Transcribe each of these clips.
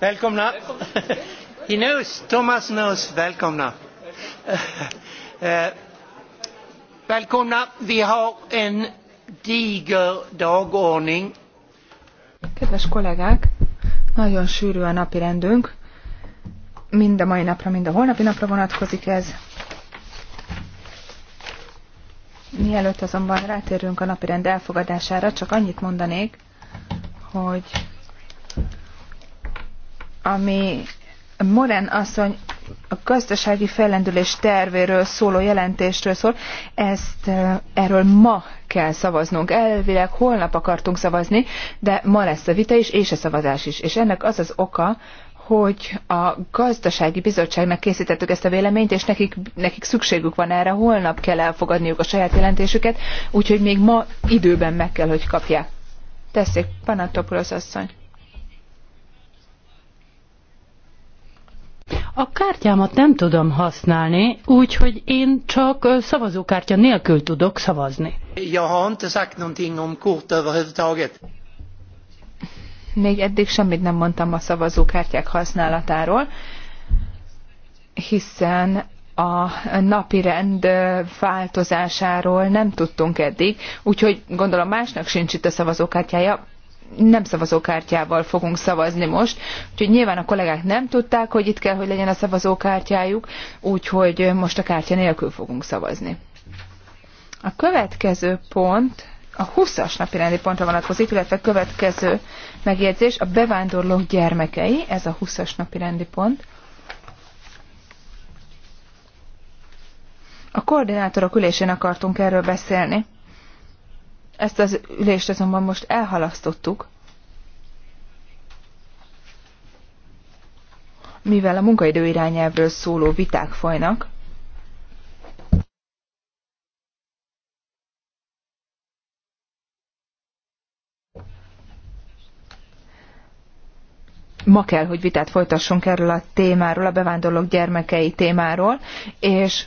Välkomna. He knows, Thomas knows. Välkomna. Eh, välkomna. Vi har en diger dagordning. Kedves kollégák, nagyon sűrű a napi rendünk. Mind a mai napra, mind a holnapi napra vonatkozik ez. Mielőtt azonban rátérünk a napirend elfogadására, csak annyit mondanék, hogy ami Moren asszony a gazdasági fellendülés tervéről szóló jelentésről szól, ezt erről ma kell szavaznunk. Elvileg holnap akartunk szavazni, de ma lesz a vita is, és a szavazás is. És ennek az az oka, hogy a gazdasági bizottságnak készítettük ezt a véleményt, és nekik, nekik szükségük van erre, holnap kell elfogadniuk a saját jelentésüket, úgyhogy még ma időben meg kell, hogy kapják. Tessék, Panatopoulos asszony. A kártyámat nem tudom használni, úgyhogy én csak szavazókártya nélkül tudok szavazni. Jag har inte sagt någonting om kort överhuvudtaget. Még eddig semmit nem mondtam a szavazókártyák használatáról, hiszen a napi rend változásáról nem tudtunk eddig, úgyhogy gondolom másnak sincs itt a szavazókártyája, nem szavazókártyával fogunk szavazni most, úgyhogy nyilván a kollégák nem tudták, hogy itt kell, hogy legyen a szavazókártyájuk, úgyhogy most a kártya nélkül fogunk szavazni. A következő pont a 20-as napi rendi pontra vonatkozik, illetve következő megjegyzés a bevándorlók gyermekei, ez a 20-as napi rendi pont. A koordinátorok ülésén akartunk erről beszélni. Ezt az ülést azonban most elhalasztottuk, mivel a munkaidő irányelvről szóló viták folynak, ma kell, hogy vitát folytassunk erről a témáról, a bevándorlók gyermekei témáról, és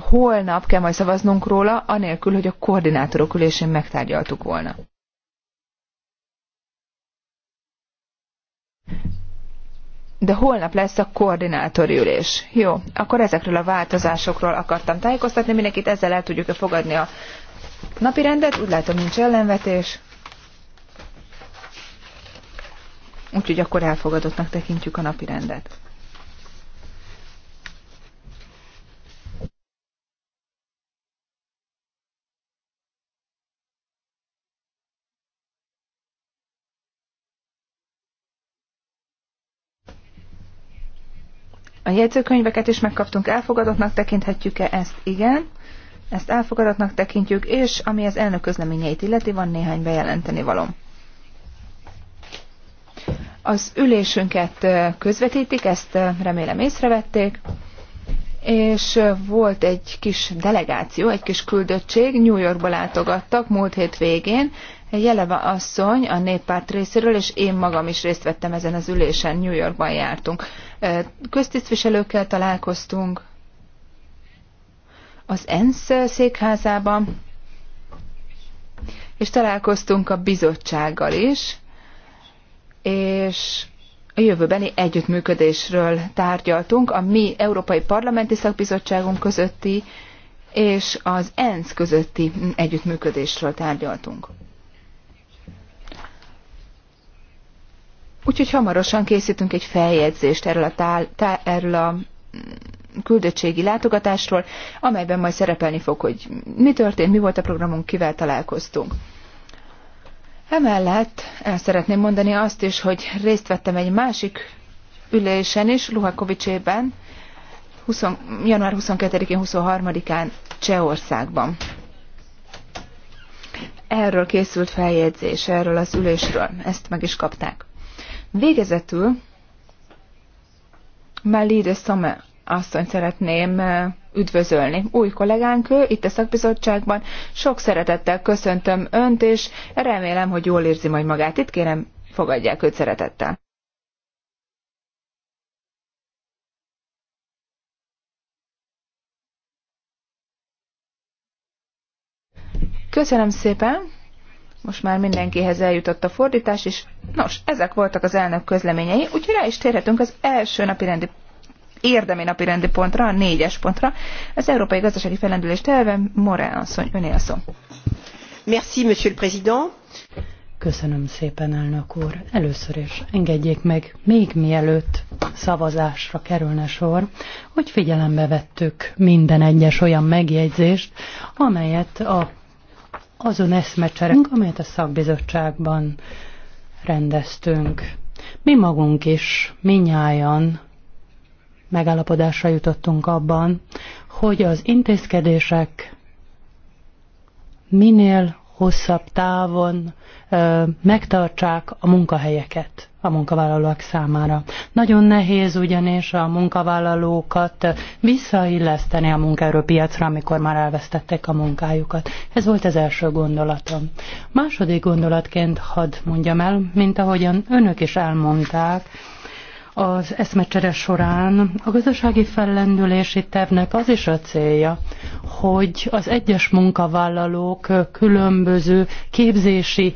holnap kell majd szavaznunk róla, anélkül, hogy a koordinátorok ülésén megtárgyaltuk volna. de holnap lesz a koordinátori ülés. Jó, akkor ezekről a változásokról akartam tájékoztatni mindenkit, ezzel el tudjuk-e fogadni a napi rendet, úgy látom nincs ellenvetés. Úgyhogy akkor elfogadottnak tekintjük a napi rendet. A jegyzőkönyveket is megkaptunk, elfogadottnak tekinthetjük-e ezt? Igen. Ezt elfogadottnak tekintjük, és ami az elnök közleményeit illeti, van néhány bejelenteni való. Az ülésünket közvetítik, ezt remélem észrevették, és volt egy kis delegáció, egy kis küldöttség, New Yorkba látogattak múlt hét végén, jeleve asszony a néppárt részéről, és én magam is részt vettem ezen az ülésen, New Yorkban jártunk köztisztviselőkkel találkoztunk, az ENSZ székházában, és találkoztunk a bizottsággal is, és a jövőbeni együttműködésről tárgyaltunk a mi Európai Parlamenti Szakbizottságunk közötti és az ENSZ közötti együttműködésről tárgyaltunk. Úgyhogy hamarosan készítünk egy feljegyzést erről a, tál, tá, erről a mm, küldöttségi látogatásról, amelyben majd szerepelni fog, hogy mi történt, mi volt a programunk, kivel találkoztunk. Emellett el szeretném mondani azt is, hogy részt vettem egy másik ülésen is, Luhakovicsében, 20, január 22-én, 23-án Csehországban. Erről készült feljegyzés, erről az ülésről. Ezt meg is kapták. Végezetül Melide Szame asszony szeretném eh, üdvözölni. Új kollégánk ő, itt a szakbizottságban. Sok szeretettel köszöntöm Önt, és remélem, hogy jól érzi majd magát itt. Kérem, fogadják őt szeretettel. Köszönöm szépen! Most már mindenkihez eljutott a fordítás is. Nos, ezek voltak az elnök közleményei, úgyhogy rá is térhetünk az első napi rendi érdemi napi rendi pontra, a négyes pontra, az Európai Gazdasági Felendülés terve, Morán asszony, öné a szó. Merci, monsieur le président. Köszönöm szépen, elnök úr. Először is engedjék meg, még mielőtt szavazásra kerülne sor, hogy figyelembe vettük minden egyes olyan megjegyzést, amelyet a azon eszmecserek, amelyet a szakbizottságban rendeztünk. Mi magunk is, minnyáján megállapodásra jutottunk abban, hogy az intézkedések minél hosszabb távon ö, megtartsák a munkahelyeket a munkavállalók számára. Nagyon nehéz ugyanis a munkavállalókat visszailleszteni a munkaerőpiacra, amikor már elvesztették a munkájukat. Ez volt az első gondolatom. Második gondolatként hadd mondjam el, mint ahogyan önök is elmondták, az eszmecsere során a gazdasági fellendülési tervnek az is a célja, hogy az egyes munkavállalók különböző képzési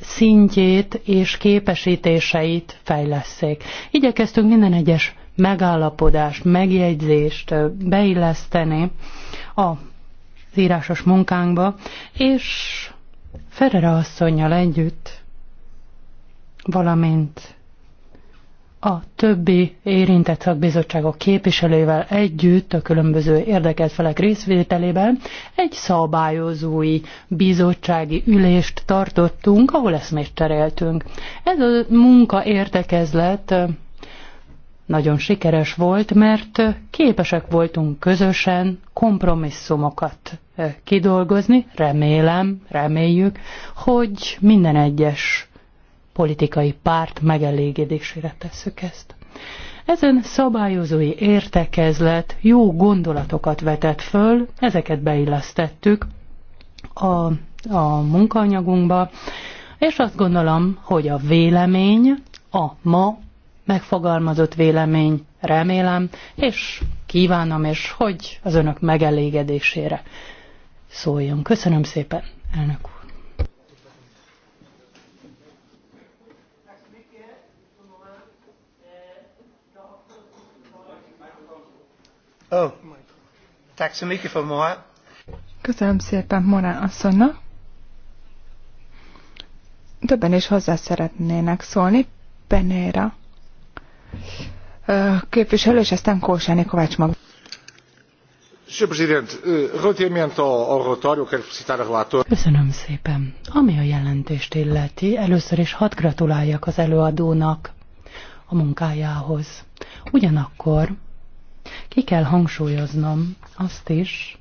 szintjét és képesítéseit fejlesszék. Igyekeztünk minden egyes megállapodást, megjegyzést beilleszteni a írásos munkánkba, és Ferrera asszonynal együtt, valamint a többi érintett szakbizottságok képviselővel együtt a különböző érdekelt felek részvételében egy szabályozói bizottsági ülést tartottunk, ahol eszmét cseréltünk. Ez a munka értekezlet nagyon sikeres volt, mert képesek voltunk közösen kompromisszumokat kidolgozni, remélem, reméljük, hogy minden egyes politikai párt megelégedésére tesszük ezt. Ezen szabályozói értekezlet jó gondolatokat vetett föl, ezeket beillesztettük a, a munkaanyagunkba, és azt gondolom, hogy a vélemény, a ma megfogalmazott vélemény, remélem, és kívánom, és hogy az önök megelégedésére szóljon. Köszönöm szépen, elnök úr. Oh. Köszönöm szépen Morán asszonynak. Többen is hozzá szeretnének szólni. Penéra képviselő, és aztán Kósáni Kovács maga? Sr. Presidente, relativamente ao relatório, quero a relator. Köszönöm szépen. Ami a jelentést illeti, először is hadd gratuláljak az előadónak a munkájához. Ugyanakkor ki kell hangsúlyoznom azt is,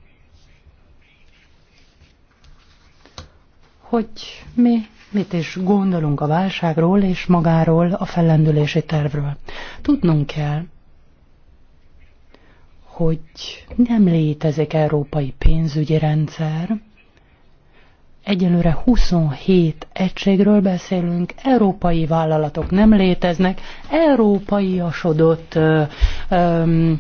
hogy mi mit is gondolunk a válságról és magáról a fellendülési tervről. Tudnunk kell, hogy nem létezik európai pénzügyi rendszer, Egyelőre 27 egységről beszélünk, európai vállalatok nem léteznek, európai asodott ö, ö,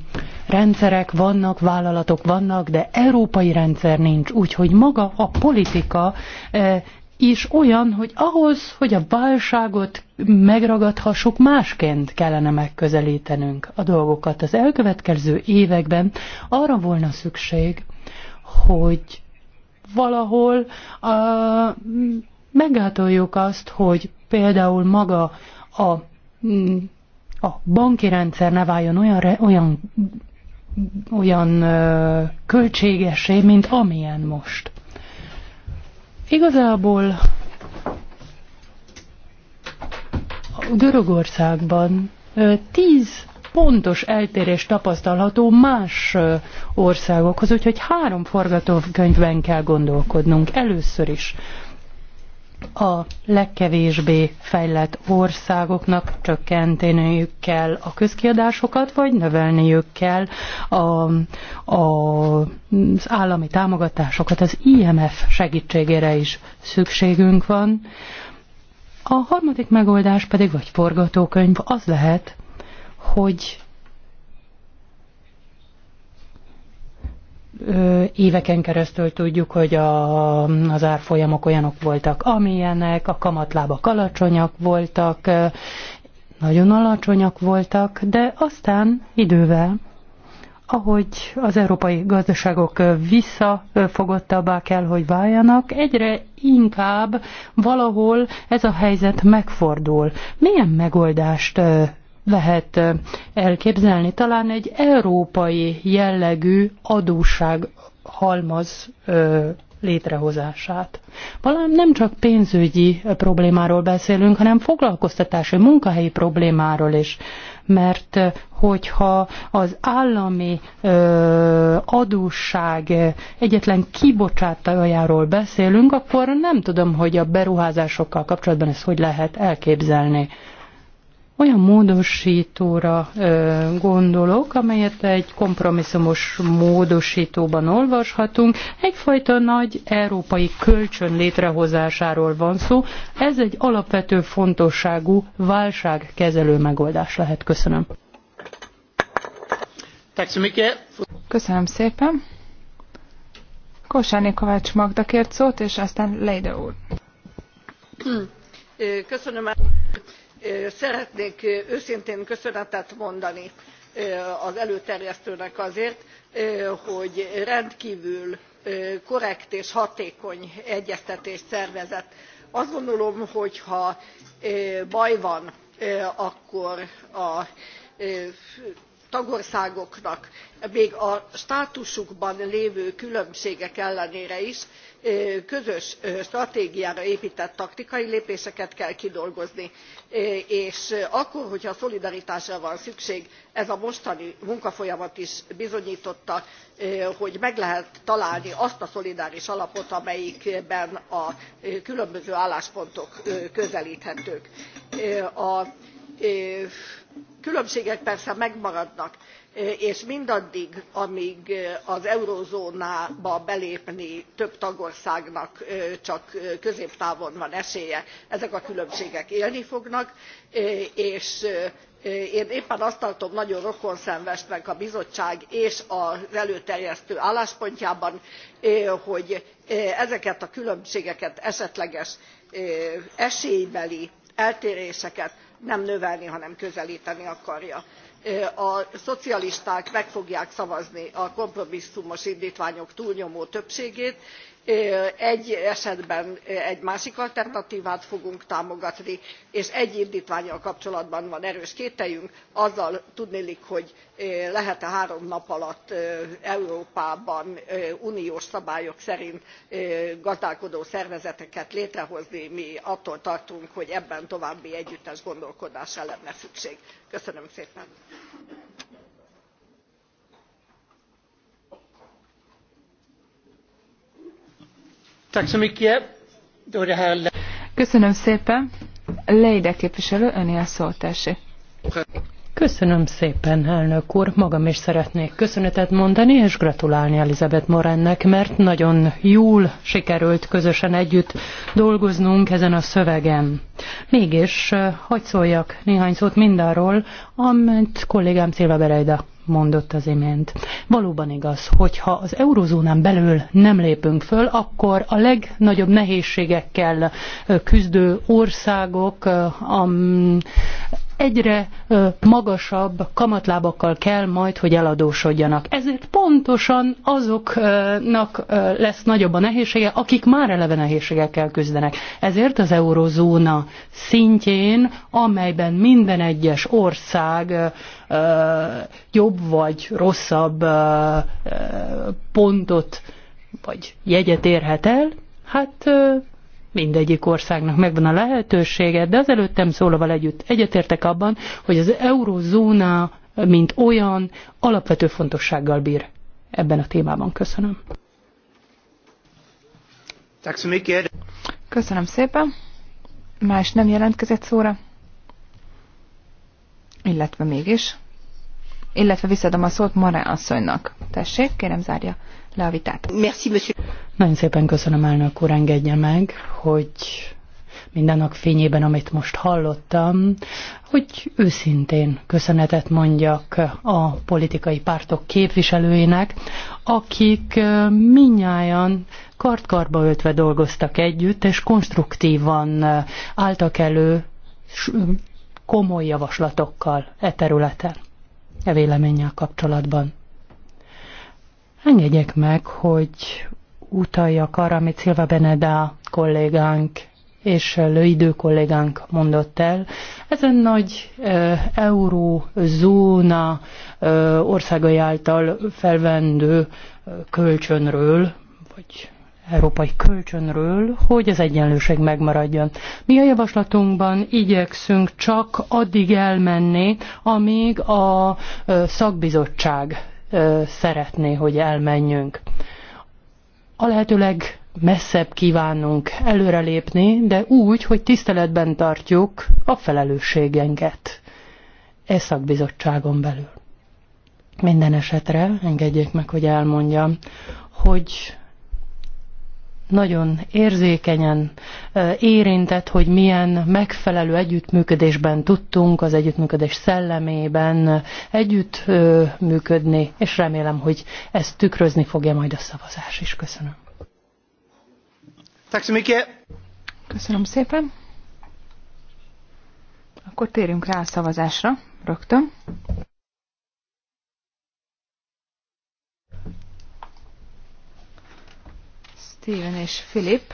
rendszerek vannak, vállalatok vannak, de európai rendszer nincs. Úgyhogy maga a politika ö, is olyan, hogy ahhoz, hogy a válságot megragadhassuk, másként kellene megközelítenünk a dolgokat. Az elkövetkező években arra volna szükség, hogy valahol a, megátoljuk azt, hogy például maga a, mm, a banki rendszer ne váljon olyan, olyan, olyan költségesé, mint amilyen most. Igazából Görögországban tíz pontos eltérés tapasztalható más országokhoz, úgyhogy három forgatókönyvben kell gondolkodnunk. Először is a legkevésbé fejlett országoknak csökkenteniük kell a közkiadásokat, vagy növelniük kell a, a, az állami támogatásokat. Az IMF segítségére is szükségünk van. A harmadik megoldás pedig, vagy forgatókönyv, az lehet, hogy éveken keresztül tudjuk, hogy a, az árfolyamok olyanok voltak, amilyenek, a kamatlábak alacsonyak voltak, nagyon alacsonyak voltak, de aztán idővel, ahogy az európai gazdaságok visszafogottabbá kell, hogy váljanak, egyre inkább valahol ez a helyzet megfordul. Milyen megoldást lehet elképzelni. Talán egy európai jellegű adósság halmaz ö, létrehozását. Valami nem csak pénzügyi problémáról beszélünk, hanem foglalkoztatási, munkahelyi problémáról is. Mert hogyha az állami ö, adósság egyetlen kibocsátajáról beszélünk, akkor nem tudom, hogy a beruházásokkal kapcsolatban ezt hogy lehet elképzelni olyan módosítóra ö, gondolok, amelyet egy kompromisszumos módosítóban olvashatunk. Egyfajta nagy európai kölcsön létrehozásáról van szó. Ez egy alapvető fontosságú válságkezelő megoldás lehet. Köszönöm. Köszönöm szépen. Kosáné Kovács Magda kért szót, és aztán Leide úr. Köszönöm szeretnék őszintén köszönetet mondani az előterjesztőnek azért hogy rendkvül korrekt és hatékony egyeztetést szervezett. azt gondolom hogy ha baj van akkor a tagországoknak még a státusukban lévő különbségek ellenére is közös stratégiára éptett taktikai lépéseket kell kidolgozni és akkor hogyha a szolidaritásra van szükség ez a mostani munkafolyamat is bizonytotta hogy meg lehet találni azt a szolidáris alapot amelyikben a különböző álláspontok közelthetők. a különbségek persze megmaradnak és mindaddig amg az eurózónába belépni több tagországnak csak középtávon van esélye ezek a különbségek élni fognak és én éppen azt tartom nagyon rokonszenvesnek a bizottság és az előterjesztő álláspontjában hogy ezeket a különbségeket esetleges esélybeli eltéréseket nem növelni hanem közelteni akarja a szocialisták meg fogják szavazni a kompromisszumos indtványok túlnyomó többségét egy esetben egy másik alternatvát fogunk támogatni és egy indtvánnyal kapcsolatban van erős kételyünk azzal tudniillik hogy lehet e három nap alatt európában uniós szabályok szerint gazdálkodó szervezeteket létrehozni mi attól tartunk hogy ebben további együttes gondolkodásra lenne szükség. köszönöm szépen! Köszönöm szépen. Leide képviselő, öné a szó, tessék. Köszönöm szépen, elnök úr. Magam is szeretnék köszönetet mondani, és gratulálni Elizabeth Morennek, mert nagyon jól sikerült közösen együtt dolgoznunk ezen a szövegen. Mégis eh, hagy szóljak néhány szót mindarról, amit kollégám Szilva Berejda mondott az imént. Valóban igaz, hogyha az eurozónán belül nem lépünk föl, akkor a legnagyobb nehézségekkel küzdő országok egyre magasabb kamatlábakkal kell majd, hogy eladósodjanak. Ezért pontosan azoknak lesz nagyobb a nehézsége, akik már eleve nehézségekkel küzdenek. Ezért az eurozóna szintjén, amelyben minden egyes ország jobb vagy rosszabb pontot vagy jegyet érhet el, hát mindegyik országnak megvan a lehetősége, de az előttem szólóval együtt egyetértek abban, hogy az eurozóna, mint olyan, alapvető fontossággal bír ebben a témában. Köszönöm. Köszönöm szépen. Más nem jelentkezett szóra? Illetve mégis. Illetve visszadom a szót Mare asszonynak. Tessék, kérem zárja le a vitát. Merci, monsieur. Nagyon szépen köszönöm, elnök úr, engedje meg, hogy mindennak fényében, amit most hallottam, hogy őszintén köszönetet mondjak a politikai pártok képviselőinek, akik minnyáján kartkarba öltve dolgoztak együtt, és konstruktívan álltak elő komoly javaslatokkal e területen, e véleménnyel kapcsolatban. Engedjék meg, hogy utaljak arra, amit Szilva Beneda kollégánk és lőidő kollégánk mondott el. Ez egy nagy e, eurózóna országai által felvendő kölcsönről, vagy európai kölcsönről, hogy az egyenlőség megmaradjon. Mi a javaslatunkban igyekszünk csak addig elmenni, amíg a szakbizottság szeretné, hogy elmenjünk. A lehetőleg messzebb kívánunk előrelépni, de úgy, hogy tiszteletben tartjuk a felelősségenket e szakbizottságon belül. Minden esetre engedjék meg, hogy elmondjam, hogy nagyon érzékenyen érintett, hogy milyen megfelelő együttműködésben tudtunk, az együttműködés szellemében együttműködni, és remélem, hogy ezt tükrözni fogja majd a szavazás is. Köszönöm. Köszönöm szépen. Akkor térjünk rá a szavazásra rögtön. Steven és Filip.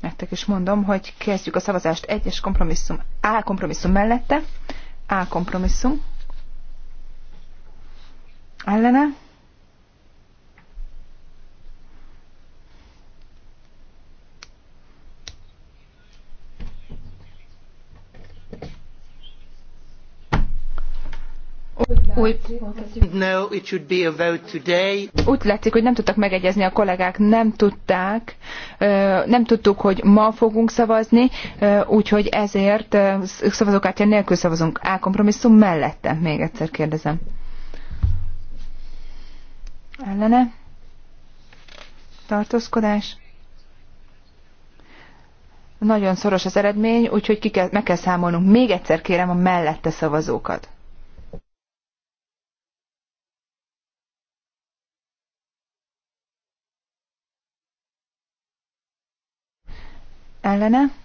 Nektek is mondom, hogy kezdjük a szavazást egyes kompromisszum, A kompromisszum mellette, A kompromisszum ellene, Úgy, úgy látszik, hogy nem tudtak megegyezni a kollégák, nem tudták, nem tudtuk, hogy ma fogunk szavazni, úgyhogy ezért szavazókártya nélkül szavazunk. A kompromisszum mellette, még egyszer kérdezem. Ellene? Tartózkodás? Nagyon szoros az eredmény, úgyhogy ki kell, meg kell számolnunk. Még egyszer kérem a mellette szavazókat. ellene.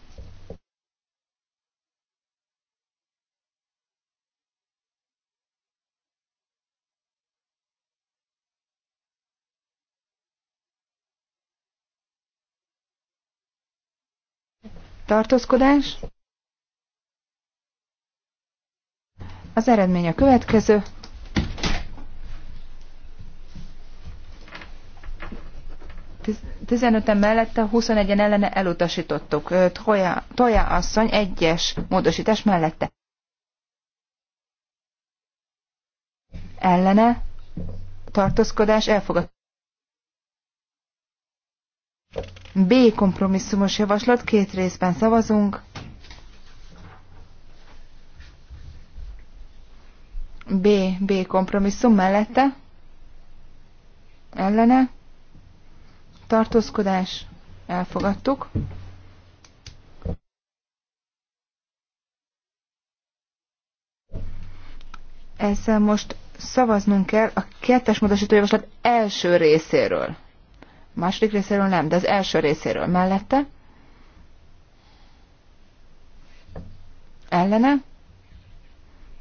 Tartózkodás. Az eredmény a következő. Tiz- 15-en mellette, 21-en ellene elutasítottuk. Toja, Toja asszony egyes módosítás mellette. Ellene tartózkodás elfogadott. B kompromisszumos javaslat, két részben szavazunk. B, B kompromisszum mellette, ellene, tartózkodás, elfogadtuk. Ezzel most szavaznunk kell a kettes módosítójavaslat első részéről. A második részéről nem, de az első részéről mellette. Ellene.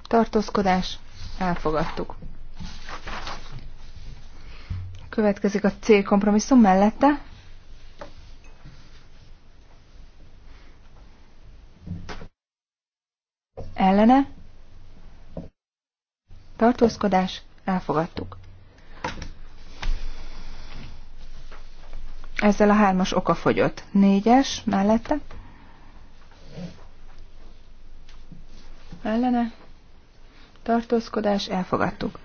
Tartózkodás. Elfogadtuk. Következik a C kompromisszum mellette. Ellene. Tartózkodás. Elfogadtuk. Ezzel a hármas oka fogyott. Négyes mellette. Ellene. Tartózkodás. Elfogadtuk.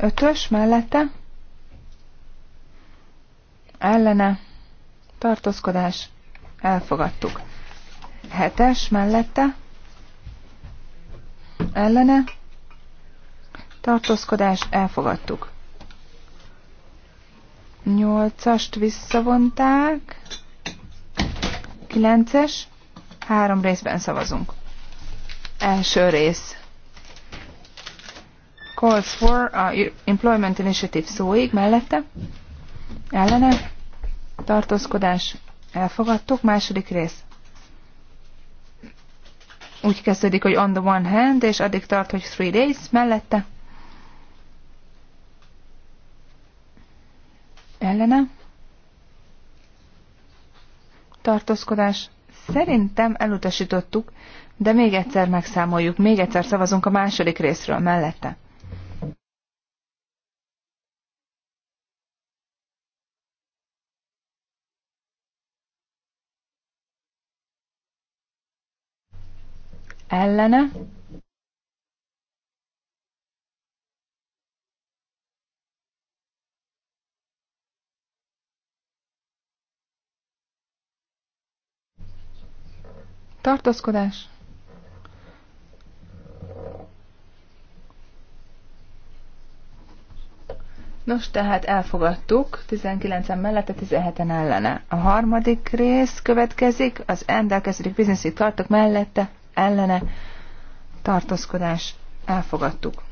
Ötös mellette ellene, tartózkodás, elfogadtuk. Hetes mellette, ellene, tartózkodás, elfogadtuk. Nyolcast visszavonták, kilences, három részben szavazunk. Első rész calls for a Employment Initiative szóig mellette, ellene, tartózkodás, elfogadtuk, második rész. Úgy kezdődik, hogy on the one hand, és addig tart, hogy three days, mellette, ellene, tartózkodás, szerintem elutasítottuk, de még egyszer megszámoljuk, még egyszer szavazunk a második részről mellette. ellene. Tartózkodás. Nos, tehát elfogadtuk, 19-en mellette, 17-en ellene. A harmadik rész következik, az endelkezik bizniszi tartok mellette, ellene tartózkodás elfogadtuk.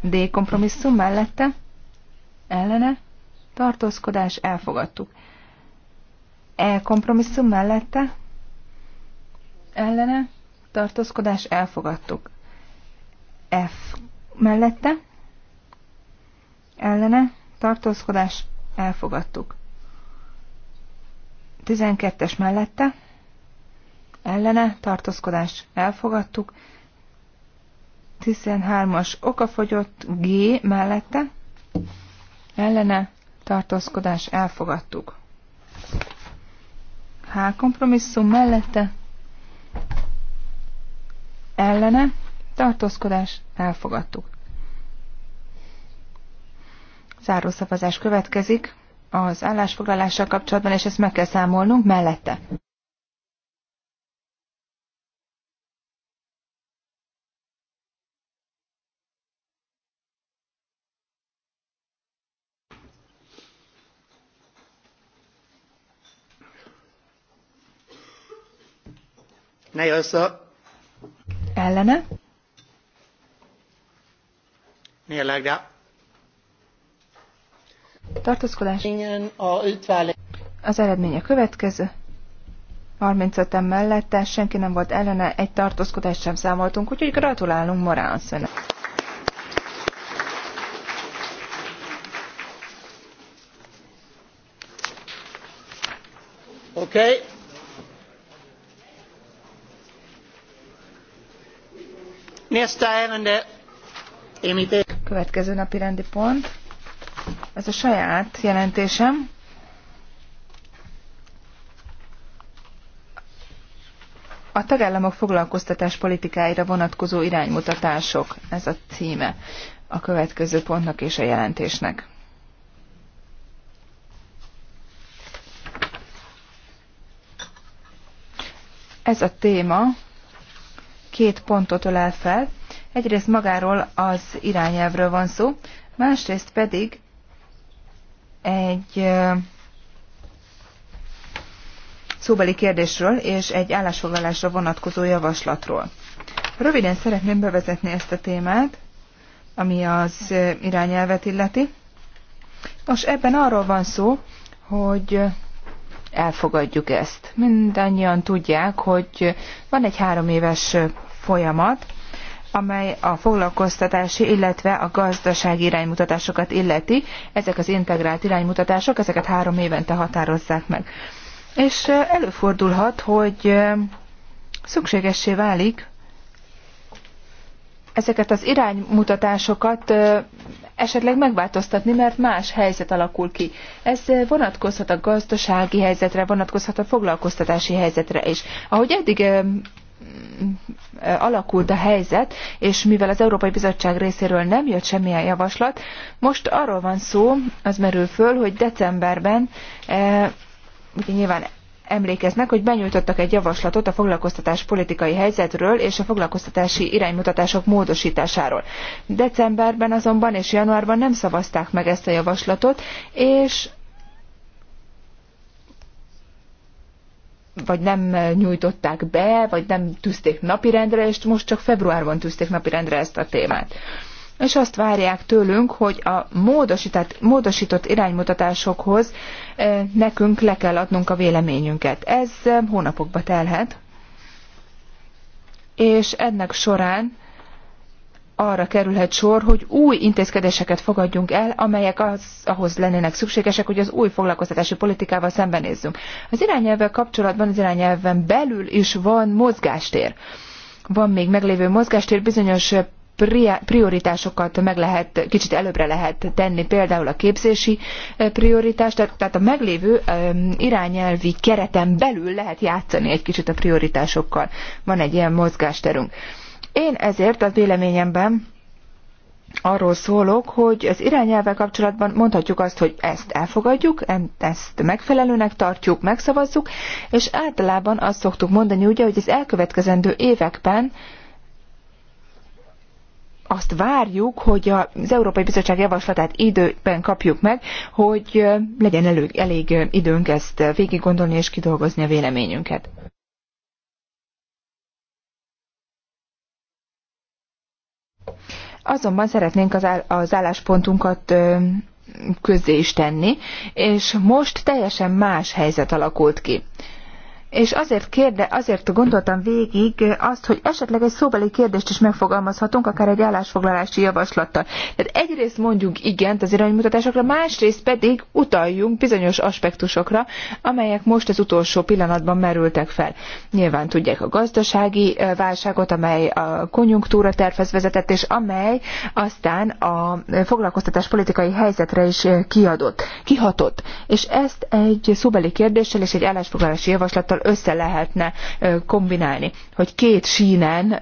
D kompromisszum mellette ellene tartózkodás elfogadtuk. E kompromisszum mellette ellene tartózkodás elfogadtuk. F mellette ellene tartózkodás elfogadtuk. 12-es mellette ellene tartózkodás elfogadtuk, 13-as okafogyott G mellette ellene tartózkodás elfogadtuk. H kompromisszum mellette ellene tartózkodás elfogadtuk. Zárószavazás következik az állásfoglalással kapcsolatban, és ezt meg kell számolnunk mellette. Nejelsza. Ellene. Nélegre. Tartózkodás. Az eredmény a következő. 35-en mellette, senki nem volt ellene, egy tartózkodást sem számoltunk, úgyhogy gratulálunk Morán Oké. Okay. Következő napi rendi pont. Ez a saját jelentésem. A tagállamok foglalkoztatás politikáira vonatkozó iránymutatások, ez a címe a következő pontnak és a jelentésnek. Ez a téma két pontot ölel fel. Egyrészt magáról az irányelvről van szó, másrészt pedig egy szóbeli kérdésről és egy állásfoglalásra vonatkozó javaslatról. Röviden szeretném bevezetni ezt a témát, ami az irányelvet illeti. Most ebben arról van szó, hogy elfogadjuk ezt. Mindannyian tudják, hogy van egy három éves folyamat, amely a foglalkoztatási, illetve a gazdasági iránymutatásokat illeti. Ezek az integrált iránymutatások, ezeket három évente határozzák meg. És előfordulhat, hogy szükségessé válik ezeket az iránymutatásokat esetleg megváltoztatni, mert más helyzet alakul ki. Ez vonatkozhat a gazdasági helyzetre, vonatkozhat a foglalkoztatási helyzetre is. Ahogy eddig alakult a helyzet, és mivel az Európai Bizottság részéről nem jött semmilyen javaslat, most arról van szó, az merül föl, hogy decemberben, ugye nyilván emlékeznek, hogy benyújtottak egy javaslatot a foglalkoztatás politikai helyzetről és a foglalkoztatási iránymutatások módosításáról. Decemberben azonban és januárban nem szavazták meg ezt a javaslatot, és vagy nem nyújtották be, vagy nem tűzték napirendre, és most csak februárban tűzték napirendre ezt a témát. És azt várják tőlünk, hogy a módosított, módosított iránymutatásokhoz eh, nekünk le kell adnunk a véleményünket. Ez eh, hónapokba telhet, és ennek során arra kerülhet sor, hogy új intézkedéseket fogadjunk el, amelyek az, ahhoz lennének szükségesek, hogy az új foglalkoztatási politikával szembenézzünk. Az irányelvvel kapcsolatban, az irányelven belül is van mozgástér. Van még meglévő mozgástér, bizonyos prioritásokat meg lehet, kicsit előbbre lehet tenni, például a képzési eh, prioritást, tehát a meglévő irányelvi kereten belül lehet játszani egy kicsit a prioritásokkal. Van egy ilyen mozgásterünk. Én ezért a véleményemben arról szólok, hogy az irányelvvel kapcsolatban mondhatjuk azt, hogy ezt elfogadjuk, ezt megfelelőnek tartjuk, megszavazzuk, és általában azt szoktuk mondani ugye, hogy az elkövetkezendő években azt várjuk, hogy az Európai Bizottság javaslatát időben kapjuk meg, hogy legyen elő, elég időnk ezt végig gondolni és kidolgozni a véleményünket. Azonban szeretnénk az, áll, az álláspontunkat közzé is tenni, és most teljesen más helyzet alakult ki és azért, kérde, azért gondoltam végig azt, hogy esetleg egy szóbeli kérdést is megfogalmazhatunk, akár egy állásfoglalási javaslattal. Tehát egyrészt mondjunk igent az iránymutatásokra, másrészt pedig utaljunk bizonyos aspektusokra, amelyek most az utolsó pillanatban merültek fel. Nyilván tudják a gazdasági válságot, amely a konjunktúra tervez vezetett, és amely aztán a foglalkoztatás politikai helyzetre is kiadott, kihatott. És ezt egy szóbeli kérdéssel és egy állásfoglalási javaslattal össze lehetne kombinálni, hogy két sínen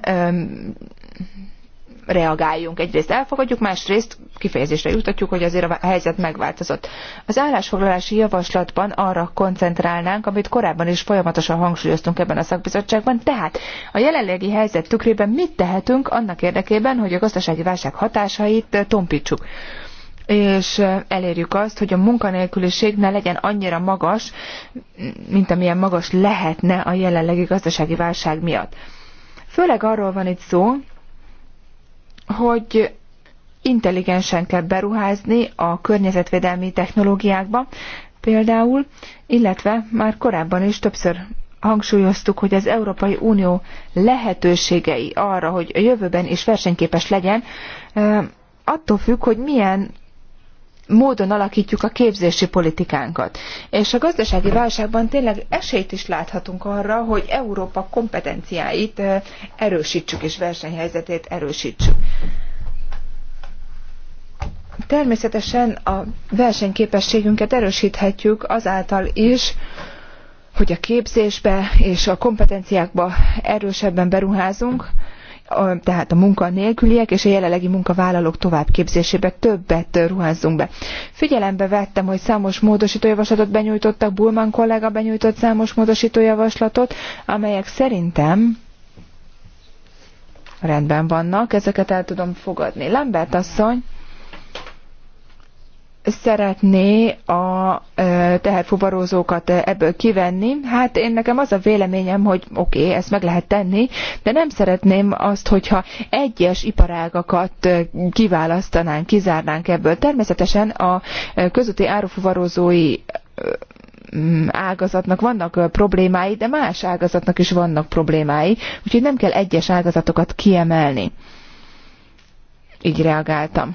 reagáljunk. Egyrészt elfogadjuk, másrészt kifejezésre jutatjuk, hogy azért a helyzet megváltozott. Az állásfoglalási javaslatban arra koncentrálnánk, amit korábban is folyamatosan hangsúlyoztunk ebben a szakbizottságban, tehát a jelenlegi helyzet tükrében mit tehetünk annak érdekében, hogy a gazdasági válság hatásait tompítsuk és elérjük azt, hogy a munkanélküliség ne legyen annyira magas, mint amilyen magas lehetne a jelenlegi gazdasági válság miatt. Főleg arról van itt szó, hogy intelligensen kell beruházni a környezetvédelmi technológiákba, például, illetve már korábban is többször hangsúlyoztuk, hogy az Európai Unió lehetőségei arra, hogy a jövőben is versenyképes legyen, attól függ, hogy milyen módon alakítjuk a képzési politikánkat. És a gazdasági válságban tényleg esélyt is láthatunk arra, hogy Európa kompetenciáit erősítsük és versenyhelyzetét erősítsük. Természetesen a versenyképességünket erősíthetjük azáltal is, hogy a képzésbe és a kompetenciákba erősebben beruházunk, tehát a munkanélküliek és a jelenlegi munkavállalók továbbképzésébe többet ruházzunk be. Figyelembe vettem, hogy számos módosítójavaslatot benyújtottak, Bulman kollega benyújtott számos módosítójavaslatot, amelyek szerintem rendben vannak, ezeket el tudom fogadni. Lambert asszony, szeretné a teherfuvarozókat ebből kivenni. Hát én nekem az a véleményem, hogy oké, okay, ezt meg lehet tenni, de nem szeretném azt, hogyha egyes iparágakat kiválasztanánk, kizárnánk ebből. Természetesen a közúti árufuvarozói ágazatnak vannak problémái, de más ágazatnak is vannak problémái, úgyhogy nem kell egyes ágazatokat kiemelni. Így reagáltam.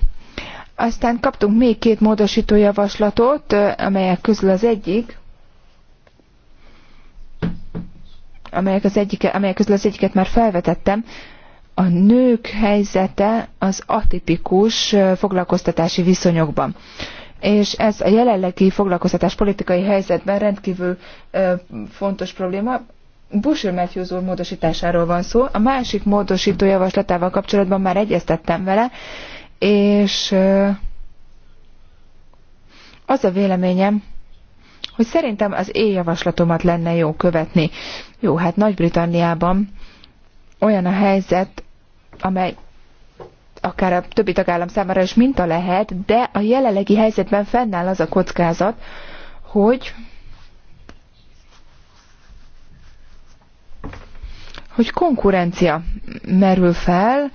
Aztán kaptunk még két módosító javaslatot, amelyek közül az egyik, amelyek, az egyike, amelyek közül az egyiket már felvetettem, a nők helyzete az atipikus foglalkoztatási viszonyokban. És ez a jelenlegi foglalkoztatás politikai helyzetben rendkívül ö, fontos probléma. Busser Matthews úr módosításáról van szó. A másik módosító javaslatával kapcsolatban már egyeztettem vele, ö, és az a véleményem, hogy szerintem az én javaslatomat lenne jó követni. Jó, hát Nagy-Britanniában olyan a helyzet, amely akár a többi tagállam számára is minta lehet, de a jelenlegi helyzetben fennáll az a kockázat, hogy hogy konkurencia merül fel,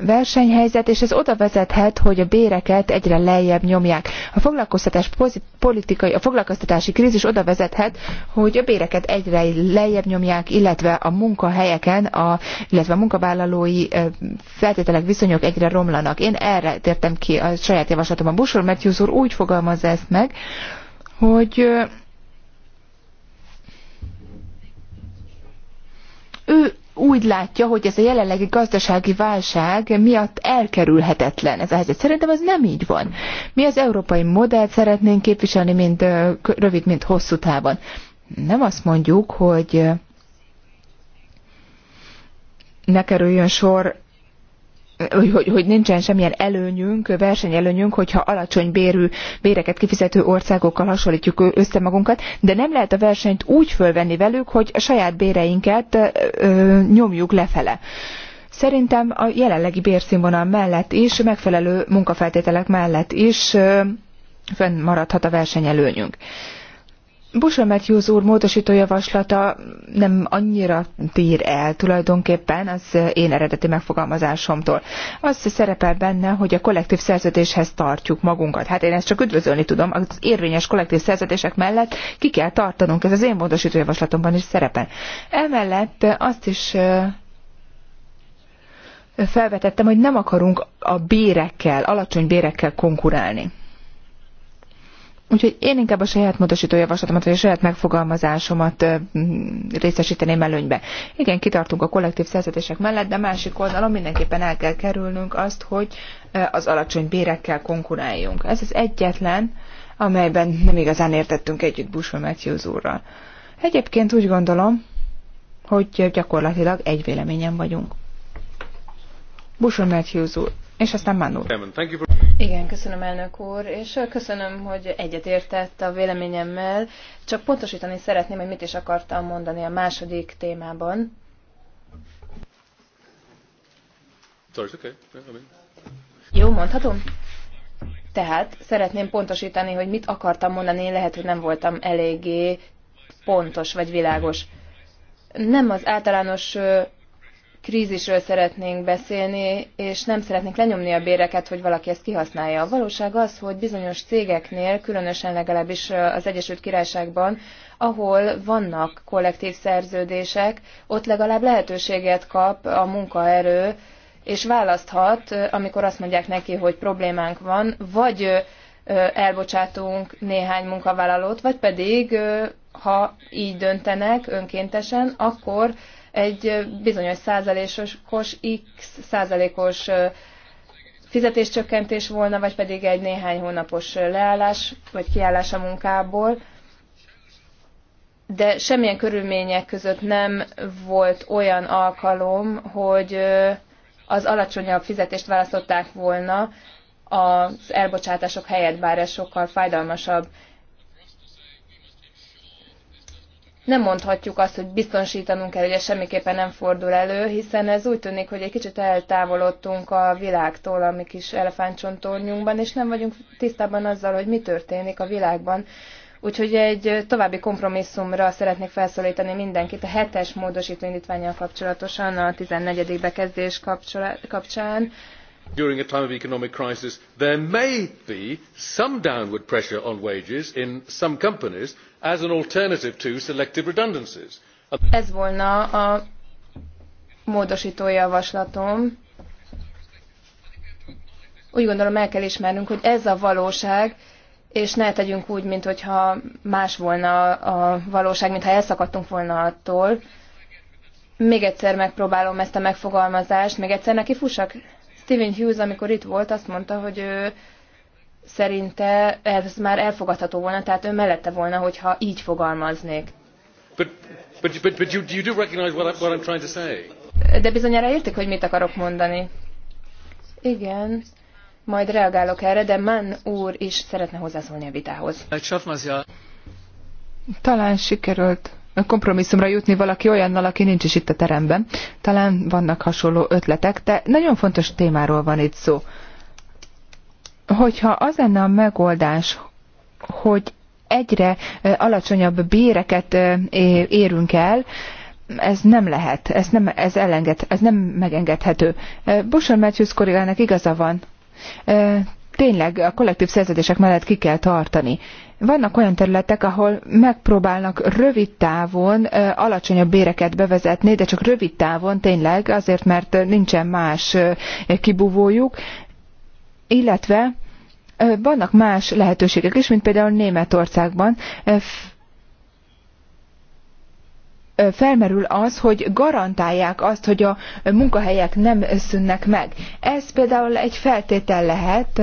versenyhelyzet, és ez oda vezethet, hogy a béreket egyre lejjebb nyomják. A foglalkoztatás politikai, a foglalkoztatási krízis oda vezethet, hogy a béreket egyre lejjebb nyomják, illetve a munkahelyeken, a, illetve a munkavállalói feltételek, viszonyok egyre romlanak. Én erre tértem ki a saját javaslatomban. Busor Matthews úr úgy fogalmazza ezt meg, hogy ő úgy látja, hogy ez a jelenlegi gazdasági válság miatt elkerülhetetlen ez a helyzet. Szerintem ez nem így van. Mi az európai modellt szeretnénk képviselni, mind rövid, mind hosszú távon. Nem azt mondjuk, hogy ne kerüljön sor hogy, hogy, hogy nincsen semmilyen előnyünk, versenyelőnyünk, hogyha alacsony bérű, béreket kifizető országokkal hasonlítjuk össze magunkat, de nem lehet a versenyt úgy fölvenni velük, hogy a saját béreinket ö, nyomjuk lefele. Szerintem a jelenlegi bérszínvonal mellett is, megfelelő munkafeltételek mellett is ö, fönnmaradhat a versenyelőnyünk. Busa Matthews úr módosító javaslata nem annyira tír el tulajdonképpen az én eredeti megfogalmazásomtól. Az szerepel benne, hogy a kollektív szerződéshez tartjuk magunkat. Hát én ezt csak üdvözölni tudom, az érvényes kollektív szerződések mellett ki kell tartanunk, ez az én módosító javaslatomban is szerepel. Emellett azt is felvetettem, hogy nem akarunk a bérekkel, alacsony bérekkel konkurálni. Úgyhogy én inkább a saját módosító javaslatomat, vagy a saját megfogalmazásomat részesíteném előnybe. Igen, kitartunk a kollektív szerződések mellett, de másik oldalon mindenképpen el kell kerülnünk azt, hogy az alacsony bérekkel konkuráljunk. Ez az egyetlen, amelyben nem igazán értettünk együtt Bushman Matthews úrral. Egyébként úgy gondolom, hogy gyakorlatilag egy véleményen vagyunk. Bushman Matthews úr, és aztán Manur. Igen, köszönöm elnök úr, és köszönöm, hogy egyetértett a véleményemmel. Csak pontosítani szeretném, hogy mit is akartam mondani a második témában. Jó, mondhatom? Tehát szeretném pontosítani, hogy mit akartam mondani, lehet, hogy nem voltam eléggé pontos vagy világos. Nem az általános krízisről szeretnénk beszélni, és nem szeretnénk lenyomni a béreket, hogy valaki ezt kihasználja. A valóság az, hogy bizonyos cégeknél, különösen legalábbis az Egyesült Királyságban, ahol vannak kollektív szerződések, ott legalább lehetőséget kap a munkaerő, és választhat, amikor azt mondják neki, hogy problémánk van, vagy elbocsátunk néhány munkavállalót, vagy pedig, ha így döntenek önkéntesen, akkor egy bizonyos százalékos x százalékos fizetéscsökkentés volna, vagy pedig egy néhány hónapos leállás, vagy kiállás a munkából, de semmilyen körülmények között nem volt olyan alkalom, hogy az alacsonyabb fizetést választották volna az elbocsátások helyett, bár ez sokkal fájdalmasabb. nem mondhatjuk azt, hogy biztonsítanunk kell, hogy ez semmiképpen nem fordul elő, hiszen ez úgy tűnik, hogy egy kicsit eltávolodtunk a világtól, a mi kis elefántcsontornyunkban, és nem vagyunk tisztában azzal, hogy mi történik a világban. Úgyhogy egy további kompromisszumra szeretnék felszólítani mindenkit a hetes módosító indítványjal kapcsolatosan, a 14. bekezdés kapcsán, During a time of economic crisis, there may be some downward pressure on wages in some companies as an alternative to selective redundancies. Ez volna a módosító javaslatom. Úgy gondolom el kell ismernünk, hogy ez a valóság, és ne tegyünk úgy, mintha más volna a valóság, mintha elszakadtunk volna attól. Még egyszer megpróbálom ezt a megfogalmazást, még egyszer neki Steven Hughes, amikor itt volt, azt mondta, hogy ő szerinte ez már elfogadható volna, tehát ő mellette volna, hogyha így fogalmaznék. De bizonyára értik, hogy mit akarok mondani. Igen, majd reagálok erre, de Mann úr is szeretne hozzászólni a vitához. Talán sikerült kompromisszumra jutni valaki olyannal, aki nincs is itt a teremben. Talán vannak hasonló ötletek, de nagyon fontos témáról van itt szó. Hogyha az lenne a megoldás, hogy egyre alacsonyabb béreket érünk el, ez nem lehet, ez nem, ez, elenged, ez nem megengedhető. Bushon Matthews kollégának igaza van. Tényleg a kollektív szerződések mellett ki kell tartani. Vannak olyan területek, ahol megpróbálnak rövid távon alacsonyabb béreket bevezetni, de csak rövid távon tényleg, azért mert nincsen más kibúvójuk, illetve vannak más lehetőségek is, mint például Németországban felmerül az, hogy garantálják azt, hogy a munkahelyek nem szűnnek meg. Ez például egy feltétel lehet.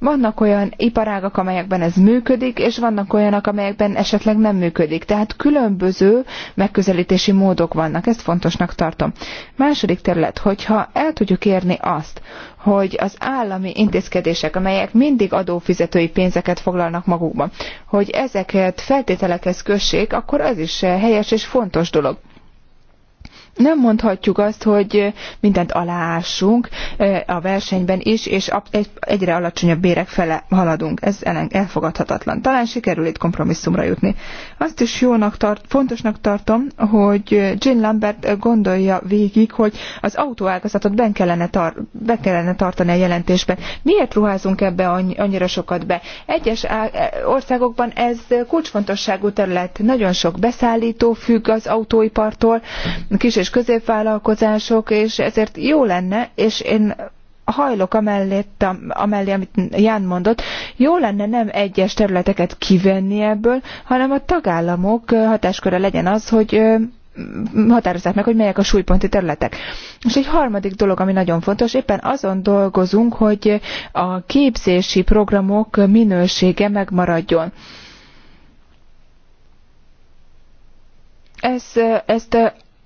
Vannak olyan iparágak, amelyekben ez működik, és vannak olyanok, amelyekben esetleg nem működik. Tehát különböző megközelítési módok vannak. Ezt fontosnak tartom. Második terület, hogyha el tudjuk érni azt, hogy az állami intézkedések, amelyek mindig adófizetői pénzeket foglalnak magukba, hogy ezeket feltételekhez kössék, akkor az is helyes és fontos dolog nem mondhatjuk azt, hogy mindent aláássunk a versenyben is, és egyre alacsonyabb bérek fele haladunk. Ez elfogadhatatlan. Talán sikerül itt kompromisszumra jutni. Azt is jónak tart, fontosnak tartom, hogy Jane Lambert gondolja végig, hogy az autóágazatot ben kellene, tar- be kellene tartani a jelentésben. Miért ruházunk ebbe annyira sokat be? Egyes e, országokban ez kulcsfontosságú terület. Nagyon sok beszállító függ az autóipartól, kis és és középvállalkozások, és ezért jó lenne, és én hajlok amellé, amellé, amit Ján mondott, jó lenne nem egyes területeket kivenni ebből, hanem a tagállamok hatásköre legyen az, hogy határozzák meg, hogy melyek a súlyponti területek. És egy harmadik dolog, ami nagyon fontos, éppen azon dolgozunk, hogy a képzési programok minősége megmaradjon. Ezt, ezt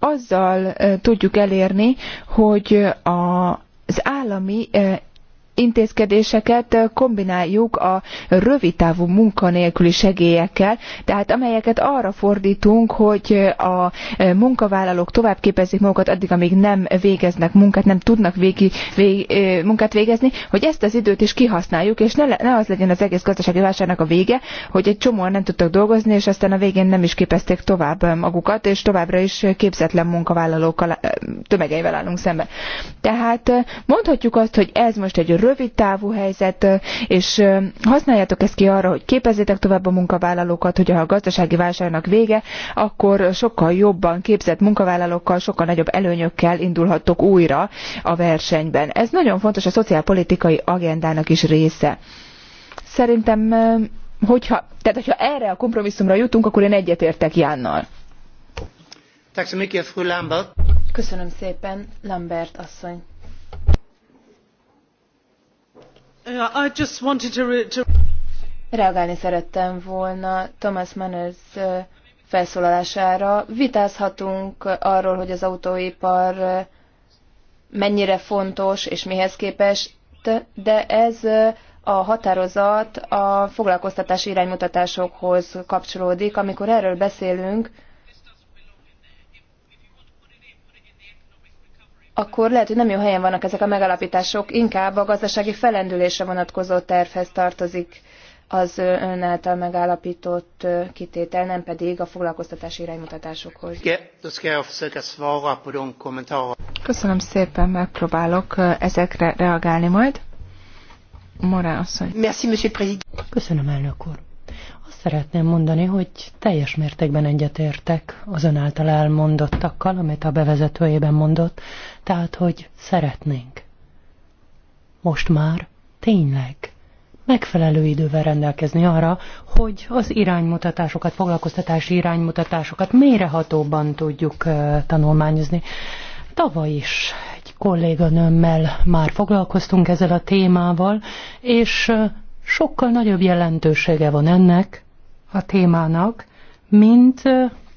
azzal tudjuk elérni, hogy a az állami intézkedéseket kombináljuk a rövidtávú munkanélküli segélyekkel, tehát amelyeket arra fordítunk, hogy a munkavállalók tovább képezik magukat addig, amíg nem végeznek munkát, nem tudnak végi, vég, munkát végezni, hogy ezt az időt is kihasználjuk, és ne, ne az legyen az egész gazdasági válságnak a vége, hogy egy csomóan nem tudtak dolgozni, és aztán a végén nem is képezték tovább magukat, és továbbra is képzetlen munkavállalókkal tömegeivel állunk szemben. Tehát mondhatjuk azt, hogy ez most egy rövid távú helyzet, és használjátok ezt ki arra, hogy képezzétek tovább a munkavállalókat, hogy ha a gazdasági válságnak vége, akkor sokkal jobban képzett munkavállalókkal, sokkal nagyobb előnyökkel indulhattok újra a versenyben. Ez nagyon fontos a szociálpolitikai agendának is része. Szerintem, hogyha, tehát hogyha erre a kompromisszumra jutunk, akkor én egyetértek Jánnal. Köszönöm szépen, Lambert asszony. Uh, Reagálni szerettem volna Thomas Manners uh, felszólalására. Vitázhatunk arról, hogy az autóipar uh, mennyire fontos és mihez képest, de ez a határozat a foglalkoztatási iránymutatásokhoz kapcsolódik. Amikor erről beszélünk, akkor lehet, hogy nem jó helyen vannak ezek a megalapítások, inkább a gazdasági felendülésre vonatkozó tervhez tartozik az ön által megállapított kitétel, nem pedig a foglalkoztatási iránymutatásokhoz. Köszönöm szépen, megpróbálok ezekre reagálni majd. Morá asszony. monsieur président. Köszönöm, elnök úr. Azt szeretném mondani, hogy teljes mértékben egyetértek az ön által elmondottakkal, amit a bevezetőjében mondott tehát hogy szeretnénk. Most már tényleg megfelelő idővel rendelkezni arra, hogy az iránymutatásokat, foglalkoztatási iránymutatásokat mérehatóban tudjuk tanulmányozni. Tavaly is egy kolléganőmmel már foglalkoztunk ezzel a témával, és sokkal nagyobb jelentősége van ennek a témának, mint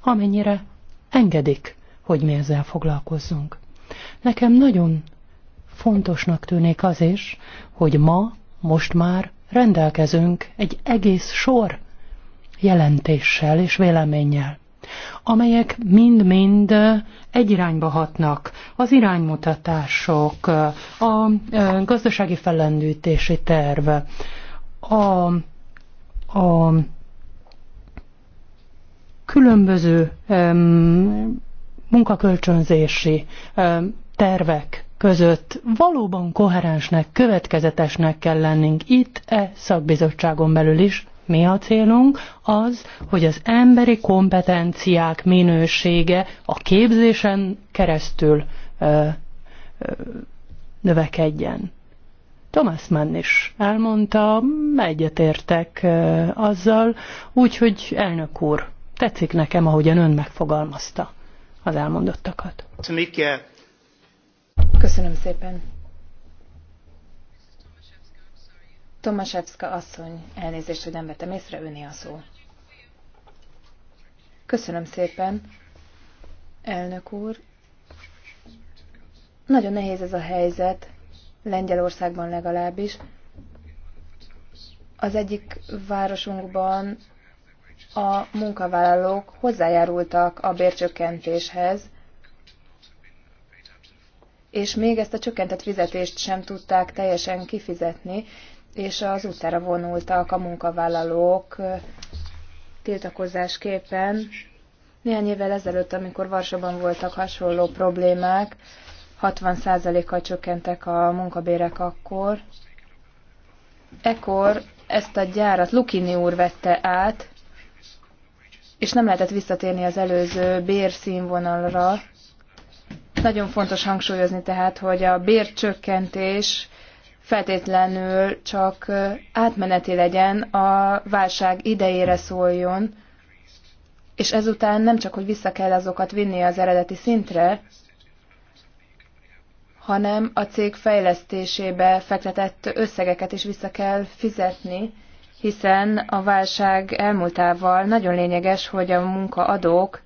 amennyire engedik, hogy mi ezzel foglalkozzunk. Nekem nagyon fontosnak tűnik az is, hogy ma, most már rendelkezünk egy egész sor jelentéssel és véleménnyel, amelyek mind-mind egy irányba hatnak. Az iránymutatások, a gazdasági fellendítési terv, a, a különböző um, munkakölcsönzési tervek között valóban koherensnek, következetesnek kell lennünk itt e szakbizottságon belül is. Mi a célunk? Az, hogy az emberi kompetenciák minősége a képzésen keresztül ö, ö, növekedjen. Thomas Mann is elmondta, egyetértek ö, azzal, úgyhogy elnök úr, tetszik nekem, ahogyan ön megfogalmazta az elmondottakat. Köszönöm szépen. Tomaszewska asszony, elnézést, hogy nem vettem észre, öné a szó. Köszönöm szépen, elnök úr. Nagyon nehéz ez a helyzet, Lengyelországban legalábbis. Az egyik városunkban a munkavállalók hozzájárultak a bércsökkentéshez, és még ezt a csökkentett fizetést sem tudták teljesen kifizetni, és az utára vonultak a munkavállalók tiltakozásképpen. Néhány évvel ezelőtt, amikor Varsóban voltak hasonló problémák, 60%-kal csökkentek a munkabérek akkor. Ekkor ezt a gyárat Lukini úr vette át, és nem lehetett visszatérni az előző bérszínvonalra. Nagyon fontos hangsúlyozni tehát, hogy a bércsökkentés feltétlenül csak átmeneti legyen, a válság idejére szóljon, és ezután nem csak, hogy vissza kell azokat vinni az eredeti szintre, hanem a cég fejlesztésébe fektetett összegeket is vissza kell fizetni, hiszen a válság elmúltával nagyon lényeges, hogy a munkaadók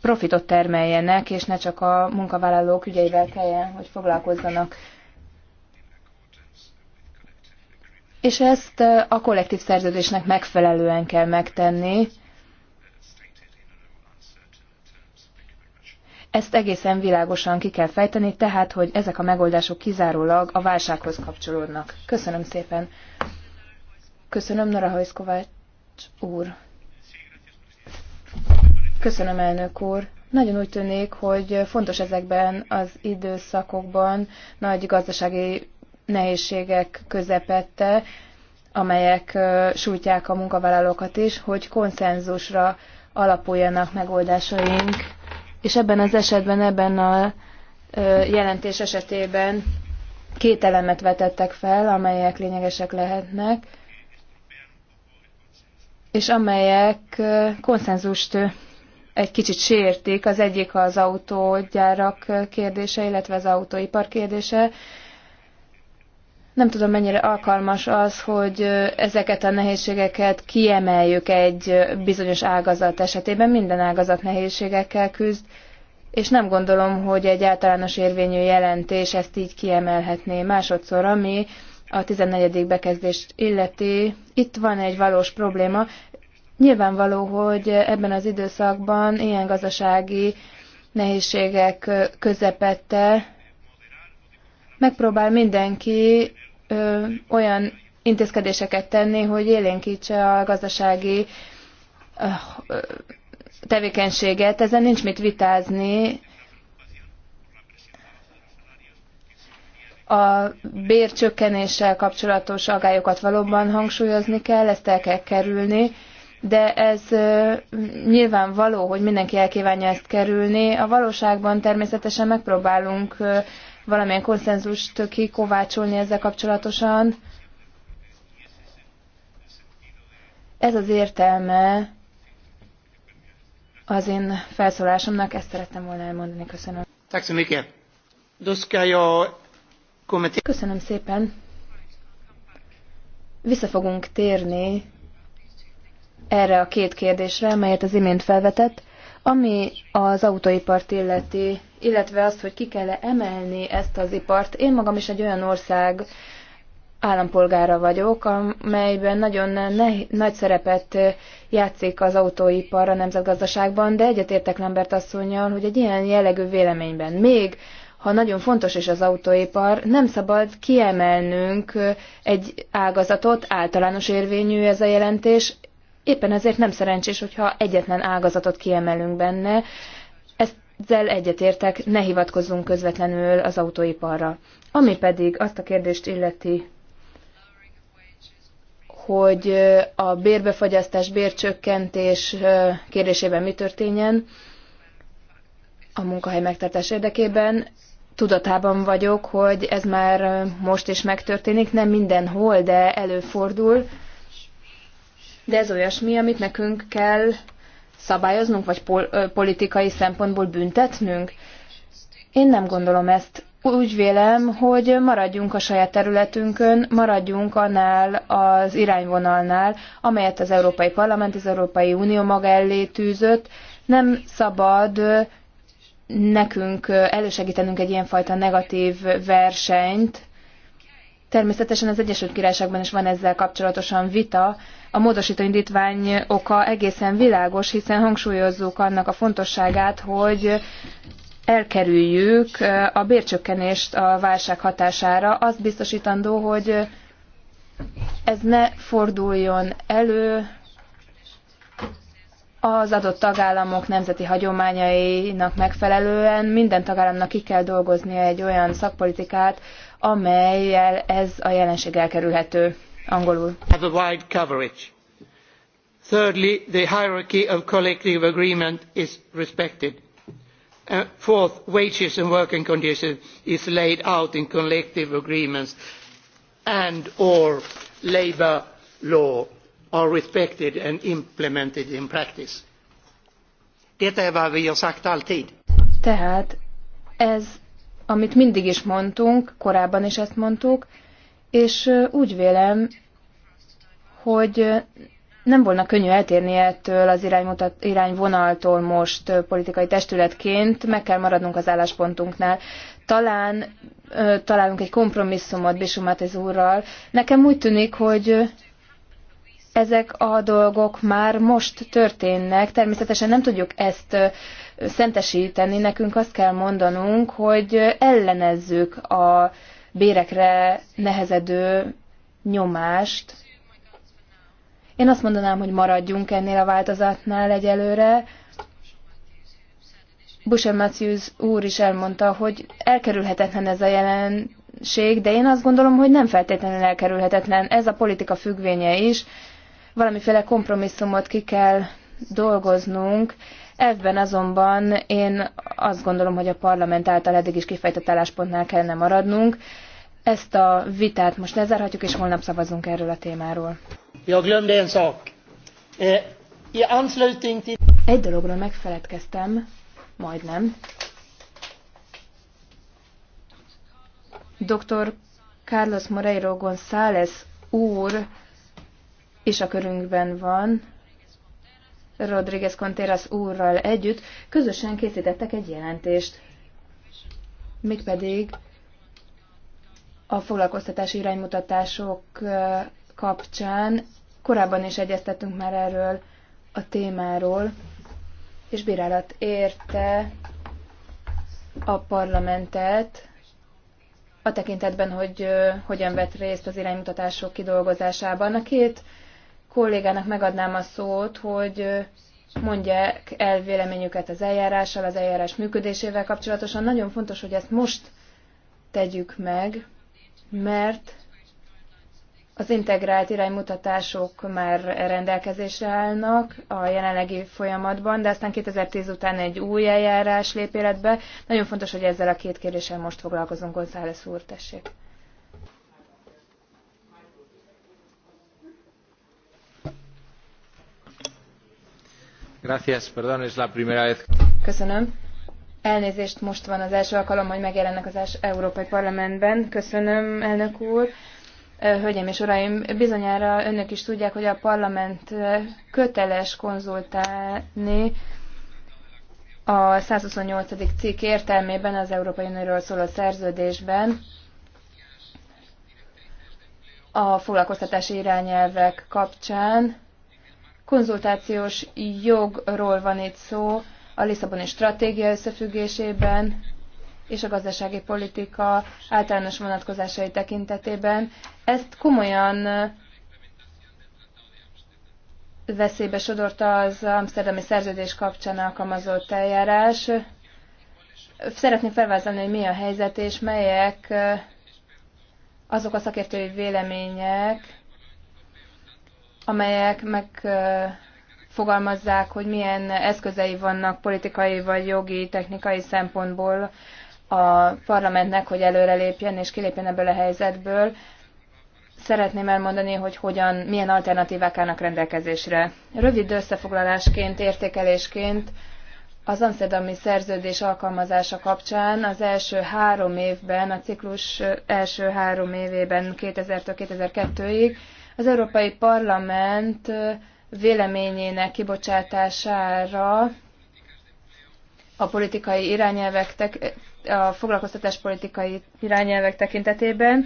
profitot termeljenek, és ne csak a munkavállalók ügyeivel kelljen, hogy foglalkozzanak. És ezt a kollektív szerződésnek megfelelően kell megtenni, Ezt egészen világosan ki kell fejteni, tehát, hogy ezek a megoldások kizárólag a válsághoz kapcsolódnak. Köszönöm szépen. Köszönöm, Nora Hajszkovács úr. Köszönöm, elnök úr. Nagyon úgy tűnik, hogy fontos ezekben az időszakokban nagy gazdasági nehézségek közepette, amelyek sújtják a munkavállalókat is, hogy konszenzusra alapuljanak megoldásaink és ebben az esetben, ebben a jelentés esetében két elemet vetettek fel, amelyek lényegesek lehetnek, és amelyek konszenzust egy kicsit sértik. Az egyik az autógyárak kérdése, illetve az autóipar kérdése, nem tudom, mennyire alkalmas az, hogy ezeket a nehézségeket kiemeljük egy bizonyos ágazat esetében. Minden ágazat nehézségekkel küzd, és nem gondolom, hogy egy általános érvényű jelentés ezt így kiemelhetné. Másodszor, ami a 14. bekezdést illeti, itt van egy valós probléma. Nyilvánvaló, hogy ebben az időszakban ilyen gazdasági nehézségek közepette megpróbál mindenki ö, olyan intézkedéseket tenni, hogy élénkítse a gazdasági ö, ö, tevékenységet. Ezen nincs mit vitázni. A bércsökkenéssel kapcsolatos agályokat valóban hangsúlyozni kell, ezt el kell kerülni, de ez nyilvánvaló, hogy mindenki elkívánja ezt kerülni. A valóságban természetesen megpróbálunk valamilyen konszenzust kikovácsolni ezzel kapcsolatosan. Ez az értelme az én felszólásomnak, ezt szerettem volna elmondani. Köszönöm. Köszönöm szépen. Vissza fogunk térni erre a két kérdésre, melyet az imént felvetett, ami az autóipart illeti illetve azt, hogy ki kell -e emelni ezt az ipart. Én magam is egy olyan ország állampolgára vagyok, amelyben nagyon ne- nagy szerepet játszik az autóipar a nemzetgazdaságban, de egyetértek Lambert asszonyjal, hogy egy ilyen jellegű véleményben még ha nagyon fontos is az autóipar, nem szabad kiemelnünk egy ágazatot, általános érvényű ez a jelentés, éppen ezért nem szerencsés, hogyha egyetlen ágazatot kiemelünk benne, ezzel egyetértek, ne hivatkozzunk közvetlenül az autóiparra. Ami pedig azt a kérdést illeti, hogy a bérbefagyasztás, bércsökkentés kérdésében mi történjen a munkahely megtartás érdekében. Tudatában vagyok, hogy ez már most is megtörténik, nem mindenhol, de előfordul. De ez olyasmi, amit nekünk kell szabályoznunk, vagy pol- politikai szempontból büntetnünk? Én nem gondolom ezt. Úgy vélem, hogy maradjunk a saját területünkön, maradjunk annál az irányvonalnál, amelyet az Európai Parlament, az Európai Unió maga elé tűzött. Nem szabad nekünk elősegítenünk egy ilyenfajta negatív versenyt, Természetesen az Egyesült Királyságban is van ezzel kapcsolatosan vita. A módosító indítvány oka egészen világos, hiszen hangsúlyozzuk annak a fontosságát, hogy elkerüljük a bércsökkenést a válság hatására. Azt biztosítandó, hogy ez ne forduljon elő az adott tagállamok nemzeti hagyományainak megfelelően minden tagállamnak ki kell dolgoznia egy olyan szakpolitikát, amelyel ez a jelenség elkerülhető. Angolul. Have a wide coverage. Thirdly, the hierarchy of collective agreement is respected. Uh, fourth, wages and working conditions is laid out in collective agreements and or labour law are respected and implemented in practice. Detta är vad vi har sagt alltid. Tehát ez amit mindig is mondtunk, korábban is ezt mondtuk, és úgy vélem, hogy nem volna könnyű eltérni ettől az iránymutat, irányvonaltól most politikai testületként, meg kell maradnunk az álláspontunknál. Talán találunk egy kompromisszumot Bisumát úrral. Nekem úgy tűnik, hogy ezek a dolgok már most történnek. Természetesen nem tudjuk ezt szentesíteni, nekünk azt kell mondanunk, hogy ellenezzük a bérekre nehezedő nyomást. Én azt mondanám, hogy maradjunk ennél a változatnál egyelőre. Busher Matthews úr is elmondta, hogy elkerülhetetlen ez a jelenség, de én azt gondolom, hogy nem feltétlenül elkerülhetetlen. Ez a politika függvénye is. Valamiféle kompromisszumot ki kell dolgoznunk. Ebben azonban én azt gondolom, hogy a parlament által eddig is kifejtett álláspontnál kellene maradnunk. Ezt a vitát most lezárhatjuk, és holnap szavazunk erről a témáról. E, Egy dologról megfeledkeztem, majdnem. Dr. Carlos Moreiro González úr is a körünkben van, Rodriguez Conteras úrral együtt közösen készítettek egy jelentést, mégpedig a foglalkoztatási iránymutatások kapcsán korábban is egyeztettünk már erről a témáról, és bírálat érte a parlamentet a tekintetben, hogy hogyan vett részt az iránymutatások kidolgozásában. A két kollégának megadnám a szót, hogy mondják el véleményüket az eljárással, az eljárás működésével kapcsolatosan. Nagyon fontos, hogy ezt most tegyük meg, mert az integrált iránymutatások már rendelkezésre állnak a jelenlegi folyamatban, de aztán 2010 után egy új eljárás lép életbe. Nagyon fontos, hogy ezzel a két kérdéssel most foglalkozunk, González úr, tessék. Köszönöm. Elnézést, most van az első alkalom, hogy megjelenek az Európai Parlamentben. Köszönöm, elnök úr. Hölgyeim és uraim, bizonyára önök is tudják, hogy a parlament köteles konzultálni a eight cikk értelmében az Európai Unióról szóló szerződésben a foglalkoztatási irányelvek kapcsán konzultációs jogról van itt szó a Lisszaboni stratégia összefüggésében és a gazdasági politika általános vonatkozásai tekintetében. Ezt komolyan veszélybe sodorta az Amsterdami szerződés kapcsán alkalmazott eljárás. Szeretném felvázolni, hogy mi a helyzet, és melyek azok a szakértői vélemények, amelyek megfogalmazzák, hogy milyen eszközei vannak politikai vagy jogi, technikai szempontból a parlamentnek, hogy előrelépjen és kilépjen ebből a helyzetből. Szeretném elmondani, hogy hogyan, milyen alternatívák állnak rendelkezésre. Rövid összefoglalásként, értékelésként az Amsterdami szerződés alkalmazása kapcsán az első három évben, a ciklus első három évében 2000-től 2002-ig az Európai Parlament véleményének kibocsátására a politikai irányelvek, a foglalkoztatás politikai irányelvek tekintetében.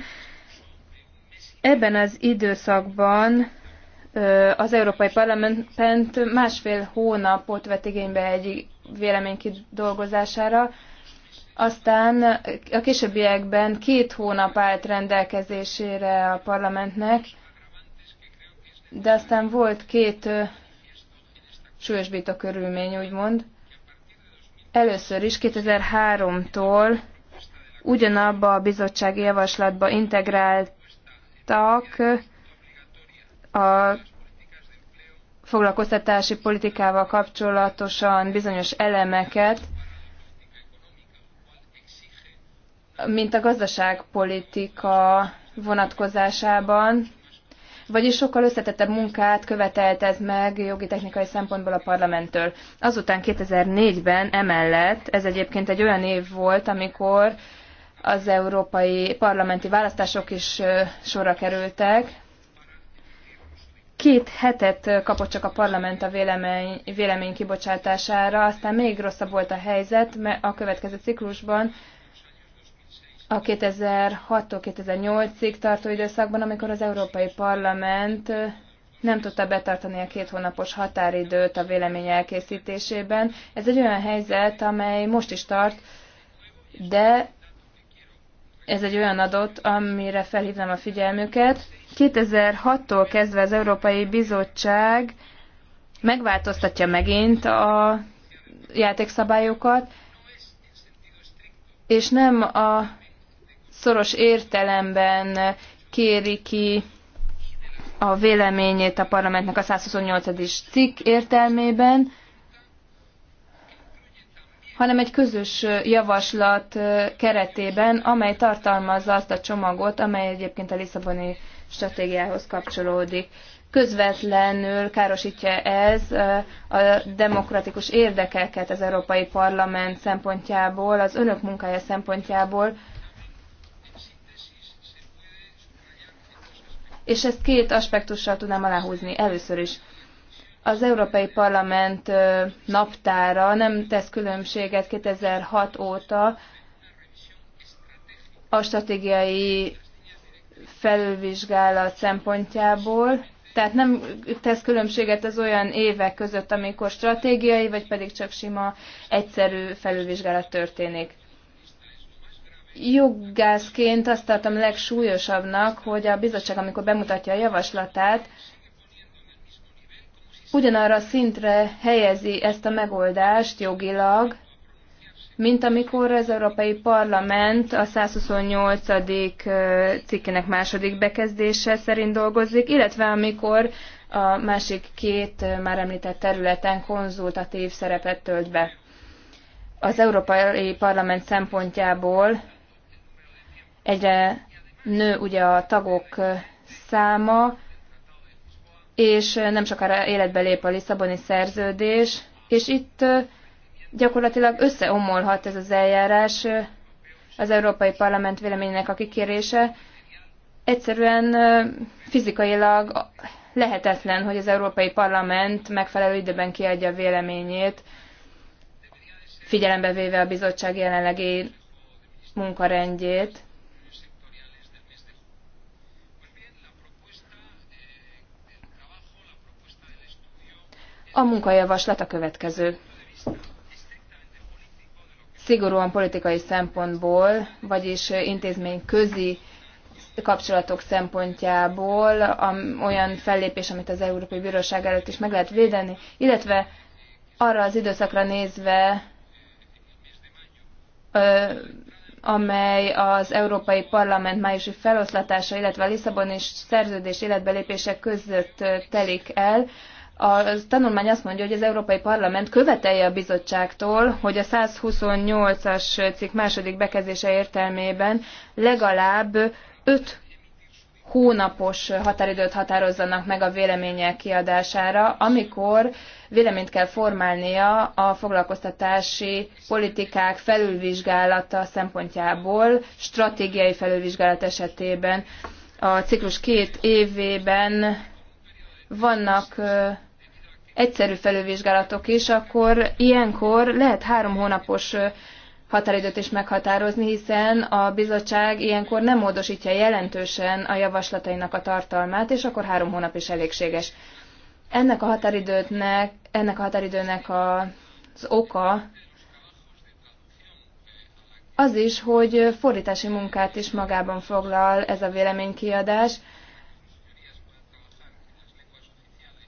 Ebben az időszakban az Európai Parlament másfél hónapot vett igénybe egy vélemény kidolgozására, aztán a későbbiekben két hónap állt rendelkezésére a parlamentnek, de aztán volt két a körülmény, úgymond. Először is 2003-tól ugyanabba a bizottsági javaslatba integráltak a foglalkoztatási politikával kapcsolatosan bizonyos elemeket, mint a gazdaságpolitika vonatkozásában, vagyis sokkal összetettebb munkát követelt ez meg jogi technikai szempontból a parlamenttől. Azután 2004-ben emellett, ez egyébként egy olyan év volt, amikor az európai parlamenti választások is sorra kerültek, két hetet kapott csak a parlament a vélemény, vélemény kibocsátására, aztán még rosszabb volt a helyzet, mert a következő ciklusban a 2006 2008-ig tartó időszakban, amikor az Európai Parlament nem tudta betartani a két hónapos határidőt a vélemény elkészítésében. Ez egy olyan helyzet, amely most is tart, de ez egy olyan adott, amire felhívnám a figyelmüket. 2006-tól kezdve az Európai Bizottság megváltoztatja megint a játékszabályokat, és nem a szoros értelemben kéri ki a véleményét a parlamentnek a 128. cikk értelmében, hanem egy közös javaslat keretében, amely tartalmazza azt a csomagot, amely egyébként a Lisszaboni stratégiához kapcsolódik. Közvetlenül károsítja ez a demokratikus érdekeket az Európai Parlament szempontjából, az önök munkája szempontjából, és ezt két aspektussal tudnám aláhúzni. Először is az Európai Parlament naptára nem tesz különbséget 2006 óta a stratégiai felülvizsgálat szempontjából, tehát nem tesz különbséget az olyan évek között, amikor stratégiai, vagy pedig csak sima, egyszerű felülvizsgálat történik joggászként azt tartom legsúlyosabbnak, hogy a bizottság, amikor bemutatja a javaslatát, ugyanarra a szintre helyezi ezt a megoldást jogilag, mint amikor az Európai Parlament a 128. cikkének második bekezdése szerint dolgozik, illetve amikor a másik két már említett területen konzultatív szerepet tölt be. Az Európai Parlament szempontjából egyre nő ugye a tagok száma, és nem sokára életbe lép a Lisszaboni szerződés, és itt gyakorlatilag összeomolhat ez az eljárás az Európai Parlament véleményének a kikérése. Egyszerűen fizikailag lehetetlen, hogy az Európai Parlament megfelelő időben kiadja a véleményét, figyelembe véve a bizottság jelenlegi munkarendjét. A munkajavaslat a következő. Szigorúan politikai szempontból, vagyis intézmény közi kapcsolatok szempontjából olyan fellépés, amit az Európai Bíróság előtt is meg lehet védeni, illetve arra az időszakra nézve, amely az Európai Parlament májusi feloszlatása, illetve a Lisszaboni szerződés életbelépések között telik el, a tanulmány azt mondja, hogy az Európai Parlament követelje a bizottságtól, hogy a 128-as cikk második bekezdése értelmében legalább 5 hónapos határidőt határozzanak meg a vélemények kiadására, amikor véleményt kell formálnia a foglalkoztatási politikák felülvizsgálata szempontjából, stratégiai felülvizsgálat esetében. A ciklus két évében vannak egyszerű felővizsgálatok is, akkor ilyenkor lehet három hónapos határidőt is meghatározni, hiszen a bizottság ilyenkor nem módosítja jelentősen a javaslatainak a tartalmát, és akkor három hónap is elégséges. Ennek a határidőnek, ennek a határidőnek a, az oka az is, hogy fordítási munkát is magában foglal ez a véleménykiadás,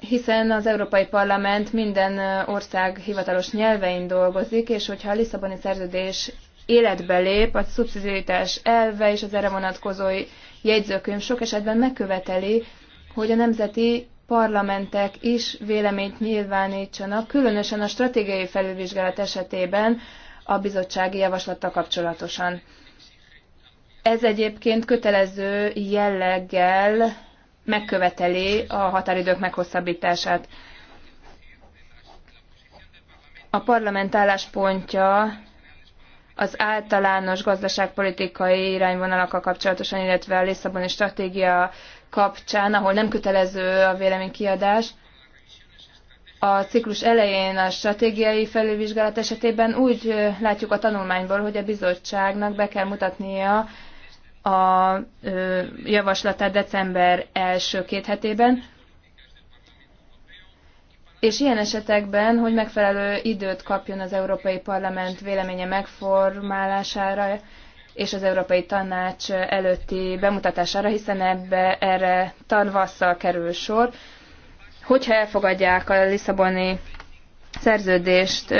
hiszen az Európai Parlament minden ország hivatalos nyelvein dolgozik, és hogyha a Lisszaboni szerződés életbe lép, a szubszidiaritás elve és az erre vonatkozó jegyzőkönyv sok esetben megköveteli, hogy a nemzeti parlamentek is véleményt nyilvánítsanak, különösen a stratégiai felülvizsgálat esetében a bizottsági javaslattal kapcsolatosan. Ez egyébként kötelező jelleggel megköveteli a határidők meghosszabbítását. A parlament álláspontja az általános gazdaságpolitikai irányvonalakkal kapcsolatosan, illetve a Lisszaboni stratégia kapcsán, ahol nem kötelező a véleménykiadás, a ciklus elején a stratégiai felülvizsgálat esetében úgy látjuk a tanulmányból, hogy a bizottságnak be kell mutatnia a javaslatát december első két hetében, és ilyen esetekben, hogy megfelelő időt kapjon az Európai Parlament véleménye megformálására, és az Európai Tanács előtti bemutatására, hiszen ebbe erre tanvasszal kerül sor. Hogyha elfogadják a Lisszaboni szerződést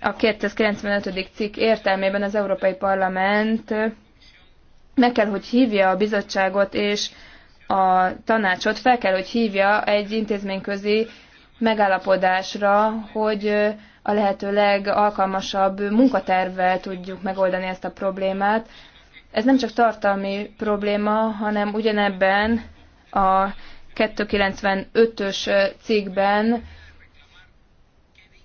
a 295. cikk értelmében az Európai Parlament meg kell, hogy hívja a bizottságot és a tanácsot, fel kell, hogy hívja egy intézményközi megállapodásra, hogy a lehető legalkalmasabb munkatervvel tudjuk megoldani ezt a problémát. Ez nem csak tartalmi probléma, hanem ugyanebben a 295-ös cikkben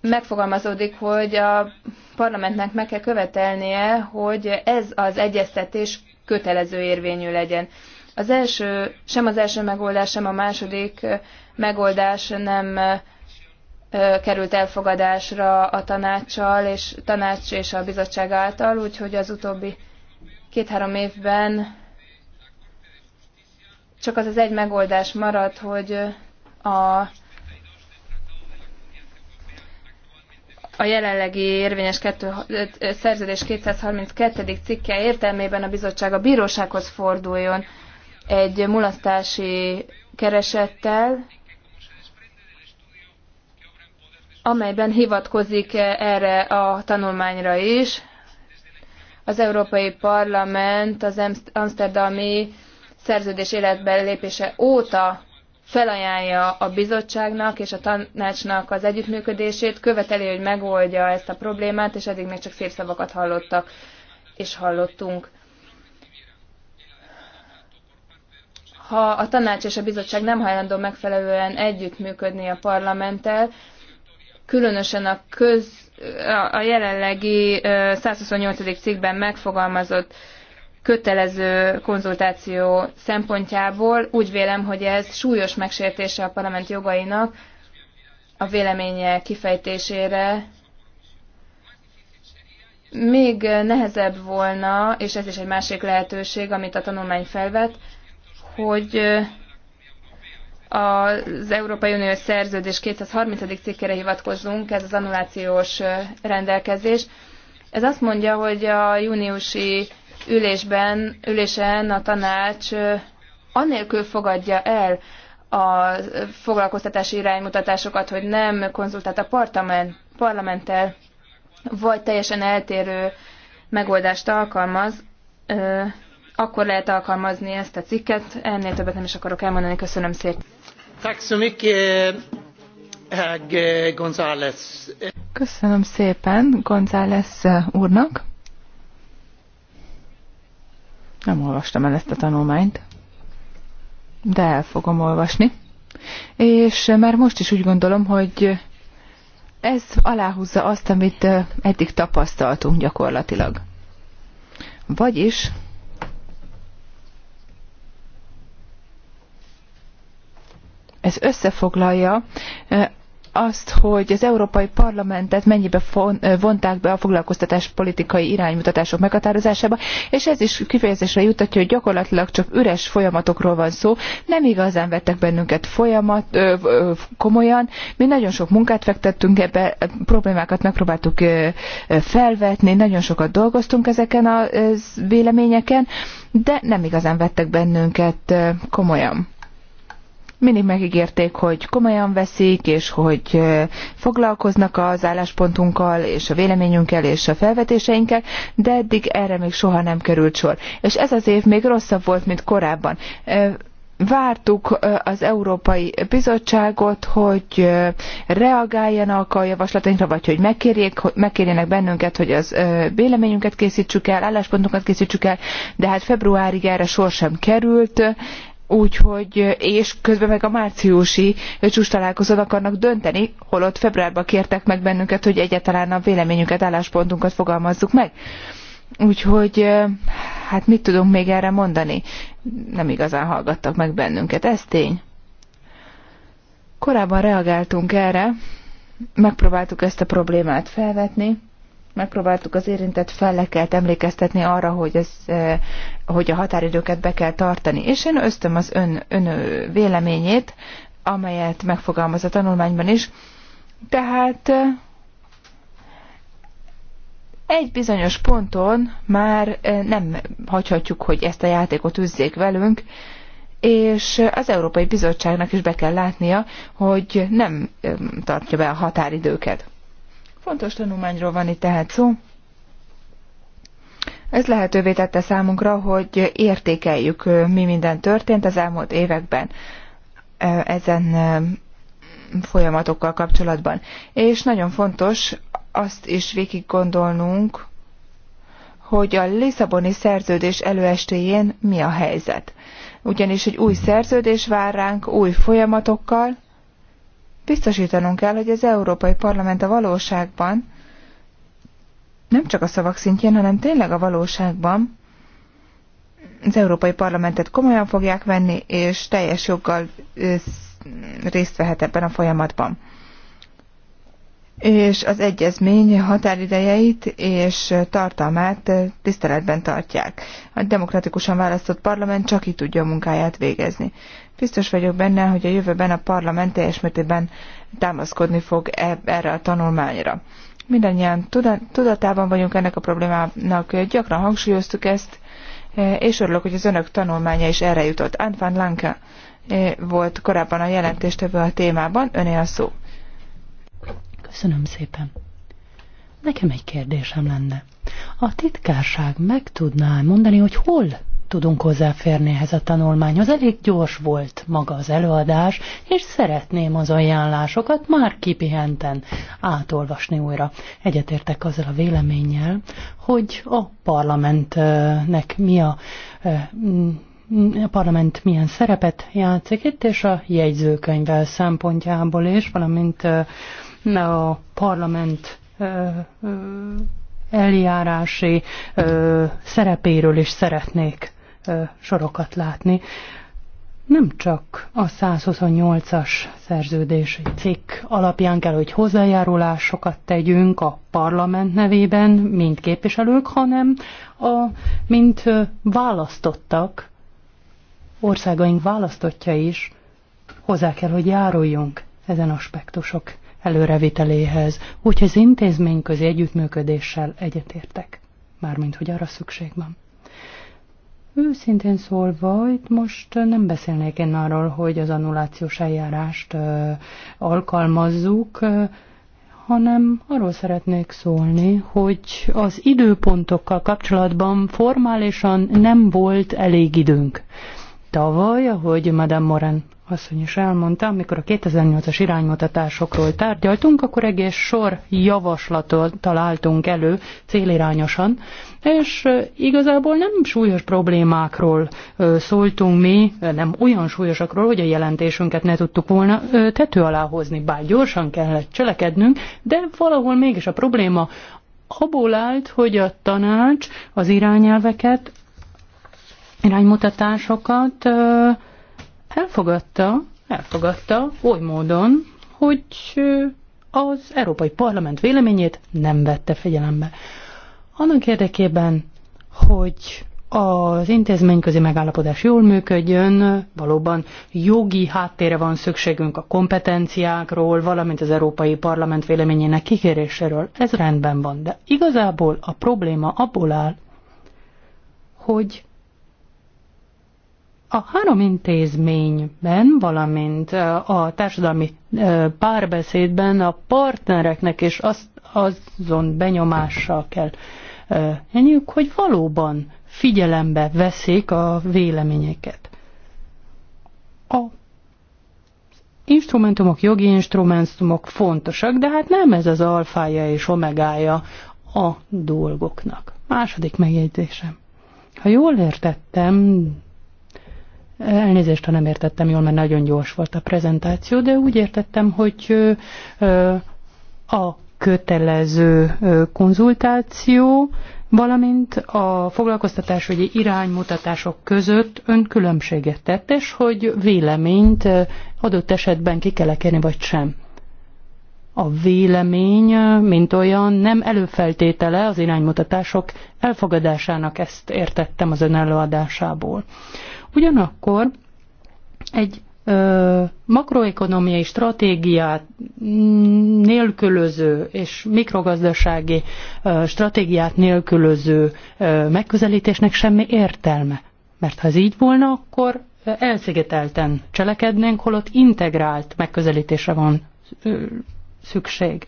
megfogalmazódik, hogy a parlamentnek meg kell követelnie, hogy ez az egyeztetés kötelező érvényű legyen. Az első, sem az első megoldás, sem a második megoldás nem került elfogadásra a tanácssal és tanács és a bizottság által, úgyhogy az utóbbi két-három évben csak az az egy megoldás maradt, hogy a a jelenlegi érvényes kettő, szerződés 232. cikke értelmében a bizottság a bírósághoz forduljon egy mulasztási keresettel, amelyben hivatkozik erre a tanulmányra is. Az Európai Parlament az Amsterdami szerződés életben lépése óta felajánlja a bizottságnak és a tanácsnak az együttműködését, követeli, hogy megoldja ezt a problémát, és eddig még csak szép szavakat hallottak és hallottunk. Ha a tanács és a bizottság nem hajlandó megfelelően együttműködni a parlamenttel, különösen a, köz, a jelenlegi 128. cikkben megfogalmazott kötelező konzultáció szempontjából úgy vélem, hogy ez súlyos megsértése a parlament jogainak a véleménye kifejtésére. Még nehezebb volna, és ez is egy másik lehetőség, amit a tanulmány felvet, hogy az Európai Unió szerződés 230. cikkére hivatkozzunk, ez az annulációs rendelkezés. Ez azt mondja, hogy a júniusi ülésben, ülésen a tanács anélkül fogadja el a foglalkoztatási iránymutatásokat, hogy nem konzultált a parlament, parlamenttel, vagy teljesen eltérő megoldást alkalmaz, akkor lehet alkalmazni ezt a cikket. Ennél többet nem is akarok elmondani. Köszönöm szépen. Köszönöm szépen González úrnak. Nem olvastam el ezt a tanulmányt, de el fogom olvasni. És már most is úgy gondolom, hogy ez aláhúzza azt, amit eddig tapasztaltunk gyakorlatilag. Vagyis ez összefoglalja azt, hogy az Európai Parlamentet mennyibe vonták be a foglalkoztatás politikai iránymutatások meghatározásába, és ez is kifejezésre jutatja, hogy gyakorlatilag csak üres folyamatokról van szó. Nem igazán vettek bennünket folyamat, ö, ö, komolyan. Mi nagyon sok munkát fektettünk ebbe, problémákat megpróbáltuk ö, felvetni, nagyon sokat dolgoztunk ezeken a véleményeken, de nem igazán vettek bennünket komolyan mindig megígérték, hogy komolyan veszik, és hogy foglalkoznak az álláspontunkkal, és a véleményünkkel, és a felvetéseinkkel, de eddig erre még soha nem került sor. És ez az év még rosszabb volt, mint korábban vártuk az Európai Bizottságot, hogy reagáljanak a javaslatainkra, vagy hogy megkérjék, megkérjenek bennünket, hogy az véleményünket készítsük el, álláspontunkat készítsük el, de hát februárig erre sor sem került, úgyhogy, és közben meg a márciusi csúcstalálkozón akarnak dönteni, holott februárban kértek meg bennünket, hogy egyáltalán a véleményünket, álláspontunkat fogalmazzuk meg. Úgyhogy, hát mit tudunk még erre mondani? Nem igazán hallgattak meg bennünket, ez tény. Korábban reagáltunk erre, megpróbáltuk ezt a problémát felvetni, megpróbáltuk az érintett feleket emlékeztetni arra, hogy, ez, e, hogy a határidőket be kell tartani. És én ösztöm az ön, ön véleményét, amelyet megfogalmaz a tanulmányban is. Tehát e, egy bizonyos ponton már e, nem hagyhatjuk, hogy ezt a játékot üzzék velünk, és az Európai Bizottságnak is be kell látnia, hogy nem tartja be a határidőket. Fontos tanulmányról van itt tehát szó. Ez lehetővé tette számunkra, hogy értékeljük, mi minden történt az elmúlt években ezen folyamatokkal kapcsolatban. És nagyon fontos azt is végig gondolnunk, hogy a Lisszaboni szerződés előestéjén mi a helyzet. Ugyanis egy új szerződés vár ránk, új folyamatokkal, Biztosítanunk kell, hogy az Európai Parlament a valóságban, nem csak a szavak szintjén, hanem tényleg a valóságban az Európai Parlamentet komolyan fogják venni, és teljes joggal részt vehet ebben a folyamatban. És az egyezmény határidejeit és tartalmát tiszteletben tartják. A demokratikusan választott parlament csak így tudja a munkáját végezni. Biztos vagyok benne, hogy a jövőben a parlament teljes mértékben támaszkodni fog e- erre a tanulmányra. Mindannyian tudatában vagyunk ennek a problémának, gyakran hangsúlyoztuk ezt, e, és örülök, hogy az önök tanulmánya is erre jutott. Antoine Lanka e, volt korábban a jelentéstevő a témában, öné a szó. Köszönöm szépen. Nekem egy kérdésem lenne. A titkárság meg tudná mondani, hogy hol tudunk hozzáférni ehhez a tanulmányhoz. Elég gyors volt maga az előadás, és szeretném az ajánlásokat már kipihenten átolvasni újra. Egyetértek azzal a véleménnyel, hogy a parlamentnek mi a eh, a parlament milyen szerepet játszik itt, és a jegyzőkönyvvel szempontjából is, valamint eh, a parlament eh, eljárási szerepéről is szeretnék sorokat látni. Nem csak a 128-as szerződési cikk alapján kell, hogy hozzájárulásokat tegyünk a parlament nevében, mint képviselők, hanem a, mint választottak, országaink választottja is hozzá kell, hogy járuljunk ezen aspektusok előreviteléhez, úgyhogy az intézményközi együttműködéssel egyetértek, mármint hogy arra szükség van. Őszintén szólva, itt most nem beszélnék én arról, hogy az annulációs eljárást alkalmazzuk, hanem arról szeretnék szólni, hogy az időpontokkal kapcsolatban formálisan nem volt elég időnk. Tavaly, ahogy Madame Moren asszony is elmondta, amikor a 2008-as iránymutatásokról tárgyaltunk, akkor egész sor javaslatot találtunk elő célirányosan, és igazából nem súlyos problémákról szóltunk mi, nem olyan súlyosakról, hogy a jelentésünket ne tudtuk volna tető alá hozni, bár gyorsan kellett cselekednünk, de valahol mégis a probléma abból állt, hogy a tanács az irányelveket, iránymutatásokat elfogadta, elfogadta oly módon, hogy az Európai Parlament véleményét nem vette figyelembe. Annak érdekében, hogy az intézményközi megállapodás jól működjön, valóban jogi háttérre van szükségünk a kompetenciákról, valamint az Európai Parlament véleményének kikéréséről. Ez rendben van, de igazából a probléma abból áll, hogy a három intézményben, valamint a társadalmi párbeszédben a partnereknek is az, azon benyomással kell enniük, hogy valóban figyelembe veszik a véleményeket. A instrumentumok, jogi instrumentumok fontosak, de hát nem ez az alfája és omegája a dolgoknak. Második megjegyzésem. Ha jól értettem, Elnézést, ha nem értettem jól, mert nagyon gyors volt a prezentáció, de úgy értettem, hogy a kötelező konzultáció, valamint a foglalkoztatásügyi iránymutatások között ön különbséget tett, és hogy véleményt adott esetben ki kell kérni, vagy sem. A vélemény, mint olyan, nem előfeltétele az iránymutatások elfogadásának, ezt értettem az ön előadásából. Ugyanakkor egy ö, makroekonomiai stratégiát nélkülöző és mikrogazdasági ö, stratégiát nélkülöző ö, megközelítésnek semmi értelme. Mert ha ez így volna, akkor elszigetelten cselekednénk, holott integrált megközelítésre van ö, szükség. Ö,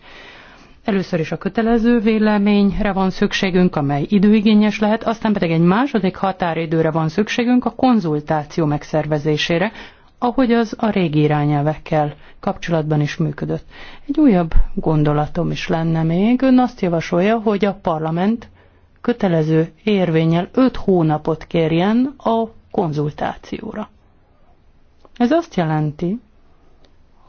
Először is a kötelező véleményre van szükségünk, amely időigényes lehet, aztán pedig egy második határidőre van szükségünk a konzultáció megszervezésére, ahogy az a régi irányelvekkel kapcsolatban is működött. Egy újabb gondolatom is lenne még. Ön azt javasolja, hogy a parlament kötelező érvényel 5 hónapot kérjen a konzultációra. Ez azt jelenti,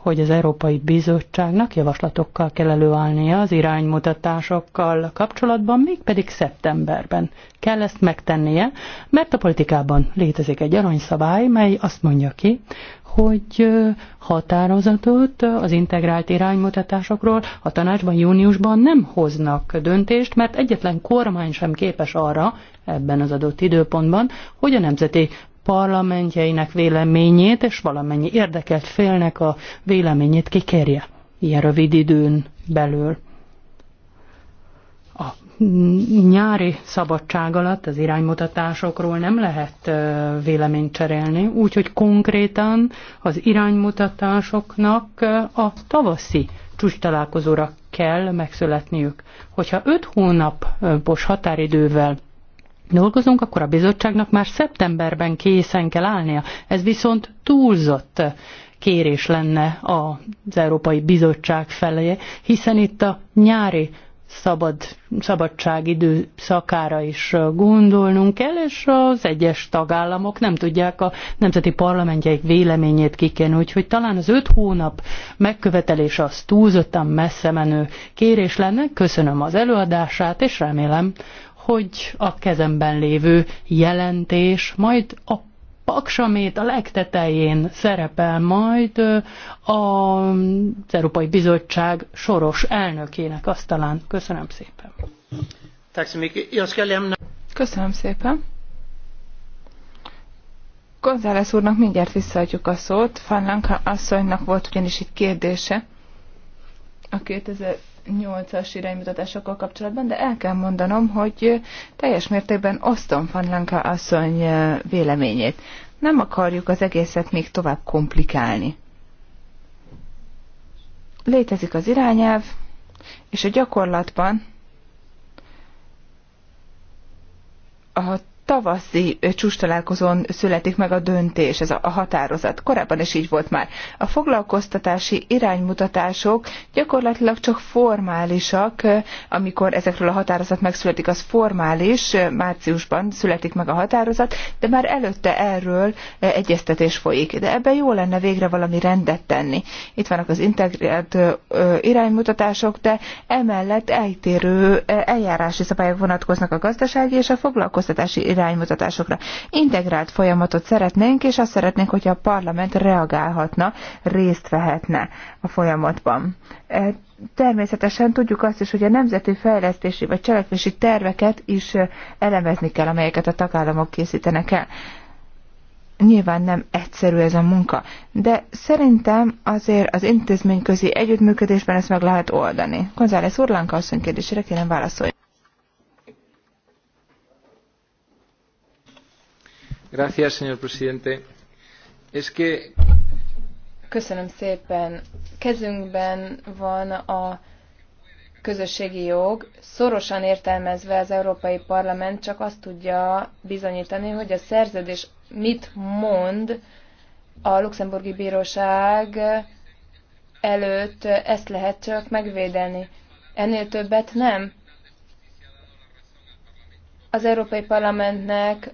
hogy az Európai Bizottságnak javaslatokkal kell előállnia az iránymutatásokkal kapcsolatban, mégpedig szeptemberben. Kell ezt megtennie, mert a politikában létezik egy aranyszabály, mely azt mondja ki, hogy határozatot az integrált iránymutatásokról a tanácsban júniusban nem hoznak döntést, mert egyetlen kormány sem képes arra ebben az adott időpontban, hogy a nemzeti parlamentjeinek véleményét és valamennyi érdekelt félnek a véleményét kikerje ilyen rövid időn belül. A nyári szabadság alatt az iránymutatásokról nem lehet véleményt cserélni, úgyhogy konkrétan az iránymutatásoknak a tavaszi csúcs találkozóra kell megszületniük. Hogyha öt hónapos határidővel dolgozunk, akkor a bizottságnak már szeptemberben készen kell állnia. Ez viszont túlzott kérés lenne az Európai Bizottság felé, hiszen itt a nyári szabad, szabadság időszakára is gondolnunk kell, és az egyes tagállamok nem tudják a nemzeti parlamentjeik véleményét kikenni, úgyhogy talán az öt hónap megkövetelése az túlzottan messze menő kérés lenne. Köszönöm az előadását, és remélem, hogy a kezemben lévő jelentés majd a paksamét a legtetején szerepel majd az Európai Bizottság soros elnökének asztalán. Köszönöm szépen. Köszönöm szépen. González úrnak mindjárt visszaadjuk a szót. Fanlanka asszonynak volt ugyanis egy kérdése a 2000 8-as iránymutatásokkal kapcsolatban, de el kell mondanom, hogy teljes mértékben osztom Fanlanka asszony eh, véleményét. Nem akarjuk az egészet még tovább komplikálni. Létezik az irányelv, és a gyakorlatban a tavaszi csúcstalálkozón születik meg a döntés, ez a, a határozat. Korábban is így volt már. A foglalkoztatási iránymutatások gyakorlatilag csak formálisak, amikor ezekről a határozat megszületik, az formális, márciusban születik meg a határozat, de már előtte erről egyeztetés folyik. De ebben jó lenne végre valami rendet tenni. Itt vannak az integrált iránymutatások, de emellett eltérő eljárási szabályok vonatkoznak a gazdasági és a foglalkoztatási iránymutatásokra. Integrált folyamatot szeretnénk, és azt szeretnénk, hogyha a parlament reagálhatna, részt vehetne a folyamatban. E, természetesen tudjuk azt is, hogy a nemzeti fejlesztési vagy cselekvési terveket is e, elemezni kell, amelyeket a tagállamok készítenek el. Nyilván nem egyszerű ez a munka, de szerintem azért az intézményközi együttműködésben ezt meg lehet oldani. González Urlánka asszony kérdésére kérem válaszolni. Gracias, señor presidente. Es que... Köszönöm szépen. Kezünkben van a közösségi jog, szorosan értelmezve az Európai Parlament csak azt tudja bizonyítani, hogy a szerződés mit mond a luxemburgi bíróság előtt, ezt lehet csak megvédeni. Ennél többet nem. Az Európai Parlamentnek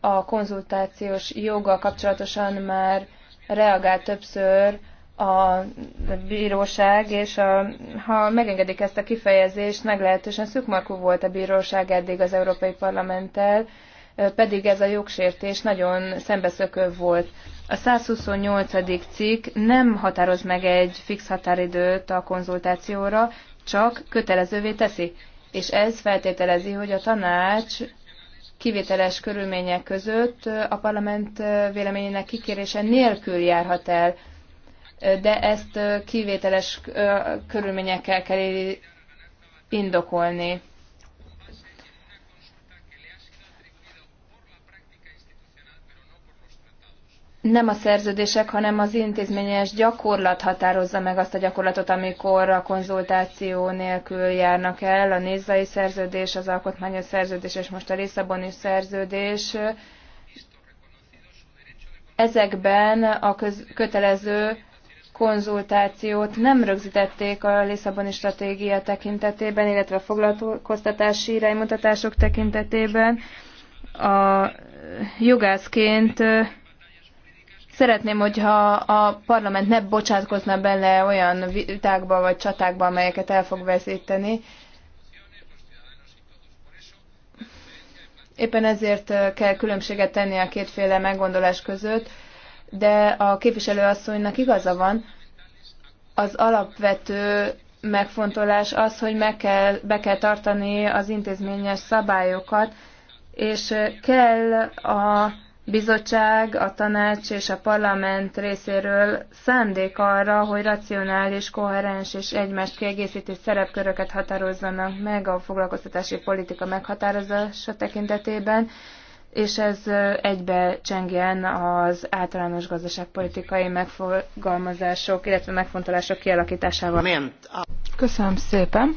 a konzultációs joggal kapcsolatosan már reagált többször a bíróság, és a, ha megengedik ezt a kifejezést, meglehetősen szükmarkú volt a bíróság eddig az Európai Parlamenttel, pedig ez a jogsértés nagyon szembeszökő volt. A 128. cikk nem határoz meg egy fix határidőt a konzultációra, csak kötelezővé teszi. És ez feltételezi, hogy a tanács kivételes körülmények között a parlament véleményének kikérése nélkül járhat el, de ezt kivételes körülményekkel kell indokolni. nem a szerződések, hanem az intézményes gyakorlat határozza meg azt a gyakorlatot, amikor a konzultáció nélkül járnak el. A nézai szerződés, az alkotmányos szerződés és most a Lisszaboni szerződés. Ezekben a köz- kötelező konzultációt nem rögzítették a Lisszaboni stratégia tekintetében, illetve a foglalkoztatási iránymutatások tekintetében. A jogászként Szeretném, hogyha a parlament ne bocsátkozna bele olyan vitákba vagy csatákba, amelyeket el fog veszíteni. Éppen ezért kell különbséget tenni a kétféle meggondolás között, de a képviselőasszonynak igaza van, az alapvető megfontolás az, hogy meg kell, be kell tartani az intézményes szabályokat, és kell a bizottság, a tanács és a parlament részéről szándék arra, hogy racionális, koherens és egymást kiegészítő szerepköröket határozzanak meg a foglalkoztatási politika meghatározása tekintetében, és ez egybe csengjen az általános gazdaságpolitikai megfogalmazások, illetve megfontolások kialakításával. Köszönöm szépen!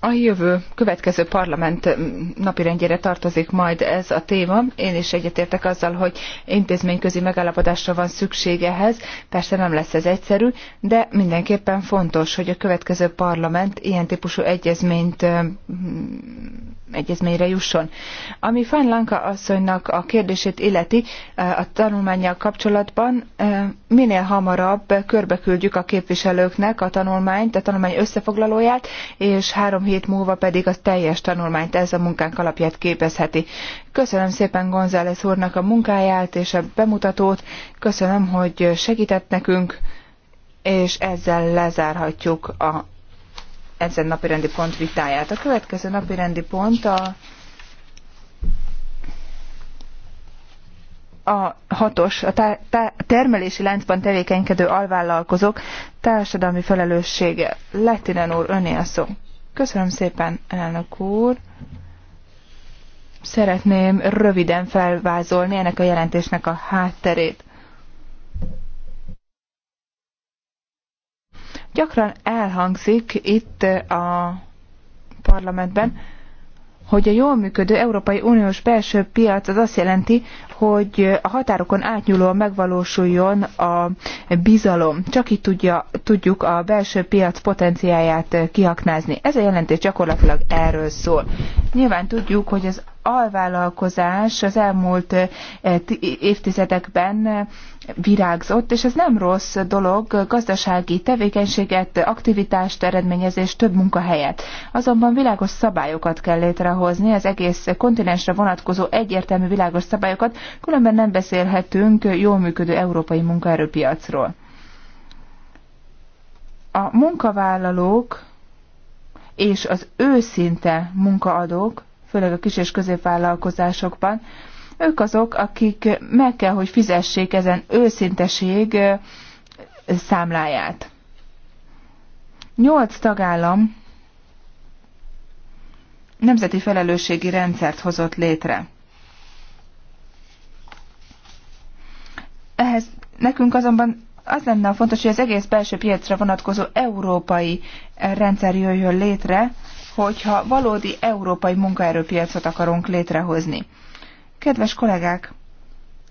a jövő következő parlament napirendjére tartozik majd ez a téma. Én is egyetértek azzal, hogy intézményközi megállapodásra van szükség ehhez. Persze nem lesz ez egyszerű, de mindenképpen fontos, hogy a következő parlament ilyen típusú egyezményt egyezményre jusson. Ami Fán Lanka asszonynak a kérdését illeti a tanulmányjal kapcsolatban, minél hamarabb körbeküldjük a képviselőknek a tanulmányt, a tanulmány összefoglalóját, és három hét múlva pedig a teljes tanulmányt ez a munkánk alapját képezheti. Köszönöm szépen González úrnak a munkáját és a bemutatót, köszönöm, hogy segített nekünk, és ezzel lezárhatjuk a ezen napirendi pont vitáját. A következő napirendi pont a, a hatos, a tá, tá, termelési láncban tevékenykedő alvállalkozók társadalmi felelőssége. Lettinen úr, öné a szó. Köszönöm szépen, elnök úr. Szeretném röviden felvázolni ennek a jelentésnek a hátterét. Gyakran elhangzik itt eh, a parlamentben, hogy a jól működő Európai Uniós belső piac az azt jelenti, hogy a határokon átnyúlóan megvalósuljon a bizalom. Csak így tudja, tudjuk a belső piac potenciáját eh, kihaknázni. Ez a jelentés gyakorlatilag erről szól. Nyilván tudjuk, hogy az alvállalkozás az elmúlt eh, évtizedekben eh, virágzott, és ez nem rossz dolog, gazdasági tevékenységet, aktivitást eredményez és több munkahelyet. Azonban világos szabályokat kell létrehozni, az egész kontinensre vonatkozó egyértelmű világos szabályokat, különben nem beszélhetünk jól működő európai munkaerőpiacról. A munkavállalók és az őszinte munkaadók főleg a kis- és középvállalkozásokban, ők azok, akik meg kell, hogy fizessék ezen őszinteség számláját. Nyolc tagállam nemzeti felelősségi rendszert hozott létre. Ehhez nekünk azonban az lenne a fontos, hogy az egész belső piacra vonatkozó európai rendszer jöjjön létre, hogyha valódi európai munkaerőpiacot akarunk létrehozni. Kedves kollégák,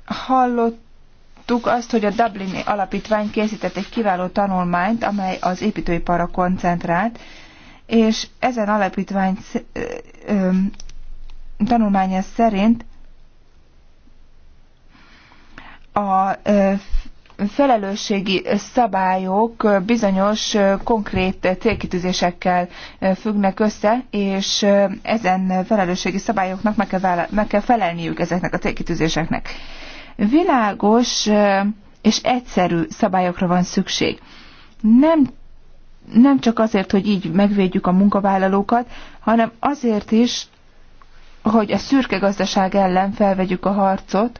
hallottuk azt, hogy a Dublini Alapítvány készített egy kiváló tanulmányt, amely az építőiparra koncentrált, és ezen alapítvány tanulmánya szerint a felelősségi szabályok bizonyos konkrét célkitűzésekkel függnek össze, és ezen felelősségi szabályoknak meg kell, vála- meg kell felelniük ezeknek a célkitűzéseknek. Világos és egyszerű szabályokra van szükség. Nem nem csak azért, hogy így megvédjük a munkavállalókat, hanem azért is, hogy a szürke gazdaság ellen felvegyük a harcot,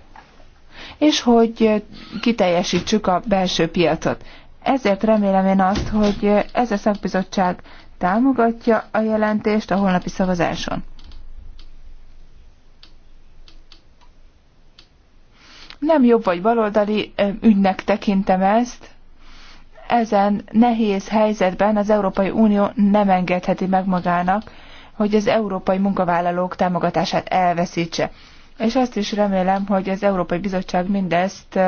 és hogy kiteljesítsük a belső piacot. Ezért remélem én azt, hogy ez a szakbizottság támogatja a jelentést a holnapi szavazáson. Nem jobb vagy baloldali ügynek tekintem ezt, ezen nehéz helyzetben az Európai Unió nem engedheti meg magának, hogy az európai munkavállalók támogatását elveszítse. És azt is remélem, hogy az Európai Bizottság mindezt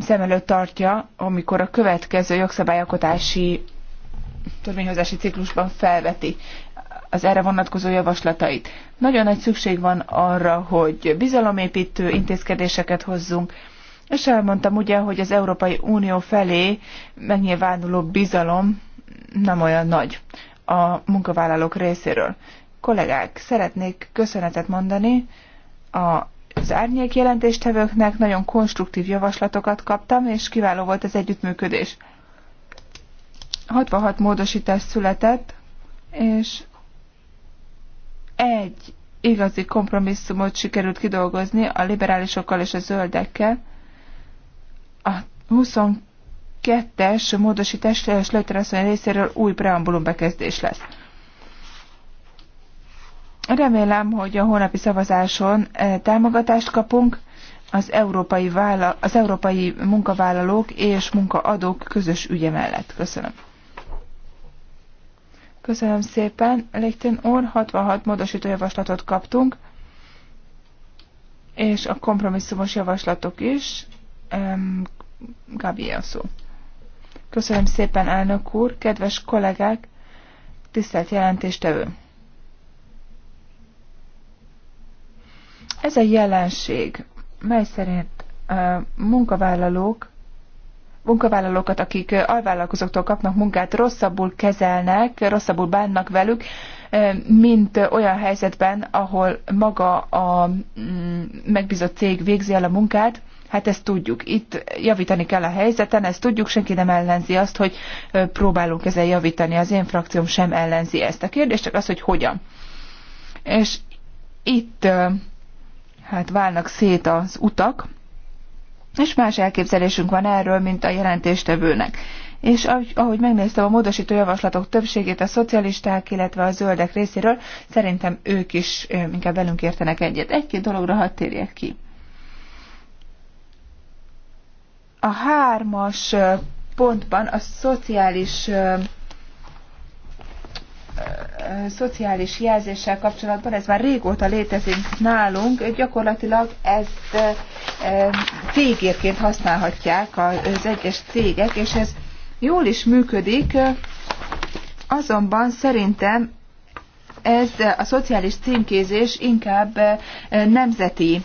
szem előtt tartja, amikor a következő jogszabályalkotási törvényhozási ciklusban felveti az erre vonatkozó javaslatait. Nagyon nagy szükség van arra, hogy bizalomépítő intézkedéseket hozzunk, és elmondtam ugye, hogy az Európai Unió felé megnyilvánuló bizalom nem olyan nagy a munkavállalók részéről. Kollégák, szeretnék köszönetet mondani a az árnyék jelentéstevőknek nagyon konstruktív javaslatokat kaptam, és kiváló volt az együttműködés. 66 módosítás született, és egy igazi kompromisszumot sikerült kidolgozni a liberálisokkal és a zöldekkel. A 22-es módosítás Slöjter részéről új preambulum bekezdés lesz. Remélem, hogy a holnapi szavazáson e, támogatást kapunk az európai, vála- az európai munkavállalók és munkaadók közös ügye mellett. Köszönöm. Köszönöm szépen. Légtén úr, 66 módosító javaslatot kaptunk, és a kompromisszumos javaslatok is. Gabi szó. Köszönöm szépen, elnök úr, kedves kollégák, tisztelt jelentéstevő! Ez a jelenség, mely szerint munkavállalók munkavállalókat, akik alvállalkozóktól kapnak munkát, rosszabbul kezelnek, rosszabbul bánnak velük, mint olyan helyzetben, ahol maga a mm, megbízott cég végzi el a munkát, Hát ezt tudjuk. Itt javítani kell a helyzeten, ezt tudjuk, senki nem ellenzi azt, hogy próbálunk ezzel javítani. Az én frakcióm sem ellenzi ezt. A kérdés csak az, hogy hogyan. És itt hát válnak szét az utak, és más elképzelésünk van erről, mint a jelentéstevőnek. És ahogy, ahogy megnéztem a módosító javaslatok többségét a szocialisták, illetve a zöldek részéről, szerintem ők is inkább velünk értenek egyet. Egy-két dologra hadd térjek ki. A hármas pontban a szociális szociális jelzéssel kapcsolatban, ez már régóta létezik nálunk, gyakorlatilag ezt cégérként használhatják az egyes cégek, és ez jól is működik, azonban szerintem ez a szociális címkézés inkább nemzeti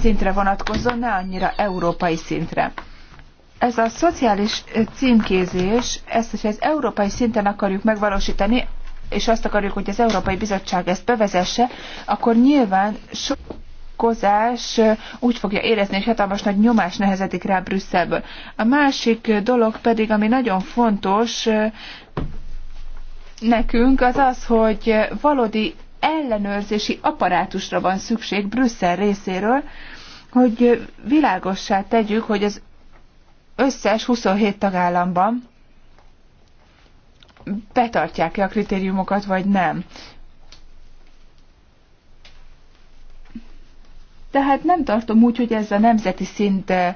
szintre vonatkozó, ne annyira európai szintre. Ez a szociális címkézés, ezt, hogyha az európai szinten akarjuk megvalósítani, és azt akarjuk, hogy az Európai Bizottság ezt bevezesse, akkor nyilván sok kozás úgy fogja érezni, hogy hatalmas nagy nyomás nehezedik rá Brüsszelből. A másik dolog pedig, ami nagyon fontos nekünk, az az, hogy valódi ellenőrzési apparátusra van szükség Brüsszel részéről, hogy világossá tegyük, hogy az összes 27 tagállamban betartják-e a kritériumokat, vagy nem. Tehát nem tartom úgy, hogy ez a nemzeti szint, eh,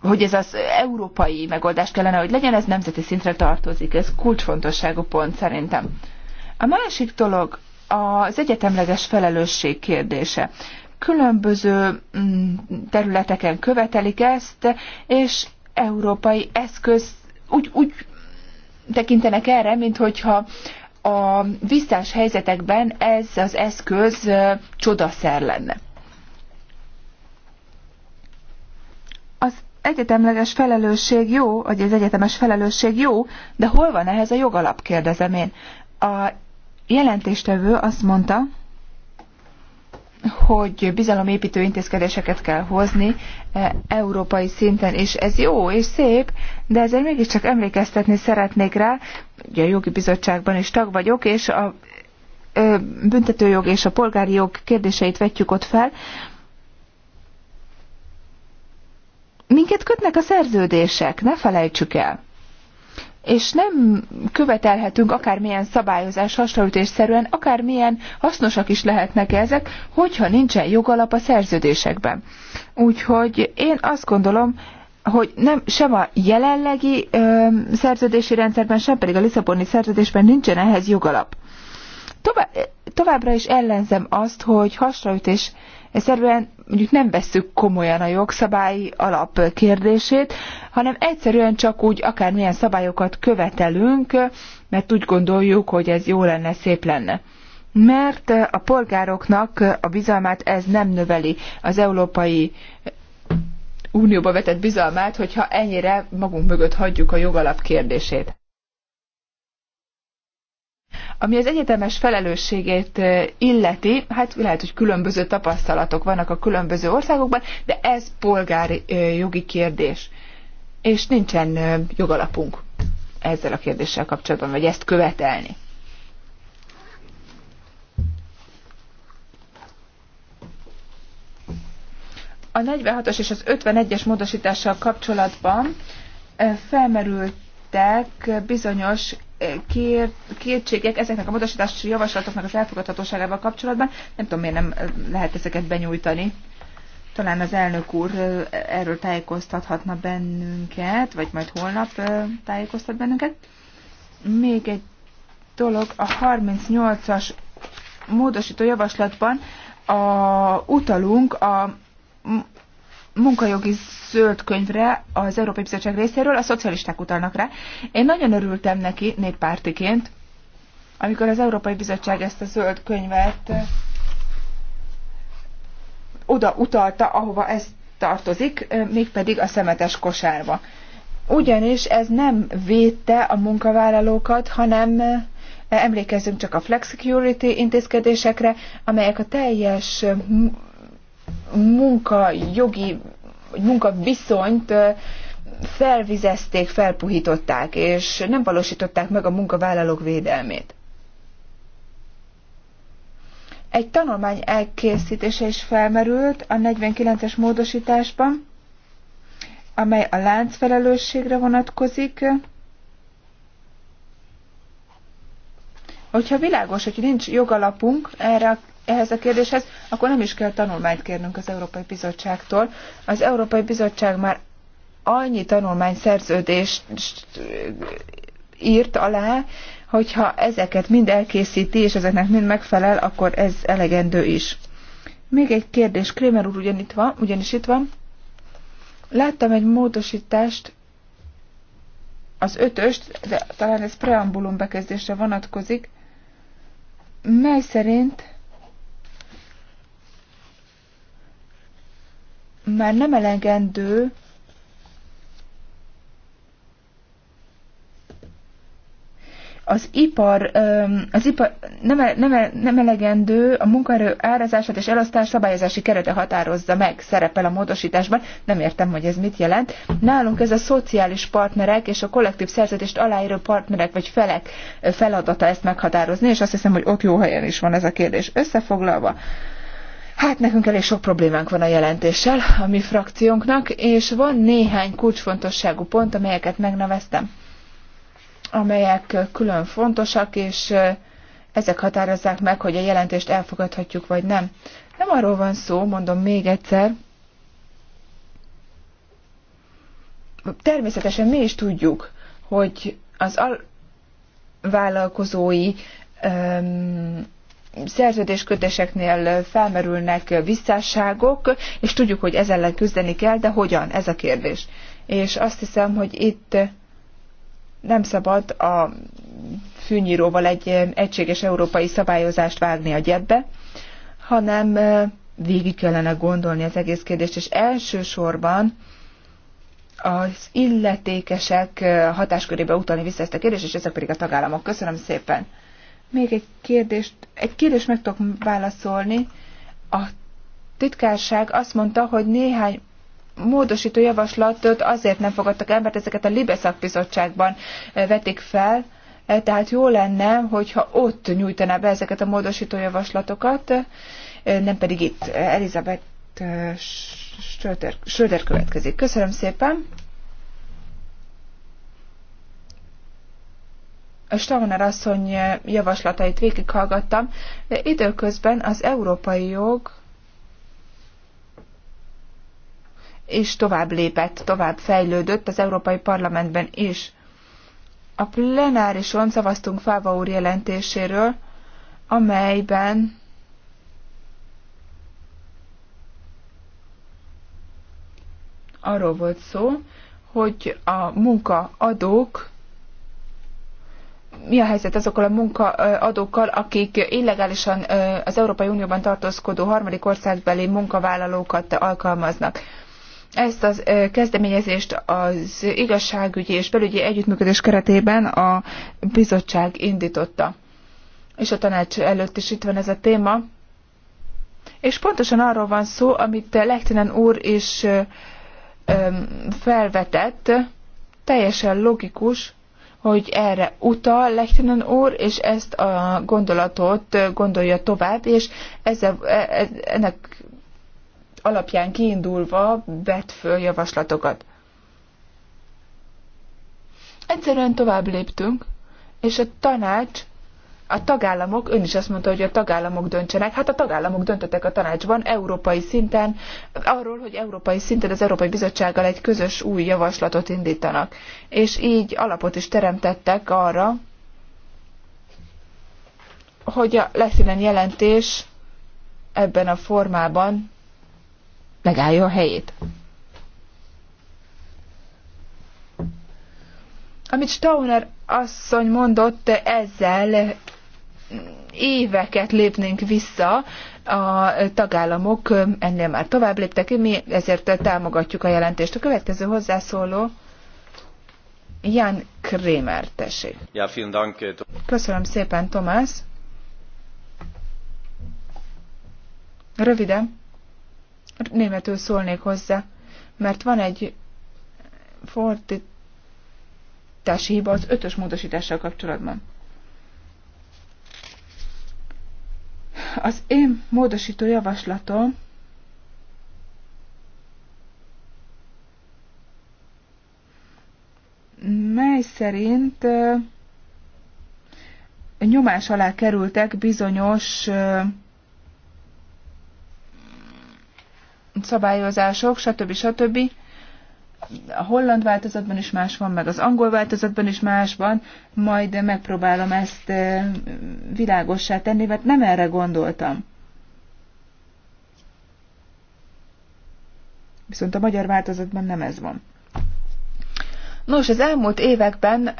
hogy ez az európai megoldás kellene, hogy legyen, ez nemzeti szintre tartozik. Ez kulcsfontosságú pont szerintem. A másik dolog az egyetemleges felelősség kérdése. Különböző mm, területeken követelik ezt, és európai eszköz úgy, úgy tekintenek erre, mint hogyha a visszás helyzetekben ez az eszköz csodaszer lenne. Az egyetemleges felelősség jó, vagy az egyetemes felelősség jó, de hol van ehhez a jogalap, kérdezem én. A jelentéstevő azt mondta, hogy bizalomépítő intézkedéseket kell hozni eh, európai szinten, és ez jó és szép, de ezzel mégiscsak emlékeztetni szeretnék rá, ugye a jogi bizottságban is tag vagyok, és a büntetőjog és a polgári jog kérdéseit vetjük ott fel. Minket kötnek a szerződések, ne felejtsük el és nem követelhetünk akármilyen szabályozás hasraütésszerűen, akármilyen hasznosak is lehetnek ezek, hogyha nincsen jogalap a szerződésekben. Úgyhogy én azt gondolom, hogy nem sem a jelenlegi ö, szerződési rendszerben, sem pedig a Lisszaboni szerződésben nincsen ehhez jogalap. Tovább, továbbra is ellenzem azt, hogy hasraütés egyszerűen mondjuk nem vesszük komolyan a jogszabályi alap kérdését, hanem egyszerűen csak úgy akármilyen szabályokat követelünk, mert úgy gondoljuk, hogy ez jó lenne, szép lenne. Mert a polgároknak a bizalmát ez nem növeli az Európai Unióba vetett bizalmát, hogyha ennyire magunk mögött hagyjuk a jogalap kérdését. Ami az egyetemes felelősségét illeti, hát lehet, hogy különböző tapasztalatok vannak a különböző országokban, de ez polgári jogi kérdés. És nincsen jogalapunk ezzel a kérdéssel kapcsolatban, vagy ezt követelni. A 46-os és az 51-es módosítással kapcsolatban felmerült felvettek bizonyos eh, kér, kétségek ezeknek a módosítási javaslatoknak az elfogadhatóságával kapcsolatban. Nem tudom, miért nem eh, lehet ezeket benyújtani. Talán az elnök úr eh, erről tájékoztathatna bennünket, vagy majd holnap tájékoztat bennünket. Még egy dolog, a 38-as módosító javaslatban a, utalunk a munkajogi zöld könyvre az Európai Bizottság részéről, a szocialisták utalnak rá. Én nagyon örültem neki néppártiként, amikor az Európai Bizottság ezt a zöld könyvet oda utalta, ahova ez tartozik, mégpedig a szemetes kosárba. Ugyanis ez nem védte a munkavállalókat, hanem emlékezzünk csak a flexicurity intézkedésekre, amelyek a teljes munkajogi, munkaviszonyt felvizezték, felpuhították, és nem valósították meg a munkavállalók védelmét. Egy tanulmány elkészítése is felmerült a 49-es módosításban, amely a láncfelelősségre vonatkozik. Hogyha világos, hogy nincs jogalapunk erre a ehhez a kérdéshez, akkor nem is kell tanulmányt kérnünk az Európai Bizottságtól. Az Európai Bizottság már annyi tanulmányszerződést eh, írt alá, hogyha ezeket mind elkészíti, és ezeknek mind megfelel, akkor ez elegendő is. Még egy kérdés, Krémer úr ugyan itt van, ugyanis itt van. Láttam egy módosítást, az ötöst, de talán ez preambulum bekezdésre vonatkozik, mely szerint már nem elegendő az ipar, az ipar nem, nem, nem elegendő, a munkaerő árazását és elosztás szabályozási kerete határozza meg, szerepel a módosításban. Nem értem, hogy ez mit jelent. Nálunk ez a szociális partnerek és a kollektív szerződést aláíró partnerek vagy felek feladata ezt meghatározni, és azt hiszem, hogy ott jó helyen is van ez a kérdés. Összefoglalva, Hát nekünk elég sok problémánk van a jelentéssel, a mi frakciónknak, és van néhány kulcsfontosságú pont, amelyeket megneveztem, amelyek külön fontosak, és ezek határozzák meg, hogy a jelentést elfogadhatjuk vagy nem. Nem arról van szó, mondom még egyszer, természetesen mi is tudjuk, hogy az vállalkozói öm, szerződéskötéseknél felmerülnek visszásságok, és tudjuk, hogy ez ellen küzdeni kell, de hogyan? Ez a kérdés. És azt hiszem, hogy itt nem szabad a fűnyíróval egy egységes európai szabályozást vágni a gyebbe, hanem végig kellene gondolni az egész kérdést, és elsősorban az illetékesek hatáskörébe utalni vissza ezt a kérdést, és ezek pedig a tagállamok. Köszönöm szépen! Még egy kérdést, egy kérdést meg tudok válaszolni. A titkárság azt mondta, hogy néhány módosító javaslatot azért nem fogadtak el, mert ezeket a Libeszak bizottságban eh, vetik fel, eh, tehát jó lenne, hogyha ott nyújtaná be ezeket a módosító javaslatokat, eh, nem pedig itt. Elizabeth Schröder, Schröder következik. Köszönöm szépen! Stauner asszony javaslatait végighallgattam, de időközben az európai jog és tovább lépett, tovább fejlődött az Európai Parlamentben is. A plenárison szavaztunk Fáva úr jelentéséről, amelyben arról volt szó, hogy a munkaadók mi a helyzet azokkal a munkaadókkal, akik illegálisan az Európai Unióban tartózkodó harmadik országbeli munkavállalókat alkalmaznak. Ezt a kezdeményezést az igazságügyi és belügyi együttműködés keretében a bizottság indította. És a tanács előtt is itt van ez a téma. És pontosan arról van szó, amit Lehtinen úr is felvetett, teljesen logikus, hogy erre utal Lechtenen úr, és ezt a gondolatot gondolja tovább, és ezzel, e, e, ennek alapján kiindulva vett föl javaslatokat. Egyszerűen tovább léptünk, és a tanács a tagállamok, ön is azt mondta, hogy a tagállamok döntsenek, hát a tagállamok döntöttek a tanácsban európai szinten, arról, hogy európai szinten az Európai Bizottsággal egy közös új javaslatot indítanak. És így alapot is teremtettek arra, hogy a Leszinen jelentés ebben a formában megállja a helyét. Amit Stauner asszony mondott, ezzel éveket lépnénk vissza, a tagállamok ennél már tovább léptek, mi ezért támogatjuk a jelentést. A következő hozzászóló Jan Krémer, tessék. Ja, vielen Dank. Eh, Köszönöm szépen, Tomás. Röviden, németül szólnék hozzá, mert van egy fordítási hiba az ötös módosítással kapcsolatban. Az én módosító javaslatom mely szerint nyomás alá kerültek bizonyos szabályozások, stb. stb a holland változatban is más van, meg az angol változatban is más van, majd megpróbálom ezt világossá tenni, mert nem erre gondoltam. Viszont a magyar változatban nem ez van. Nos, az elmúlt években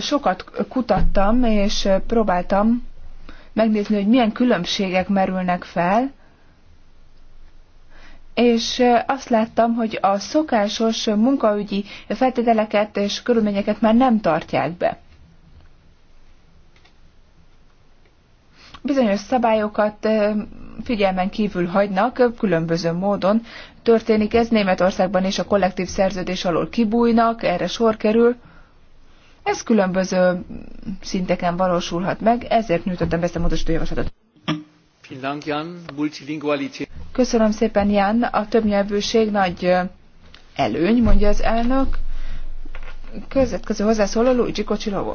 sokat kutattam, és próbáltam megnézni, hogy milyen különbségek merülnek fel és azt láttam, hogy a szokásos munkaügyi feltételeket és körülményeket már nem tartják be. Bizonyos szabályokat figyelmen kívül hagynak, különböző módon történik ez. Németországban is a kollektív szerződés alól kibújnak, erre sor kerül. Ez különböző szinteken valósulhat meg, ezért nyújtottam be ezt a módosító javaslatot. Köszönöm szépen, Jan. A többnyelvűség nagy előny, mondja az elnök. Következő hozzászóló Luigi Kocsilovo.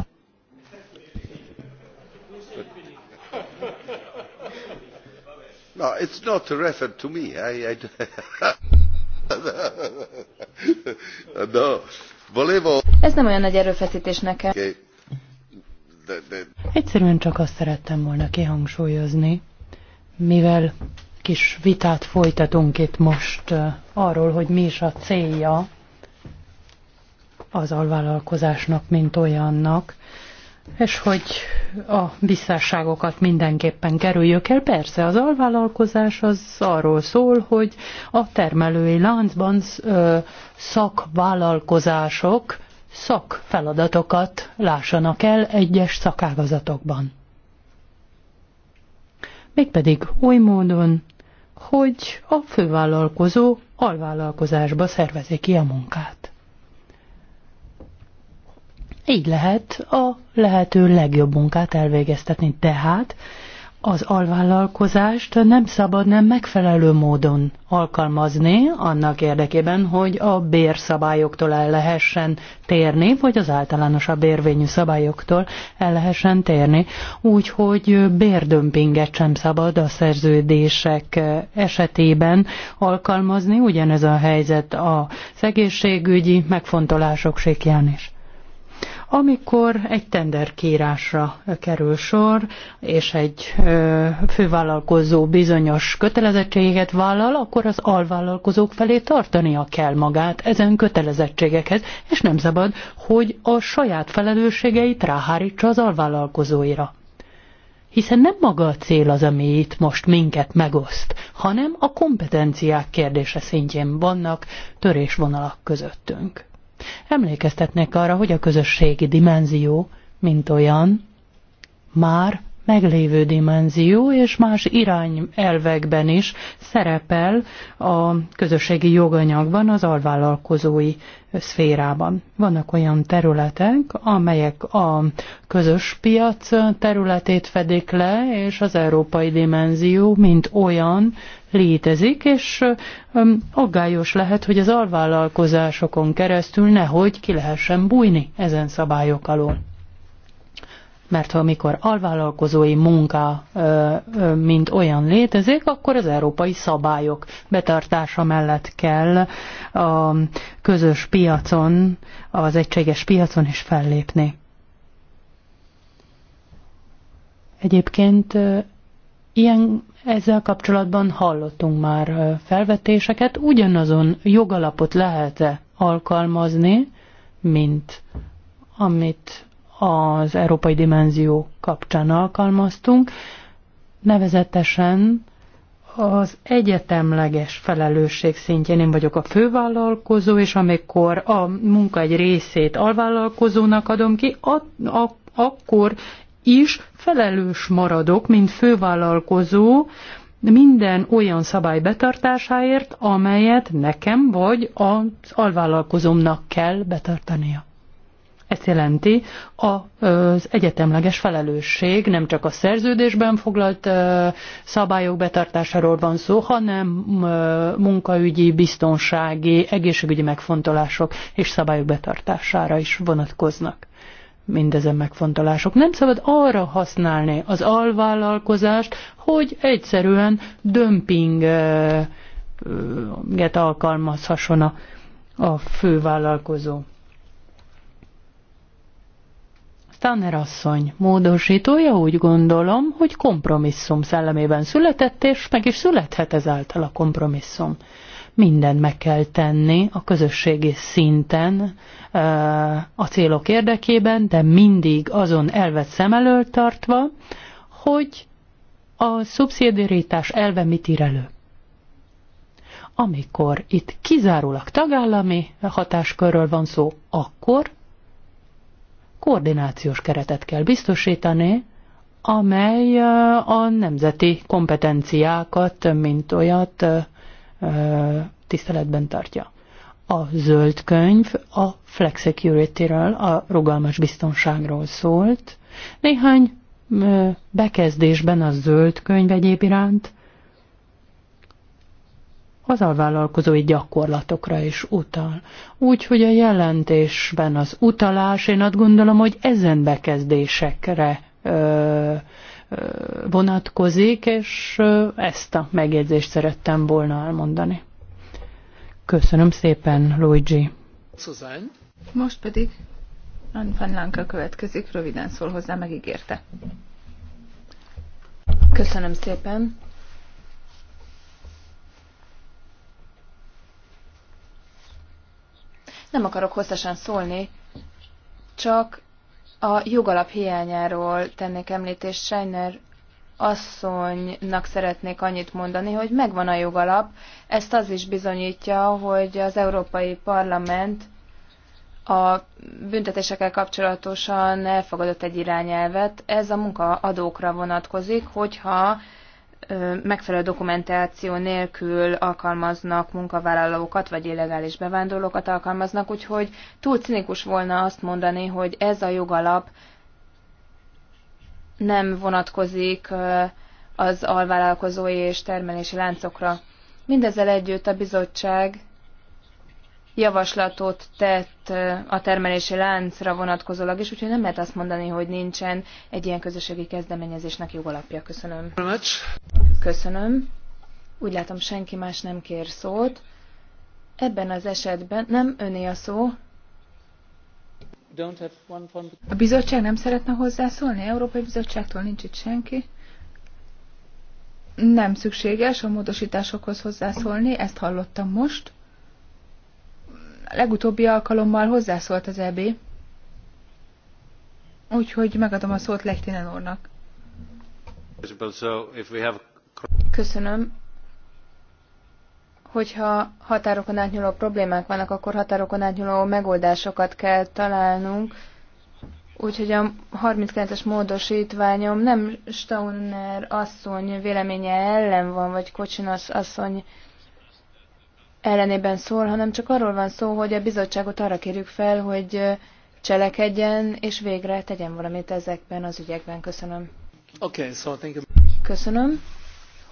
No, it's not referred to me. I, I... no. Volevo... Ez nem olyan nagy erőfeszítés nekem. Okay. De, de... Egyszerűen csak azt szerettem volna kihangsúlyozni, mivel kis vitát folytatunk itt most arról, hogy mi is a célja az alvállalkozásnak, mint olyannak, és hogy a visszásságokat mindenképpen kerüljük el. Persze, az alvállalkozás az arról szól, hogy a termelői láncban szakvállalkozások szakfeladatokat lássanak el egyes szakágazatokban mégpedig oly módon, hogy a fővállalkozó alvállalkozásba szervezi ki a munkát. Így lehet a lehető legjobb munkát elvégeztetni, tehát az alvállalkozást nem szabad nem megfelelő módon alkalmazni annak érdekében, hogy a bérszabályoktól el lehessen térni, vagy az általánosabb érvényű szabályoktól el lehessen térni. Úgyhogy bérdömpinget sem szabad a szerződések esetében alkalmazni, ugyanez a helyzet a egészségügyi megfontolások sékján is. Amikor egy tenderkírásra kerül sor, és egy ö, fővállalkozó bizonyos kötelezettséget vállal, akkor az alvállalkozók felé tartania kell magát ezen kötelezettségekhez, és nem szabad, hogy a saját felelősségeit ráhárítsa az alvállalkozóira hiszen nem maga a cél az, ami itt most minket megoszt, hanem a kompetenciák kérdése szintjén vannak törésvonalak közöttünk emlékeztetnek arra, hogy a közösségi dimenzió, mint olyan, már meglévő dimenzió és más irányelvekben is szerepel a közösségi joganyagban, az alvállalkozói szférában. Vannak olyan területek, amelyek a közös piac területét fedik le, és az európai dimenzió, mint olyan, létezik, és aggályos lehet, hogy az alvállalkozásokon keresztül nehogy ki lehessen bújni ezen szabályok alól mert ha amikor alvállalkozói munka mint olyan létezik, akkor az európai szabályok betartása mellett kell a közös piacon, az egységes piacon is fellépni. Egyébként ilyen ezzel kapcsolatban hallottunk már felvetéseket, ugyanazon jogalapot lehet-e alkalmazni, mint amit az európai dimenzió kapcsán alkalmaztunk, nevezetesen az egyetemleges felelősség szintjén én vagyok a fővállalkozó, és amikor a munka egy részét alvállalkozónak adom ki, a, a, akkor is felelős maradok, mint fővállalkozó, minden olyan szabály betartásáért, amelyet nekem vagy az alvállalkozómnak kell betartania. Ezt jelenti az egyetemleges felelősség, nem csak a szerződésben foglalt szabályok betartásáról van szó, hanem munkaügyi, biztonsági, egészségügyi megfontolások és szabályok betartására is vonatkoznak mindezen megfontolások. Nem szabad arra használni az alvállalkozást, hogy egyszerűen dömpinget alkalmazhasson a, a fővállalkozó. Tanner asszony módosítója úgy gondolom, hogy kompromisszum szellemében született, és meg is születhet ezáltal a kompromisszum. Mindent meg kell tenni a közösségi szinten a célok érdekében, de mindig azon elvet szem elől tartva, hogy a szubszidiaritás elve mit ír elő amikor itt kizárólag tagállami hatáskörről van szó, akkor koordinációs keretet kell biztosítani, amely a nemzeti kompetenciákat, mint olyat tiszteletben tartja. A zöld könyv a flexicurity-ről, a rugalmas biztonságról szólt. Néhány bekezdésben a zöld könyv egyéb iránt az vállalkozói gyakorlatokra is utal. Úgyhogy a jelentésben az utalás, én azt gondolom, hogy ezen bekezdésekre ö, ö, vonatkozik, és ö, ezt a megjegyzést szerettem volna elmondani. Köszönöm szépen, Luigi. Most pedig Anfan Lanka következik, röviden szól hozzá, megígérte. Köszönöm szépen. Nem akarok hosszasan szólni, csak a jogalap hiányáról tennék említést. Scheiner asszonynak szeretnék annyit mondani, hogy megvan a jogalap. Ezt az is bizonyítja, hogy az Európai Parlament a büntetésekkel kapcsolatosan elfogadott egy irányelvet. Ez a munkaadókra vonatkozik, hogyha megfelelő dokumentáció nélkül alkalmaznak munkavállalókat, vagy illegális bevándorlókat alkalmaznak, úgyhogy túl cinikus volna azt mondani, hogy ez a jogalap nem vonatkozik az alvállalkozói és termelési láncokra. Mindezzel együtt a bizottság javaslatot tett a termelési láncra vonatkozólag is, úgyhogy nem lehet azt mondani, hogy nincsen egy ilyen közösségi kezdeményezésnek jogalapja. Köszönöm. Köszönöm. Úgy látom, senki más nem kér szót. Ebben az esetben nem öné a szó. A bizottság nem szeretne hozzászólni? Európai Bizottságtól nincs itt senki. Nem szükséges a módosításokhoz hozzászólni, ezt hallottam most legutóbbi alkalommal hozzászólt az EB, úgyhogy megadom a szót Lechtinen úrnak. Köszönöm. Hogyha határokon átnyúló problémák vannak, akkor határokon átnyúló megoldásokat kell találnunk. Úgyhogy a 39-es módosítványom nem Stauner asszony véleménye ellen van, vagy Kocsinas asszony ellenében szól, hanem csak arról van szó, hogy a bizottságot arra kérjük fel, hogy cselekedjen és végre tegyen valamit ezekben az ügyekben. Köszönöm. Okay, so thank you. Köszönöm.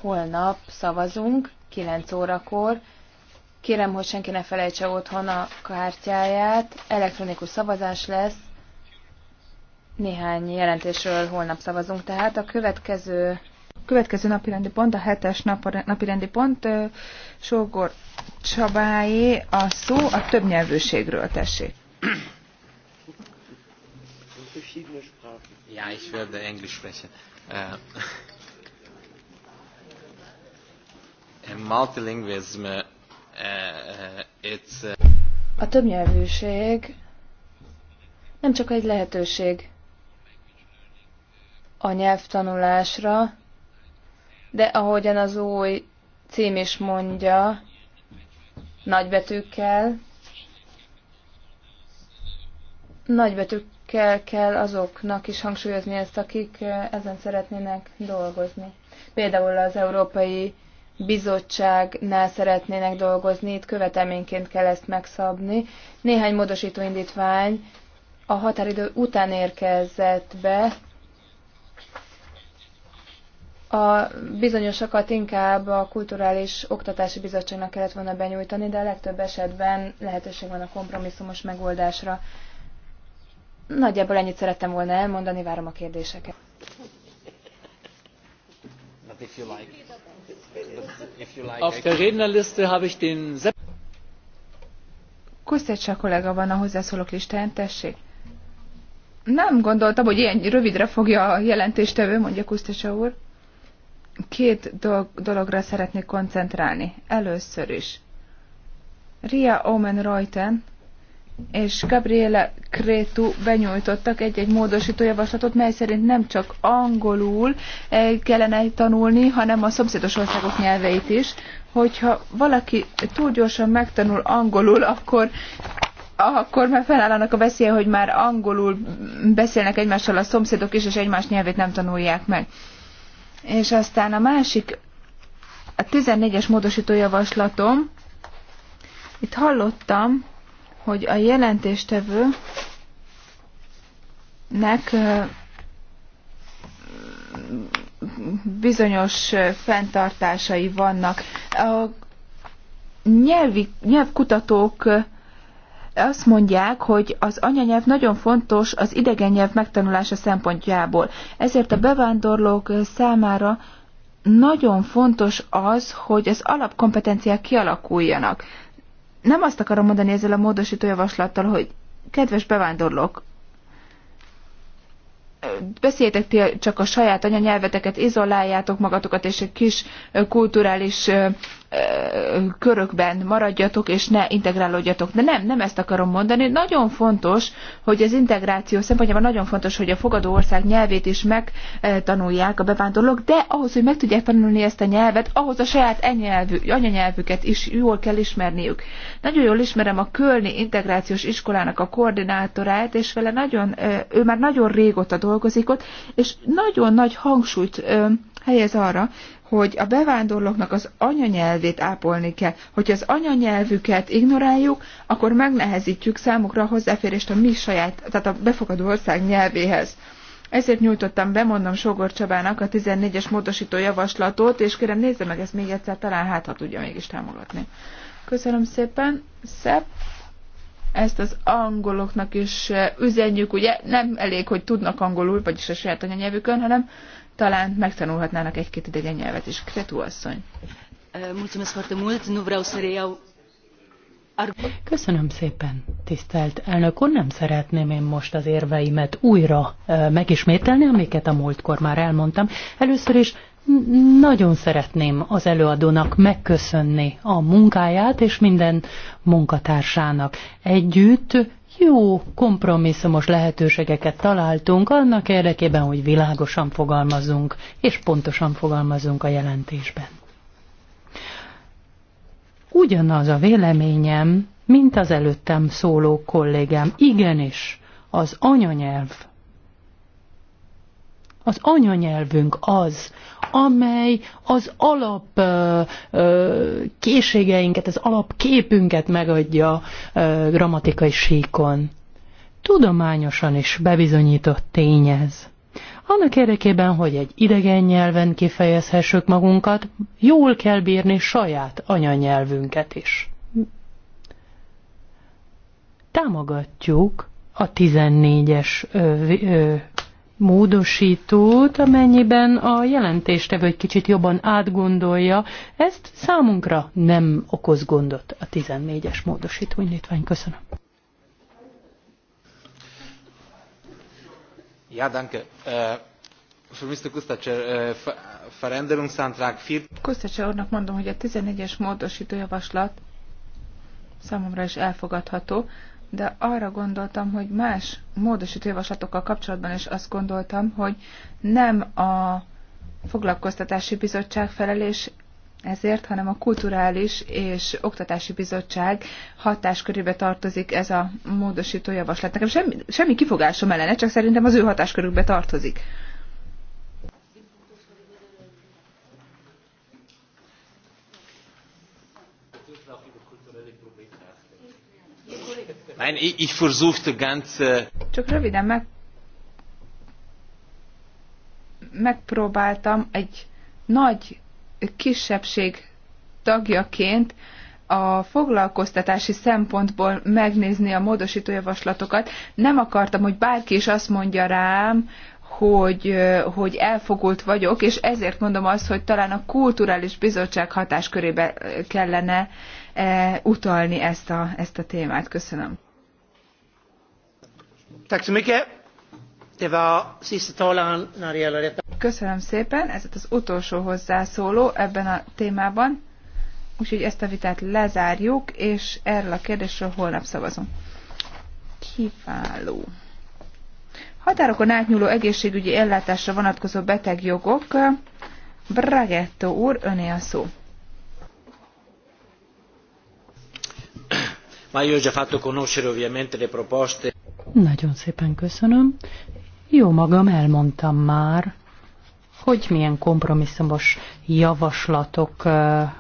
Holnap szavazunk, 9 órakor. Kérem, hogy senki ne felejtse otthon a kártyáját. Elektronikus szavazás lesz. Néhány jelentésről holnap szavazunk. Tehát a következő következő napirendi pont, a hetes napirendi pont, Sógor Csabáé a szó a többnyelvűségről, tessék. Ja, ich werde Englisch sprechen. Uh, äh, äh, multilingualism, uh, äh, it's, uh... A többnyelvűség nem csak egy lehetőség a nyelvtanulásra, de ahogyan az új cím is mondja, nagybetűkkel. Nagybetűkkel kell azoknak is hangsúlyozni ezt, akik ezen szeretnének dolgozni. Például az Európai bizottságnál szeretnének dolgozni, itt követelményként kell ezt megszabni. Néhány módosító indítvány a határidő után érkezett be, a bizonyosakat inkább a kulturális oktatási bizottságnak kellett volna benyújtani, de a legtöbb esetben lehetőség van a kompromisszumos megoldásra. Nagyjából ennyit szerettem volna elmondani, várom a kérdéseket. Auf a den kollega van a hozzászólók listáján, tessék. Nem gondoltam, hogy ilyen rövidre fogja a jelentéstevő, mondja Kusztecsa úr két dologra szeretnék koncentrálni. Először is. Ria Omen Reuten és Gabriela Krétu benyújtottak egy-egy módosító javaslatot, mely szerint nem csak angolul eh, kellene tanulni, hanem a szomszédos országok nyelveit is. Hogyha valaki túl gyorsan megtanul angolul, akkor akkor már felállnak a veszélye, hogy már angolul beszélnek egymással a szomszédok is, és egymás nyelvét nem tanulják meg. És aztán a másik, a 14-es módosító javaslatom, itt hallottam, hogy a jelentéstevőnek bizonyos fenntartásai vannak. A nyelvi, nyelvkutatók azt mondják, hogy az anyanyelv nagyon fontos az idegen nyelv megtanulása szempontjából. Ezért a bevándorlók számára nagyon fontos az, hogy az alapkompetenciák kialakuljanak. Nem azt akarom mondani ezzel a módosító javaslattal, hogy kedves bevándorlók, beszéljetek ti csak a saját anyanyelveteket, izoláljátok magatokat, és egy kis kulturális körökben maradjatok, és ne integrálódjatok. De nem, nem ezt akarom mondani. Nagyon fontos, hogy az integráció szempontjában nagyon fontos, hogy a fogadó ország nyelvét is megtanulják a bevándorlók, de ahhoz, hogy meg tudják tanulni ezt a nyelvet, ahhoz a saját enyelvű, anyanyelvüket is jól kell ismerniük. Nagyon jól ismerem a Kölni Integrációs Iskolának a koordinátorát, és vele nagyon, ő már nagyon régóta dolgozik ott, és nagyon nagy hangsúlyt helyez arra, hogy a bevándorlóknak az anyanyelvét ápolni kell. Hogyha az anyanyelvüket ignoráljuk, akkor megnehezítjük számukra a hozzáférést a mi saját, tehát a befogadó ország nyelvéhez. Ezért nyújtottam be, mondom Sogor Csabának a 14-es módosító javaslatot, és kérem nézze meg ezt még egyszer, talán hát ha tudja mégis támogatni. Köszönöm szépen, Szep. Ezt az angoloknak is eh, üzenjük, ugye nem elég, hogy tudnak angolul, vagyis a saját anyanyelvükön, hanem talán megtanulhatnának egy-két idegen nyelvet is. Kretu asszony. Köszönöm szépen, tisztelt elnök úr. Nem szeretném én most az érveimet újra megismételni, amiket a múltkor már elmondtam. Először is nagyon szeretném az előadónak megköszönni a munkáját és minden munkatársának. Együtt jó kompromisszumos lehetőségeket találtunk annak érdekében, hogy világosan fogalmazunk és pontosan fogalmazunk a jelentésben. Ugyanaz a véleményem, mint az előttem szóló kollégám. Igenis, az anyanyelv, az anyanyelvünk az, amely az alap készségeinket, az alapképünket megadja grammatikai síkon. Tudományosan is bebizonyított tényez. Annak érdekében, hogy egy idegen nyelven kifejezhessük magunkat, jól kell bírni saját anyanyelvünket is. Támogatjuk a 14-es módosítót, amennyiben a jelentést egy kicsit jobban átgondolja. Ezt számunkra nem okoz gondot a 14-es módosító indítvány. Köszönöm. Ja, danke. Uh... Kusztacsa úrnak mondom, hogy a 11-es módosító javaslat számomra is elfogadható de arra gondoltam, hogy más módosító javaslatokkal kapcsolatban is azt gondoltam, hogy nem a foglalkoztatási bizottság felelés ezért, hanem a kulturális és oktatási bizottság hatáskörébe tartozik ez a módosító javaslat. Nekem semmi, semmi kifogásom ellene, csak szerintem az ő hatáskörükbe tartozik. Nein, ich versuchte ganz... Csak röviden meg... megpróbáltam egy nagy kisebbség tagjaként a foglalkoztatási szempontból megnézni a módosító javaslatokat. Nem akartam, hogy bárki is azt mondja rám, hogy, hogy elfogult vagyok, és ezért mondom azt, hogy talán a kulturális bizottság hatáskörébe kellene utalni ezt a, ezt a témát. Köszönöm. Köszönöm szépen, ez az utolsó hozzászóló ebben a témában, úgyhogy ezt a vitát lezárjuk, és erről a kérdésről holnap szavazunk. Kiváló. Határokon átnyúló egészségügyi ellátásra vonatkozó betegjogok. Bragetto úr, öné a szó. ma io ho già fatto conoscere ovviamente le proposte. Nagyon szépen köszönöm. Jó magam, elmondtam már, hogy milyen kompromisszumos javaslatok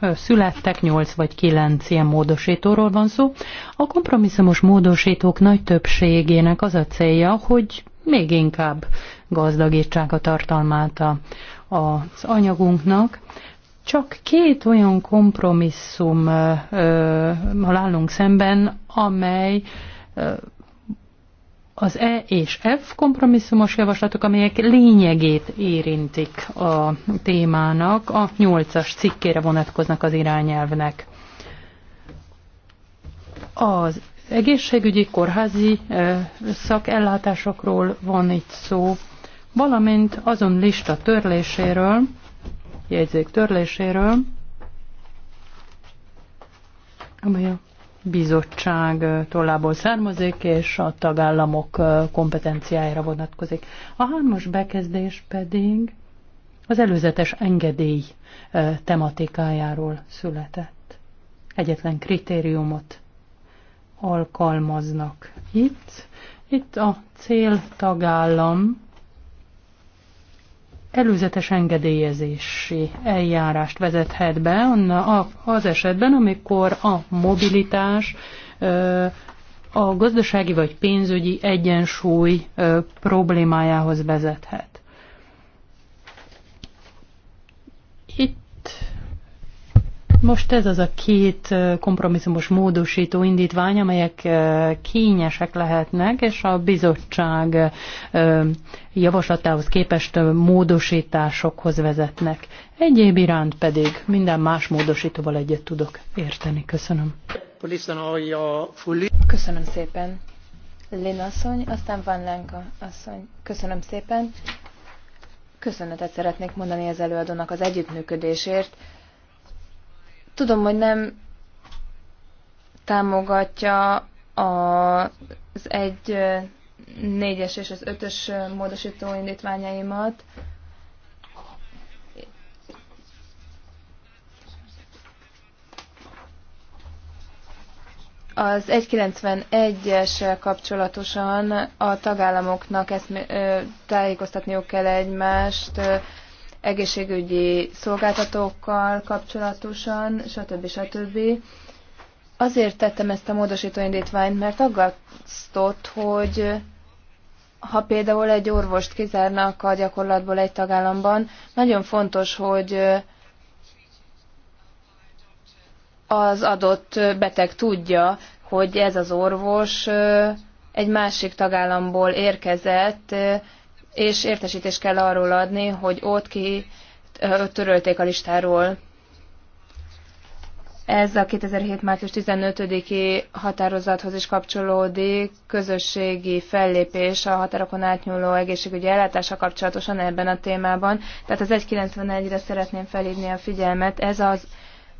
születtek, 8 vagy 9 ilyen módosítóról van szó. A kompromisszumos módosítók nagy többségének az a célja, hogy még inkább gazdagítsák a tartalmát a, az anyagunknak. Csak két olyan kompromisszum állunk szemben, amely az E és F kompromisszumos javaslatok, amelyek lényegét érintik a témának, a 8-as cikkére vonatkoznak az irányelvnek. Az egészségügyi kórházi szakellátásokról van itt szó, valamint azon lista törléséről, jegyzék törléséről, amely a bizottság tollából származik, és a tagállamok kompetenciájára vonatkozik. A hármas bekezdés pedig az előzetes engedély tematikájáról született. Egyetlen kritériumot alkalmaznak itt. Itt a cél tagállam előzetes engedélyezési eljárást vezethet be az esetben, amikor a mobilitás a gazdasági vagy pénzügyi egyensúly problémájához vezethet. Itt most ez az a két kompromisszumos módosító indítvány, amelyek kényesek lehetnek, és a bizottság javaslatához képest módosításokhoz vezetnek. Egyéb iránt pedig minden más módosítóval egyet tudok érteni. Köszönöm. Köszönöm szépen. Lina asszony, aztán Van Lenka asszony. Köszönöm szépen. Köszönetet szeretnék mondani az előadónak az együttműködésért. Tudom, hogy nem támogatja az egy négyes és az ötös módosító indítványaimat. Az 191-es kapcsolatosan a tagállamoknak ezt tájékoztatniuk kell egymást egészségügyi szolgáltatókkal kapcsolatosan, stb. stb. Azért tettem ezt a módosító indítványt, mert aggasztott, hogy ha például egy orvost kizárnak a gyakorlatból egy tagállamban, nagyon fontos, hogy az adott beteg tudja, hogy ez az orvos egy másik tagállamból érkezett, és értesítést kell arról adni, hogy ott ki törölték a listáról. Ez a 2007. március 15-i határozathoz is kapcsolódik, közösségi fellépés a határokon átnyúló egészségügyi ellátása kapcsolatosan ebben a témában. Tehát az 1.91-re szeretném felhívni a figyelmet. Ez az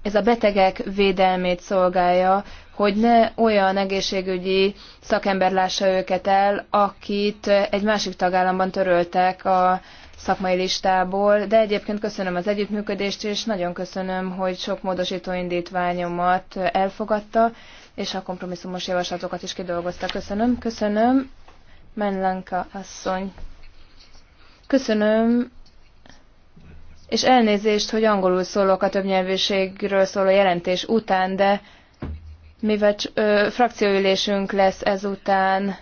ez a betegek védelmét szolgálja, hogy ne olyan egészségügyi szakember lássa őket el, akit egy másik tagállamban töröltek a szakmai listából, de egyébként köszönöm az együttműködést, és nagyon köszönöm, hogy sok módosító indítványomat elfogadta, és a kompromisszumos javaslatokat is kidolgozta. Köszönöm, köszönöm, Menlenka asszony. Köszönöm, és elnézést, hogy angolul szólok a többnyelvűségről szóló jelentés után, de mivel ö, frakcióülésünk lesz ezután,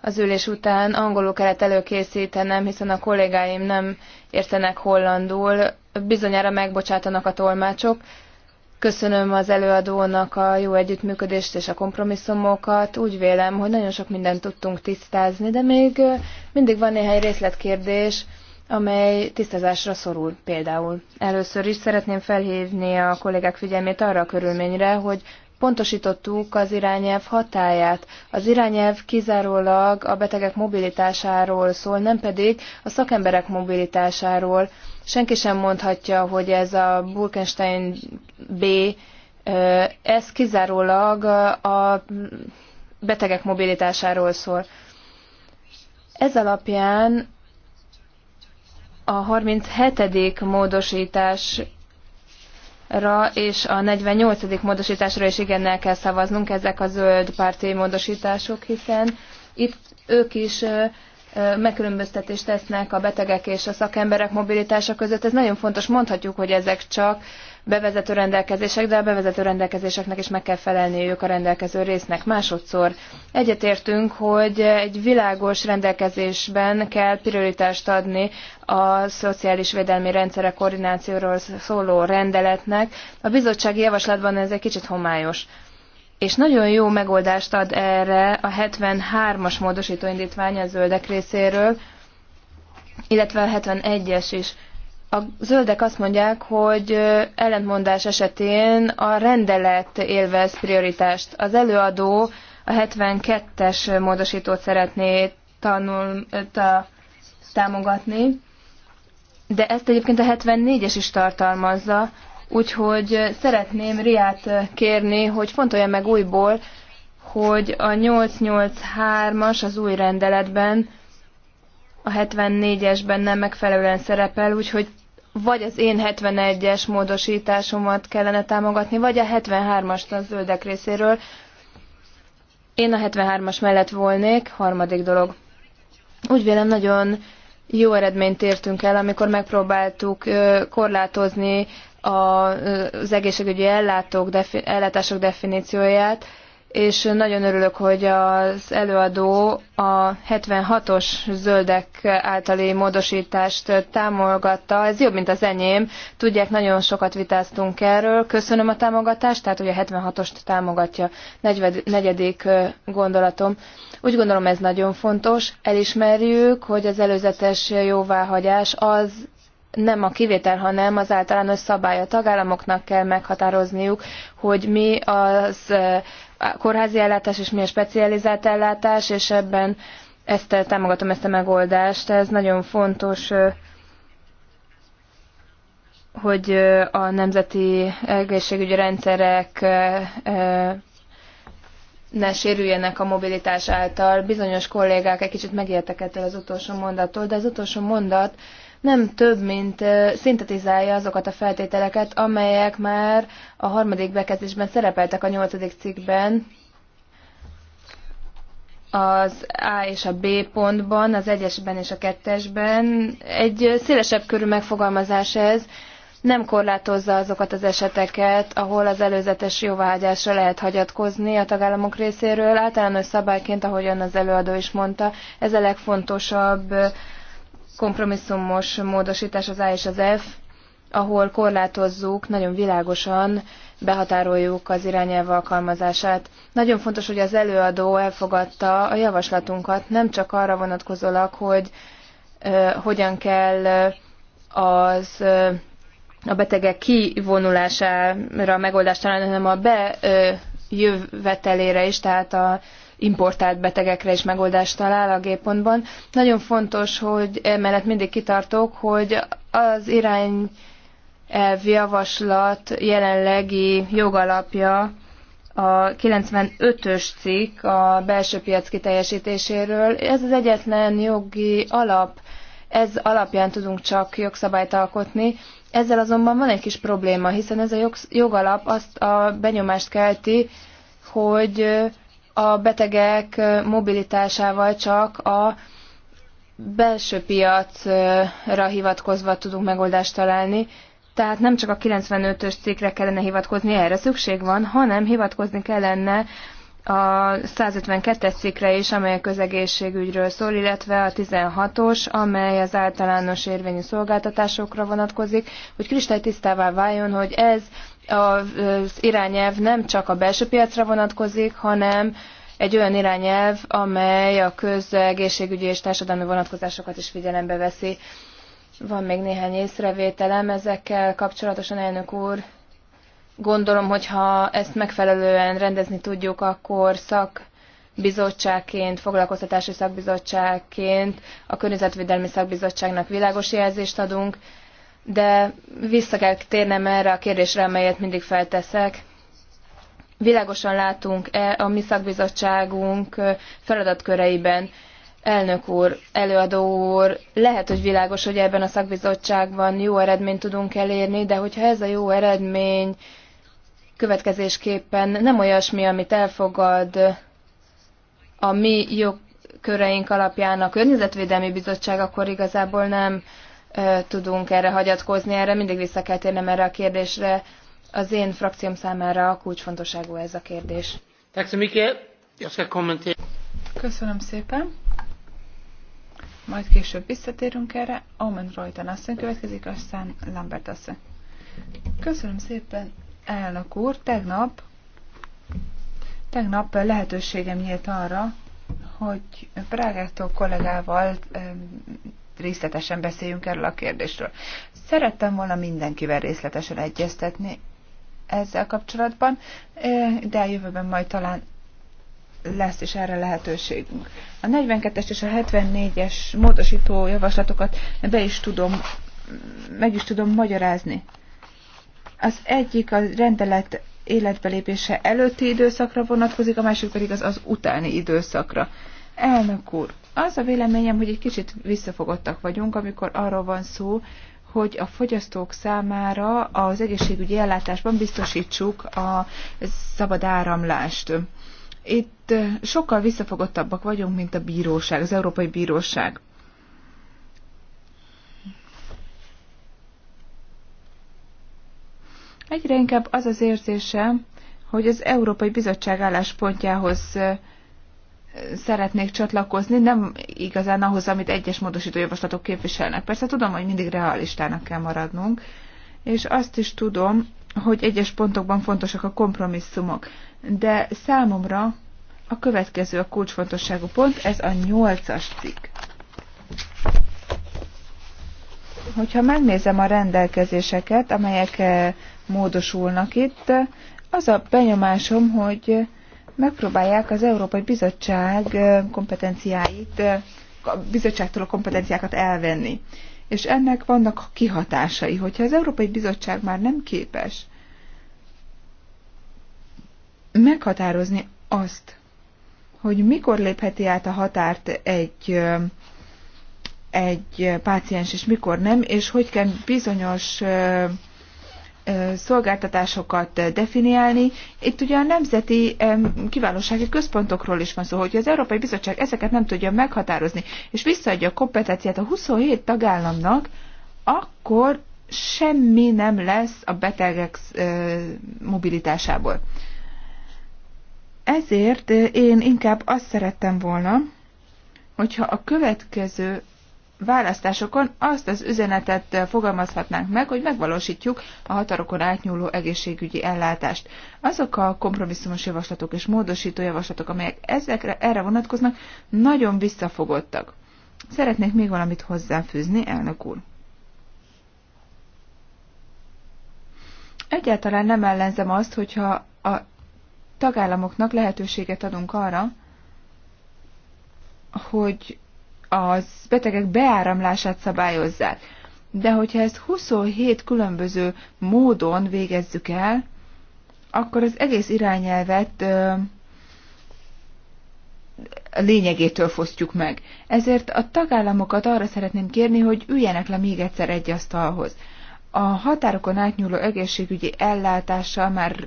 az ülés után angolul kellett előkészítenem, hiszen a kollégáim nem értenek hollandul, bizonyára megbocsátanak a tolmácsok. Köszönöm az előadónak a jó együttműködést és a kompromisszumokat. Úgy vélem, hogy nagyon sok mindent tudtunk tisztázni, de még mindig van néhány részletkérdés, amely tisztázásra szorul például. Először is szeretném felhívni a kollégák figyelmét arra a körülményre, hogy pontosítottuk az irányelv hatáját. Az irányelv kizárólag a betegek mobilitásáról szól, nem pedig a szakemberek mobilitásáról. Senki sem mondhatja, hogy ez a Burkenstein B, ez kizárólag a betegek mobilitásáról szól. Ez alapján a 37. módosításra és a 48. módosításra is igennel kell szavaznunk, ezek a zöld párti módosítások, hiszen itt ők is megkülönböztetést tesznek a betegek és a szakemberek mobilitása között. Ez nagyon fontos, mondhatjuk, hogy ezek csak bevezető rendelkezések, de a bevezető rendelkezéseknek is meg kell felelniük a rendelkező résznek. Másodszor egyetértünk, hogy egy világos rendelkezésben kell prioritást adni a szociális védelmi rendszere koordinációról szóló rendeletnek. A bizottsági javaslatban ez egy kicsit homályos és nagyon jó megoldást ad erre a 73-as módosítóindítvány a zöldek részéről, illetve a 71-es is. A zöldek azt mondják, hogy ellentmondás esetén a rendelet élvez prioritást. Az előadó a 72-es módosítót szeretné tanul, ta, támogatni, de ezt egyébként a 74-es is tartalmazza, úgyhogy szeretném Riát kérni, hogy fontolja meg újból, hogy a 883-as az új rendeletben a 74-esben nem megfelelően szerepel, úgyhogy vagy az én 71-es módosításomat kellene támogatni, vagy a 73-ast a zöldek részéről. Én a 73-as mellett volnék, harmadik dolog. Úgy vélem, nagyon jó eredményt értünk el, amikor megpróbáltuk korlátozni az egészségügyi ellátók, ellátások definícióját, és nagyon örülök, hogy az előadó a 76-os zöldek általi módosítást támogatta. Ez jobb, mint az enyém. Tudják, nagyon sokat vitáztunk erről. Köszönöm a támogatást, tehát hogy a 76-ost támogatja. Negyedik gondolatom. Úgy gondolom ez nagyon fontos. Elismerjük, hogy az előzetes jóváhagyás az nem a kivétel, hanem az általános szabály. A tagállamoknak kell meghatározniuk, hogy mi az kórházi ellátás, és mi a specializált ellátás, és ebben ezt eh, támogatom ezt a megoldást. Ez nagyon fontos, eh, hogy eh, a nemzeti egészségügyi rendszerek ne sérüljenek a mobilitás által. Bizonyos kollégák egy kicsit megértek ettől az utolsó mondattól, de az utolsó mondat nem több, mint szintetizálja azokat a feltételeket, amelyek már a harmadik bekezdésben szerepeltek a nyolcadik cikkben, az A és a B pontban, az egyesben és a kettesben. Egy szélesebb körű megfogalmazás ez, nem korlátozza azokat az eseteket, ahol az előzetes jóvágyásra lehet hagyatkozni a tagállamok részéről. Általános szabályként, ahogyan az előadó is mondta, ez a legfontosabb kompromisszumos módosítás az A és az F, ahol korlátozzuk, nagyon világosan behatároljuk az irányelv alkalmazását. Nagyon fontos, hogy az előadó elfogadta a javaslatunkat, nem csak arra vonatkozólag, hogy uh, hogyan kell az uh, a betegek kivonulására megoldást találni, hanem a bejövetelére is, tehát a importált betegekre is megoldást talál a gépontban. Nagyon fontos, hogy emellett mindig kitartok, hogy az irány javaslat jelenlegi jogalapja a 95-ös cikk a belső piac kiteljesítéséről. Ez az egyetlen jogi alap, ez alapján tudunk csak jogszabályt alkotni. Ezzel azonban van egy kis probléma, hiszen ez a jogalap azt a benyomást kelti, hogy a betegek mobilitásával csak a belső piacra hivatkozva tudunk megoldást találni, tehát nem csak a 95-ös cikkre kellene hivatkozni, erre szükség van, hanem hivatkozni kellene a 152-es cikkre is, amely a közegészségügyről szól, illetve a 16-os, amely az általános érvényű szolgáltatásokra vonatkozik, hogy kristálytisztává váljon, hogy ez az irányelv nem csak a belső piacra vonatkozik, hanem egy olyan irányelv, amely a közegészségügyi és társadalmi vonatkozásokat is figyelembe veszi. Van még néhány észrevételem ezekkel kapcsolatosan, elnök úr, Gondolom, hogy ha ezt megfelelően rendezni tudjuk, akkor szak bizottságként, foglalkoztatási szakbizottságként a Környezetvédelmi Szakbizottságnak világos jelzést adunk, de vissza kell térnem erre a kérdésre, amelyet mindig felteszek. Világosan látunk-e a mi szakbizottságunk feladatköreiben, elnök úr, előadó úr, lehet, hogy világos, hogy ebben a szakbizottságban jó eredményt tudunk elérni, de hogyha ez a jó eredmény következésképpen nem olyasmi, amit elfogad a mi jogköreink alapján a Környezetvédelmi Bizottság, akkor igazából nem tudunk erre hagyatkozni, erre mindig vissza kell térnem erre a kérdésre. Az én frakcióm számára a kulcsfontosságú ez a kérdés. Köszönöm szépen. Majd később visszatérünk erre. Omen Reuten asszony következik, aztán Lambert asszony. Köszönöm szépen, Elnök úr, tegnap, tegnap lehetőségem nyílt arra, hogy Prágától kollégával részletesen beszéljünk erről a kérdésről. Szerettem volna mindenkivel részletesen egyeztetni ezzel kapcsolatban, e, de a jövőben majd talán lesz is erre lehetőségünk. A 42-es és a 74-es módosító javaslatokat be is tudom, meg is tudom magyarázni. Az egyik a rendelet életbelépése előtti időszakra vonatkozik, a másik pedig az az utáni időszakra. Elnök úr, az a véleményem, hogy egy kicsit visszafogottak vagyunk, amikor arról van szó, hogy a fogyasztók számára az egészségügyi ellátásban biztosítsuk a szabad áramlást. Itt sokkal visszafogottabbak vagyunk, mint a bíróság, az Európai Bíróság. Egyre inkább az az érzésem, hogy az Európai Bizottság álláspontjához szeretnék csatlakozni, nem igazán ahhoz, amit egyes módosító javaslatok képviselnek. Persze tudom, hogy mindig realistának kell maradnunk, és azt is tudom, hogy egyes pontokban fontosak a kompromisszumok, de számomra a következő a kulcsfontosságú pont, ez a nyolcas cikk. Hogyha megnézem a rendelkezéseket, amelyek módosulnak itt. Az a benyomásom, hogy megpróbálják az Európai Bizottság kompetenciáit, a bizottságtól a kompetenciákat elvenni. És ennek vannak kihatásai, hogyha az Európai Bizottság már nem képes meghatározni azt, hogy mikor lépheti át a határt egy, egy páciens, és mikor nem, és hogy kell bizonyos szolgáltatásokat definiálni. Itt ugye a nemzeti kiválósági központokról is van szó, hogy az Európai Bizottság ezeket nem tudja meghatározni, és visszaadja a kompetenciát a 27 tagállamnak, akkor semmi nem lesz a betegek mobilitásából. Ezért én inkább azt szerettem volna, hogyha a következő választásokon azt az üzenetet fogalmazhatnánk meg, hogy megvalósítjuk a határokon átnyúló egészségügyi ellátást. Azok a kompromisszumos javaslatok és módosító javaslatok, amelyek ezekre, erre vonatkoznak, nagyon visszafogottak. Szeretnék még valamit hozzáfűzni, elnök úr. Egyáltalán nem ellenzem azt, hogyha a tagállamoknak lehetőséget adunk arra, hogy az betegek beáramlását szabályozzák. De hogyha ezt 27 különböző módon végezzük el, akkor az egész irányelvet ö, lényegétől fosztjuk meg. Ezért a tagállamokat arra szeretném kérni, hogy üljenek le még egyszer egy asztalhoz. A határokon átnyúló egészségügyi ellátással már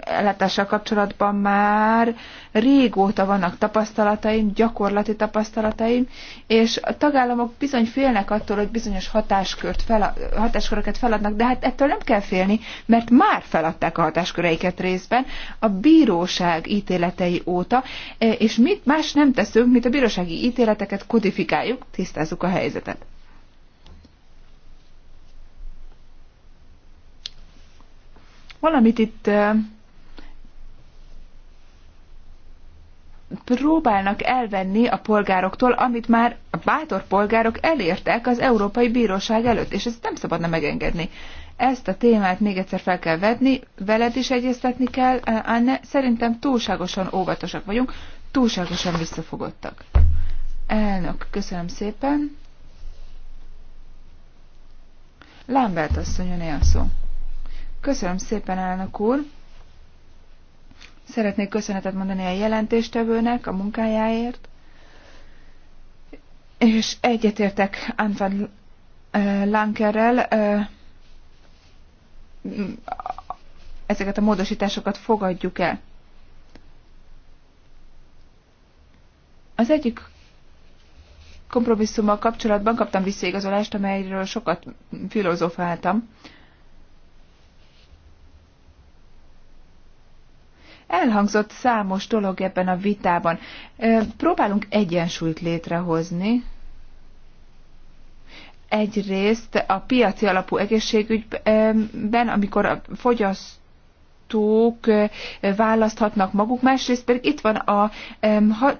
ellátással kapcsolatban már régóta vannak tapasztalataim, gyakorlati tapasztalataim, és a tagállamok bizony félnek attól, hogy bizonyos hatáskört fel, hatásköröket feladnak, de hát ettől nem kell félni, mert már feladták a hatásköreiket részben a bíróság ítéletei óta, és mit más nem teszünk, mint a bírósági ítéleteket kodifikáljuk, tisztázzuk a helyzetet. Valamit itt próbálnak elvenni a polgároktól, amit már a bátor polgárok elértek az Európai Bíróság előtt, és ezt nem szabadna megengedni. Ezt a témát még egyszer fel kell vedni, veled is egyeztetni kell, Anne, szerintem túlságosan óvatosak vagyunk, túlságosan visszafogottak. Elnök, köszönöm szépen. Lambert asszony, a szó. Köszönöm szépen, elnök úr! Szeretnék köszönetet mondani a jelentéstevőnek a munkájáért, és egyetértek Antoine eh, Lankerrel, eh, ezeket a módosításokat fogadjuk el. Az egyik kompromisszummal kapcsolatban kaptam visszaigazolást, amelyről sokat filozofáltam. Elhangzott számos dolog ebben a vitában. Próbálunk egyensúlyt létrehozni. Egyrészt a piaci alapú egészségügyben, amikor a fogyaszt választhatnak maguk, másrészt pedig itt van a,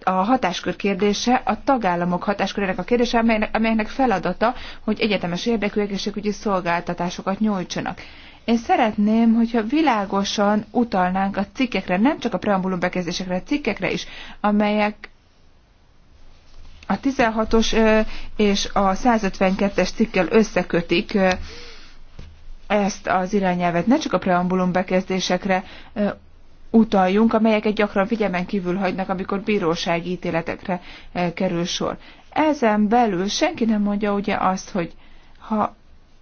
a hatáskör kérdése, a tagállamok hatáskörének a kérdése, amelynek, amelynek feladata, hogy egyetemes érdekű egészségügyi szolgáltatásokat nyújtsanak. Én szeretném, hogyha világosan utalnánk a cikkekre, nem csak a preambulum bekezdésekre, a cikkekre is, amelyek a 16-os és a 152-es cikkel összekötik ezt az irányelvet. Ne csak a preambulum bekezdésekre utaljunk, amelyeket gyakran figyelmen kívül hagynak, amikor bírósági ítéletekre kerül sor. Ezen belül senki nem mondja ugye azt, hogy ha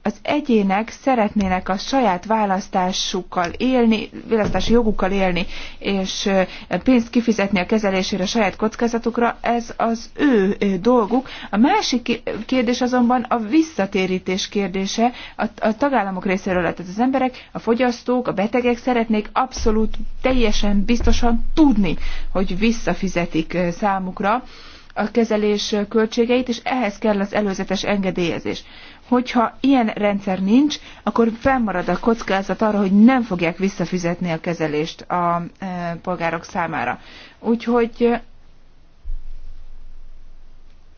az egyének szeretnének a saját választásukkal élni, választási jogukkal élni, és pénzt kifizetni a kezelésére a saját kockázatukra, ez az ő dolguk. A másik kérdés azonban a visszatérítés kérdése a, a tagállamok részéről, tehát az emberek, a fogyasztók, a betegek szeretnék abszolút teljesen biztosan tudni, hogy visszafizetik számukra a kezelés költségeit, és ehhez kell az előzetes engedélyezés hogyha ilyen rendszer nincs, akkor fennmarad a kockázat arra, hogy nem fogják visszafizetni a kezelést a e, polgárok számára. Úgyhogy e,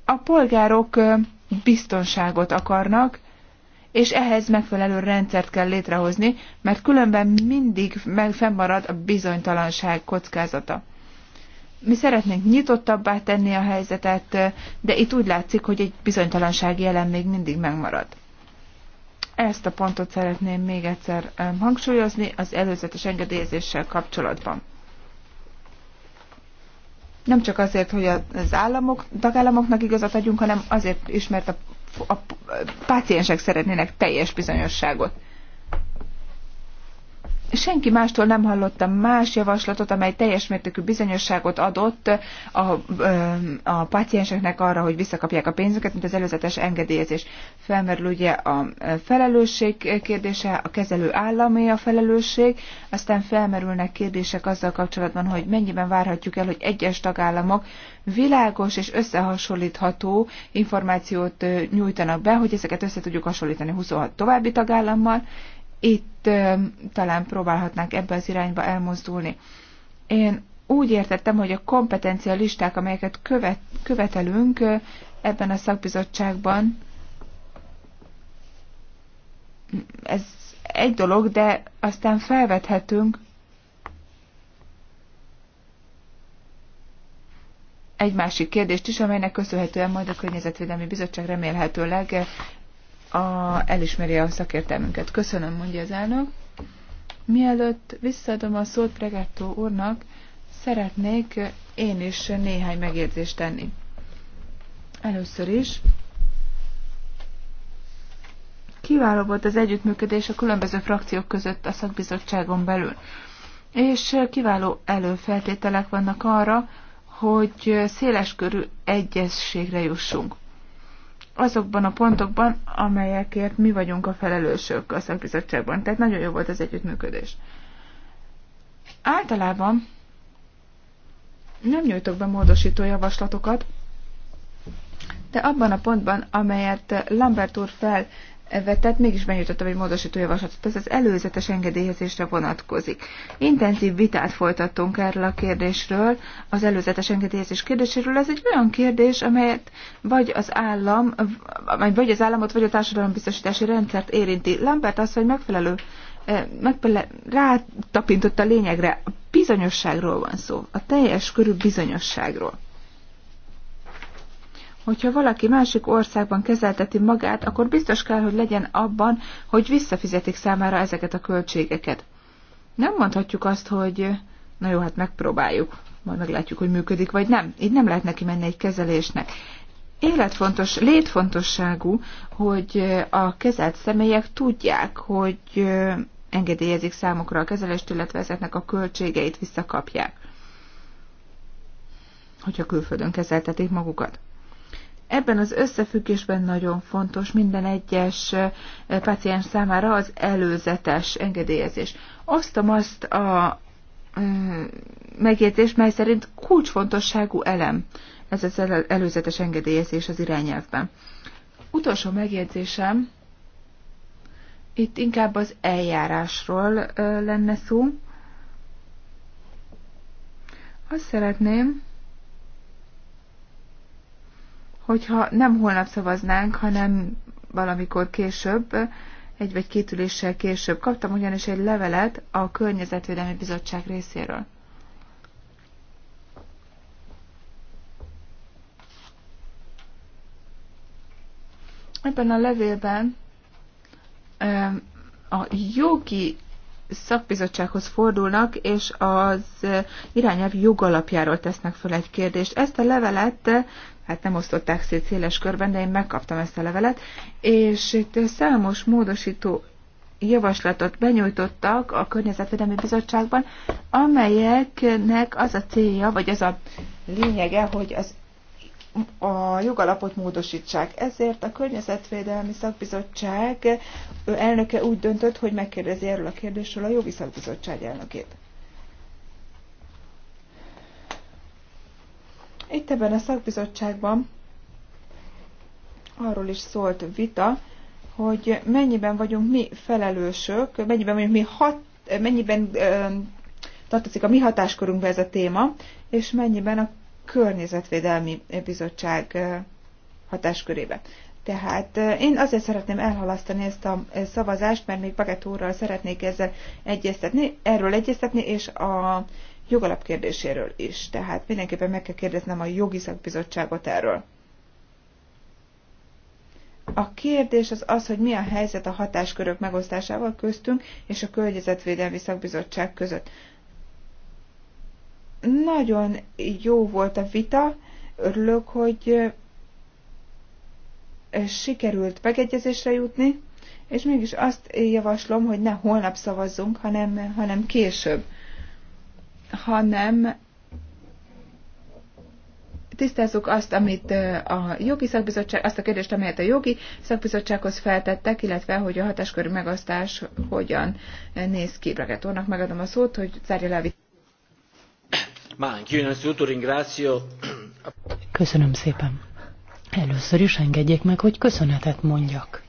a polgárok e, biztonságot akarnak, és ehhez megfelelő rendszert kell létrehozni, mert különben mindig fennmarad a bizonytalanság kockázata. Mi szeretnénk nyitottabbá tenni a helyzetet, de itt úgy látszik, hogy egy bizonytalansági jelen még mindig megmarad. Ezt a pontot szeretném még egyszer hangsúlyozni az előzetes engedélyezéssel kapcsolatban. Nem csak azért, hogy az államok, tagállamoknak igazat adjunk, hanem azért is, mert a, a, a páciensek szeretnének teljes bizonyosságot senki mástól nem hallottam más javaslatot, amely teljes mértékű bizonyosságot adott a, a pacienseknek arra, hogy visszakapják a pénzüket, mint az előzetes engedélyezés. Felmerül ugye a felelősség kérdése, a kezelő államé a felelősség, aztán felmerülnek kérdések azzal kapcsolatban, hogy mennyiben várhatjuk el, hogy egyes tagállamok világos és összehasonlítható információt nyújtanak be, hogy ezeket össze tudjuk hasonlítani 26 további tagállammal, itt talán próbálhatnánk ebbe az irányba elmozdulni. Én úgy értettem, hogy a kompetencia listák, amelyeket követ, követelünk ebben a szakbizottságban, ez egy dolog, de aztán felvethetünk egy másik kérdést is, amelynek köszönhetően majd a Környezetvédelmi Bizottság remélhetőleg a, elismeri a szakértelmünket. Köszönöm, mondja az elnök. Mielőtt visszaadom a szót Pregetto úrnak, szeretnék én is néhány megjegyzést tenni. Először is kiváló volt az együttműködés a különböző frakciók között a szakbizottságon belül. És kiváló előfeltételek vannak arra, hogy széleskörű egyességre jussunk azokban a pontokban, amelyekért mi vagyunk a felelősök a szakbizottságban. Tehát nagyon jó volt az együttműködés. Általában nem nyújtok be módosító javaslatokat, de abban a pontban, amelyet Lambert úr fel vetett, mégis benyújtottam egy módosító javaslatot. Ez az előzetes engedélyezésre vonatkozik. Intenzív vitát folytattunk erről a kérdésről, az előzetes engedélyezés kérdéséről. Ez egy olyan kérdés, amelyet vagy az állam, vagy az államot, vagy a társadalombiztosítási rendszert érinti. Lambert azt, hogy megfelelő eh, megfelelő rátapintott a lényegre, a bizonyosságról van szó, a teljes körű bizonyosságról hogyha valaki másik országban kezelteti magát, akkor biztos kell, hogy legyen abban, hogy visszafizetik számára ezeket a költségeket. Nem mondhatjuk azt, hogy na jó, hát megpróbáljuk, majd meglátjuk, hogy működik vagy nem. Így nem lehet neki menni egy kezelésnek. Életfontos, létfontosságú, hogy a kezelt személyek tudják, hogy engedélyezik számukra a kezelést, illetve ezeknek a költségeit visszakapják hogyha külföldön kezeltetik magukat. Ebben az összefüggésben nagyon fontos minden egyes paciens számára az előzetes engedélyezés. Osztom azt a megjegyzést, mely szerint kulcsfontosságú elem ez az előzetes engedélyezés az irányelvben. Utolsó megjegyzésem, itt inkább az eljárásról lenne szó. Azt szeretném, hogyha nem holnap szavaznánk, hanem valamikor később, egy vagy két üléssel később. Kaptam ugyanis egy levelet a Környezetvédelmi Bizottság részéről. Ebben a levélben a jogi szakbizottsághoz fordulnak, és az eh, irányelv jogalapjáról tesznek fel egy kérdést. Ezt a levelet, eh, hát nem osztották szét széles körben, de én megkaptam ezt a levelet, és itt számos módosító javaslatot benyújtottak a Környezetvédelmi Bizottságban, amelyeknek az a célja, vagy az a lényege, hogy az a jogalapot módosítsák. Ezért a Környezetvédelmi Szakbizottság elnöke úgy döntött, hogy megkérdezi erről a kérdésről a Jogi Szakbizottság elnökét. Itt ebben a szakbizottságban arról is szólt vita, hogy mennyiben vagyunk mi felelősök, mennyiben vagyunk mi hat, mennyiben ö, tartozik a mi hatáskörünkbe ez a téma, és mennyiben a Környezetvédelmi Bizottság hatáskörébe. Tehát én azért szeretném elhalasztani ezt a szavazást, mert még Bagett úrral szeretnék ezzel egyeztetni, erről egyeztetni, és a jogalap kérdéséről is. Tehát mindenképpen meg kell kérdeznem a jogi szakbizottságot erről. A kérdés az az, hogy mi a helyzet a hatáskörök megosztásával köztünk és a Környezetvédelmi Szakbizottság között. Nagyon jó volt a vita, örülök, hogy sikerült megegyezésre jutni, és mégis azt javaslom, hogy ne holnap szavazzunk, hanem, hanem később, hanem tisztázzuk azt, amit a jogi szakbizottság, azt a kérdést, amelyet a jogi szakbizottsághoz feltettek, illetve hogy a hatáskörű megosztás hogyan néz ki. Bragettónak megadom a szót, hogy zárja le a vitát. Köszönöm szépen. Először is engedjék meg, hogy köszönetet mondjak.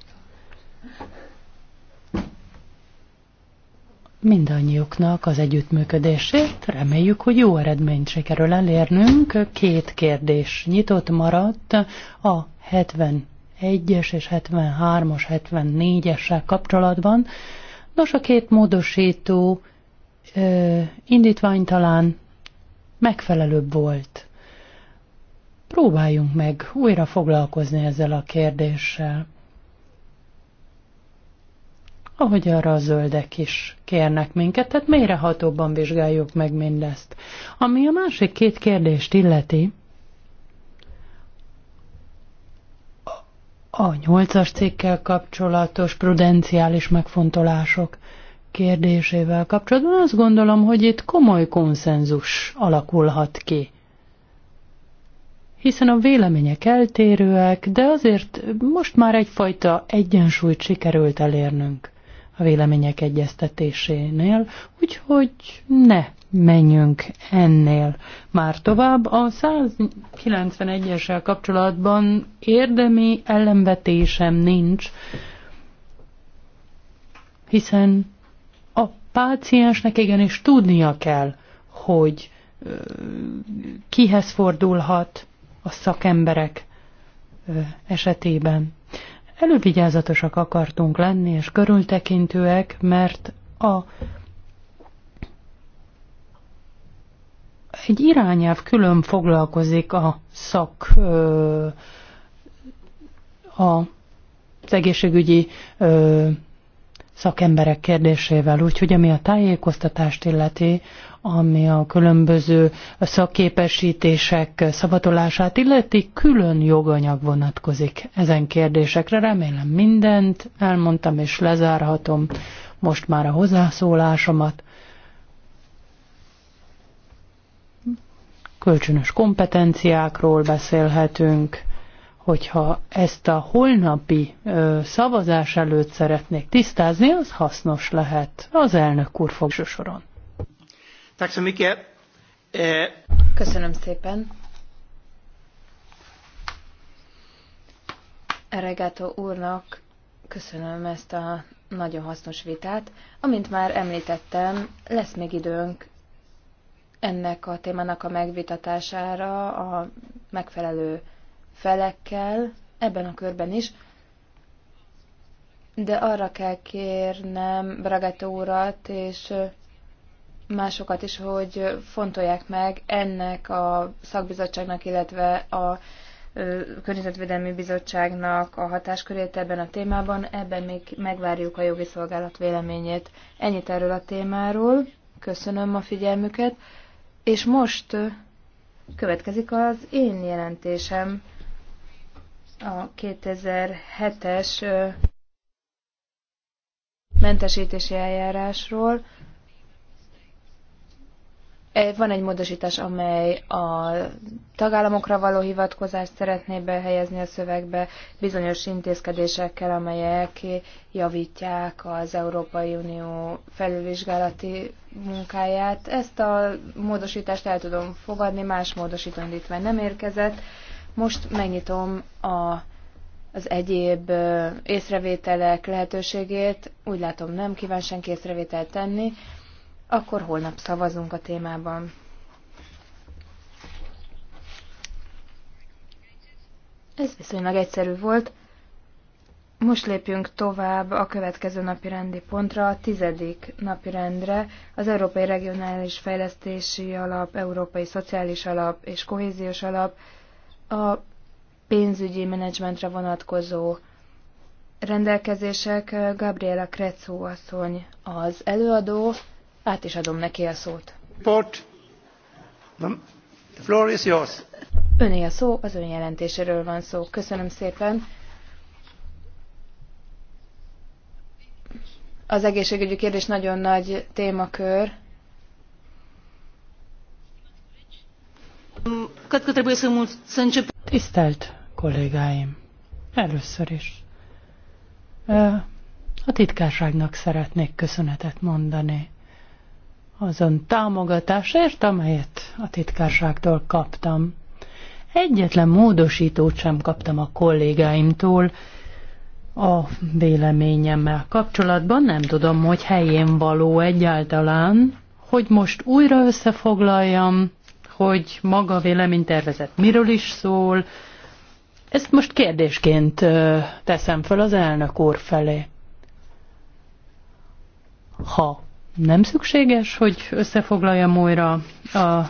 mindannyiuknak az együttműködését. Reméljük, hogy jó eredményt sikerül elérnünk. Két kérdés nyitott maradt a 71-es és 73-as, 74-essel kapcsolatban. Nos, a két módosító ö, indítvány talán megfelelőbb volt. Próbáljunk meg újra foglalkozni ezzel a kérdéssel. Ahogy arra a zöldek is kérnek minket, tehát mélyrehatóbban vizsgáljuk meg mindezt. Ami a másik két kérdést illeti, a nyolcas cikkel kapcsolatos prudenciális megfontolások – kérdésével kapcsolatban azt gondolom, hogy itt komoly konszenzus alakulhat ki. Hiszen a vélemények eltérőek, de azért most már egyfajta egyensúlyt sikerült elérnünk a vélemények egyeztetésénél, úgyhogy ne menjünk ennél már tovább. A 191-essel kapcsolatban érdemi ellenvetésem nincs, hiszen páciensnek igenis tudnia kell, hogy kihez fordulhat a szakemberek esetében. Elővigyázatosak akartunk lenni, és körültekintőek, mert a egy irányelv külön foglalkozik a szak a az egészségügyi szakemberek kérdésével, úgyhogy ami a tájékoztatást illeti, ami a különböző szakképesítések szabadolását illeti, külön joganyag vonatkozik ezen kérdésekre. Remélem mindent elmondtam és lezárhatom most már a hozzászólásomat. Kölcsönös kompetenciákról beszélhetünk, hogyha ezt a holnapi ö, szavazás előtt szeretnék tisztázni, az hasznos lehet az elnök úr fogsó soron. Eh, köszönöm szépen. Regato úrnak köszönöm ezt a nagyon hasznos vitát. Amint már említettem, lesz még időnk ennek a témának a megvitatására a megfelelő felekkel ebben a körben is, de arra kell kérnem Bragetto urat és másokat is, hogy fontolják meg ennek a szakbizottságnak, illetve a Környezetvédelmi Bizottságnak a hatáskörét ebben a témában. Ebben még megvárjuk a jogi szolgálat véleményét. Ennyit erről a témáról. Köszönöm a figyelmüket. És most következik az én jelentésem a 2007-es mentesítési eljárásról. E, van egy módosítás, amely a tagállamokra való hivatkozást szeretné behelyezni a szövegbe bizonyos intézkedésekkel, amelyek javítják az Európai Unió felülvizsgálati munkáját. Ezt a módosítást el tudom fogadni, más módosító indítvány nem érkezett. Most megnyitom a, az egyéb észrevételek lehetőségét. Úgy látom, nem kíván senki észrevételt tenni. Akkor holnap szavazunk a témában. Ez viszonylag egyszerű volt. Most lépjünk tovább a következő napi rendi pontra, a tizedik napi rendre, az Európai Regionális Fejlesztési Alap, Európai Szociális Alap és Kohéziós Alap a pénzügyi menedzsmentre vonatkozó rendelkezések Gabriela Kretszó asszony az előadó, át is adom neki a szót. Port. The floor is yours. Öné a szó, az ön jelentéséről van szó. Köszönöm szépen. Az egészségügyi kérdés nagyon nagy témakör, Cred că trebuie să, să încep. Tisztelt kollégáim, először is. A titkárságnak szeretnék köszönetet mondani azon támogatásért, amelyet a titkárságtól kaptam. Egyetlen módosítót sem kaptam a kollégáimtól a véleményemmel kapcsolatban. Nem tudom, hogy helyén való egyáltalán, hogy most újra összefoglaljam hogy maga a véleménytervezet miről is szól. Ezt most kérdésként teszem fel az elnök úr felé. Ha nem szükséges, hogy összefoglaljam újra a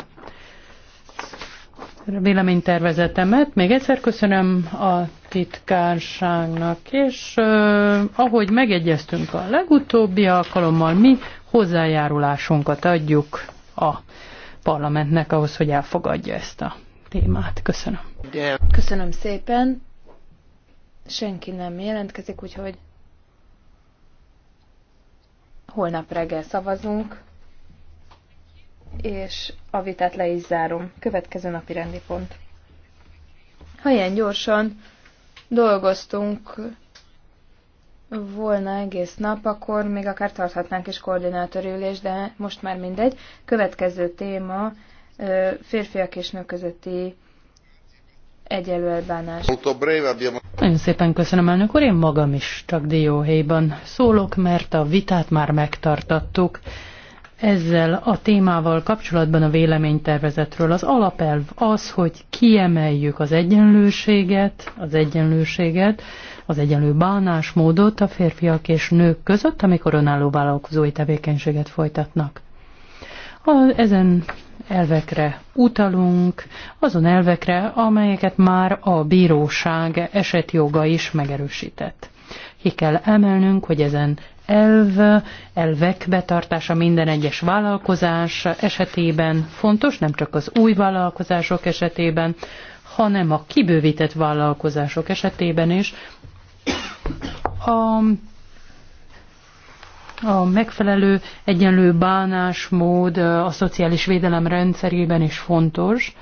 véleménytervezetemet. Még egyszer köszönöm a titkárságnak, és uh, ahogy megegyeztünk a legutóbbi alkalommal, mi hozzájárulásunkat adjuk a parlamentnek ahhoz, hogy elfogadja ezt a témát. Köszönöm. Köszönöm szépen. Senki nem jelentkezik, úgyhogy holnap reggel szavazunk, és a vitát le is zárom. Következő napi rendi pont. Ha ilyen gyorsan dolgoztunk, volna egész nap, akkor még akár tarthatnánk is koordinátorülés, de most már mindegy. Következő téma férfiak és nők közötti egyenlő elbánás. Nagyon szépen köszönöm, elnök úr. Én magam is csak dióhéjban szólok, mert a vitát már megtartattuk. Ezzel a témával kapcsolatban a véleménytervezetről az alapelv az, hogy kiemeljük az egyenlőséget, az egyenlőséget az egyenlő bánásmódot a férfiak és nők között, amikor önálló vállalkozói tevékenységet folytatnak. A, ezen elvekre utalunk, azon elvekre, amelyeket már a bíróság esetjoga is megerősített. Ki kell emelnünk, hogy ezen elv, elvek betartása minden egyes vállalkozás esetében fontos, nem csak az új vállalkozások esetében, hanem a kibővített vállalkozások esetében is, a, a megfelelő egyenlő bánásmód a szociális védelem rendszerében is fontos.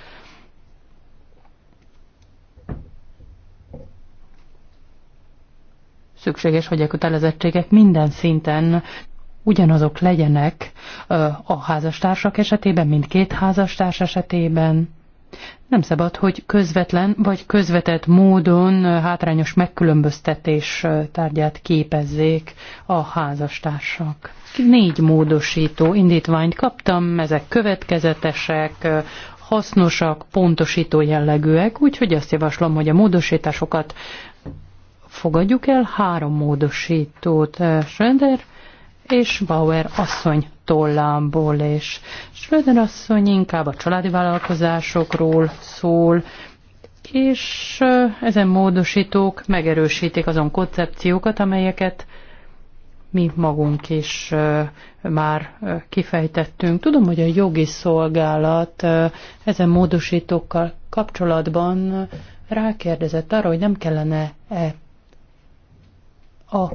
Szükséges, hogy a kötelezettségek minden szinten ugyanazok legyenek a házastársak esetében, mint két házastárs esetében nem szabad, hogy közvetlen vagy közvetett módon hátrányos megkülönböztetés tárgyát képezzék a házastársak. Négy módosító indítványt kaptam, ezek következetesek, hasznosak, pontosító jellegűek, úgyhogy azt javaslom, hogy a módosításokat fogadjuk el. Három módosítót Schröder és Bauer asszony tollából, és Schröder asszony inkább a családi vállalkozásokról szól, és ezen módosítók megerősítik azon koncepciókat, amelyeket mi magunk is már kifejtettünk. Tudom, hogy a jogi szolgálat ezen módosítókkal kapcsolatban rákérdezett arra, hogy nem kellene-e a,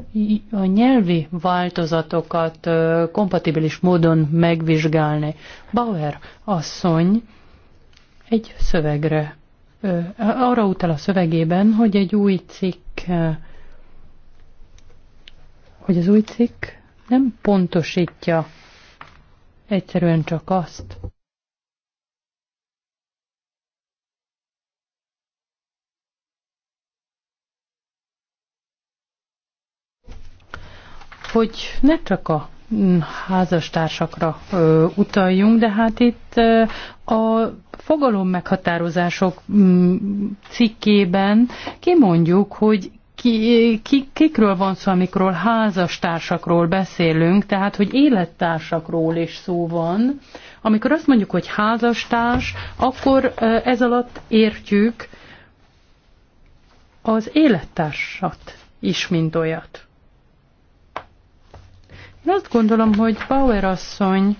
a nyelvi változatokat kompatibilis módon megvizsgálni. Bauer asszony egy szövegre, arra utal a szövegében, hogy egy új cikk, hogy az új cikk nem pontosítja egyszerűen csak azt, hogy ne csak a mm, házastársakra ö, utaljunk, de hát itt ö, a fogalom meghatározások m, mm, cikkében kimondjuk, hogy ki, ki, kikről van szó, amikről házastársakról beszélünk, tehát hogy élettársakról is szó van. Amikor azt mondjuk, hogy házastárs, akkor ö, ez alatt értjük az élettársat is, mint olyat. Azt gondolom, hogy Bauer asszony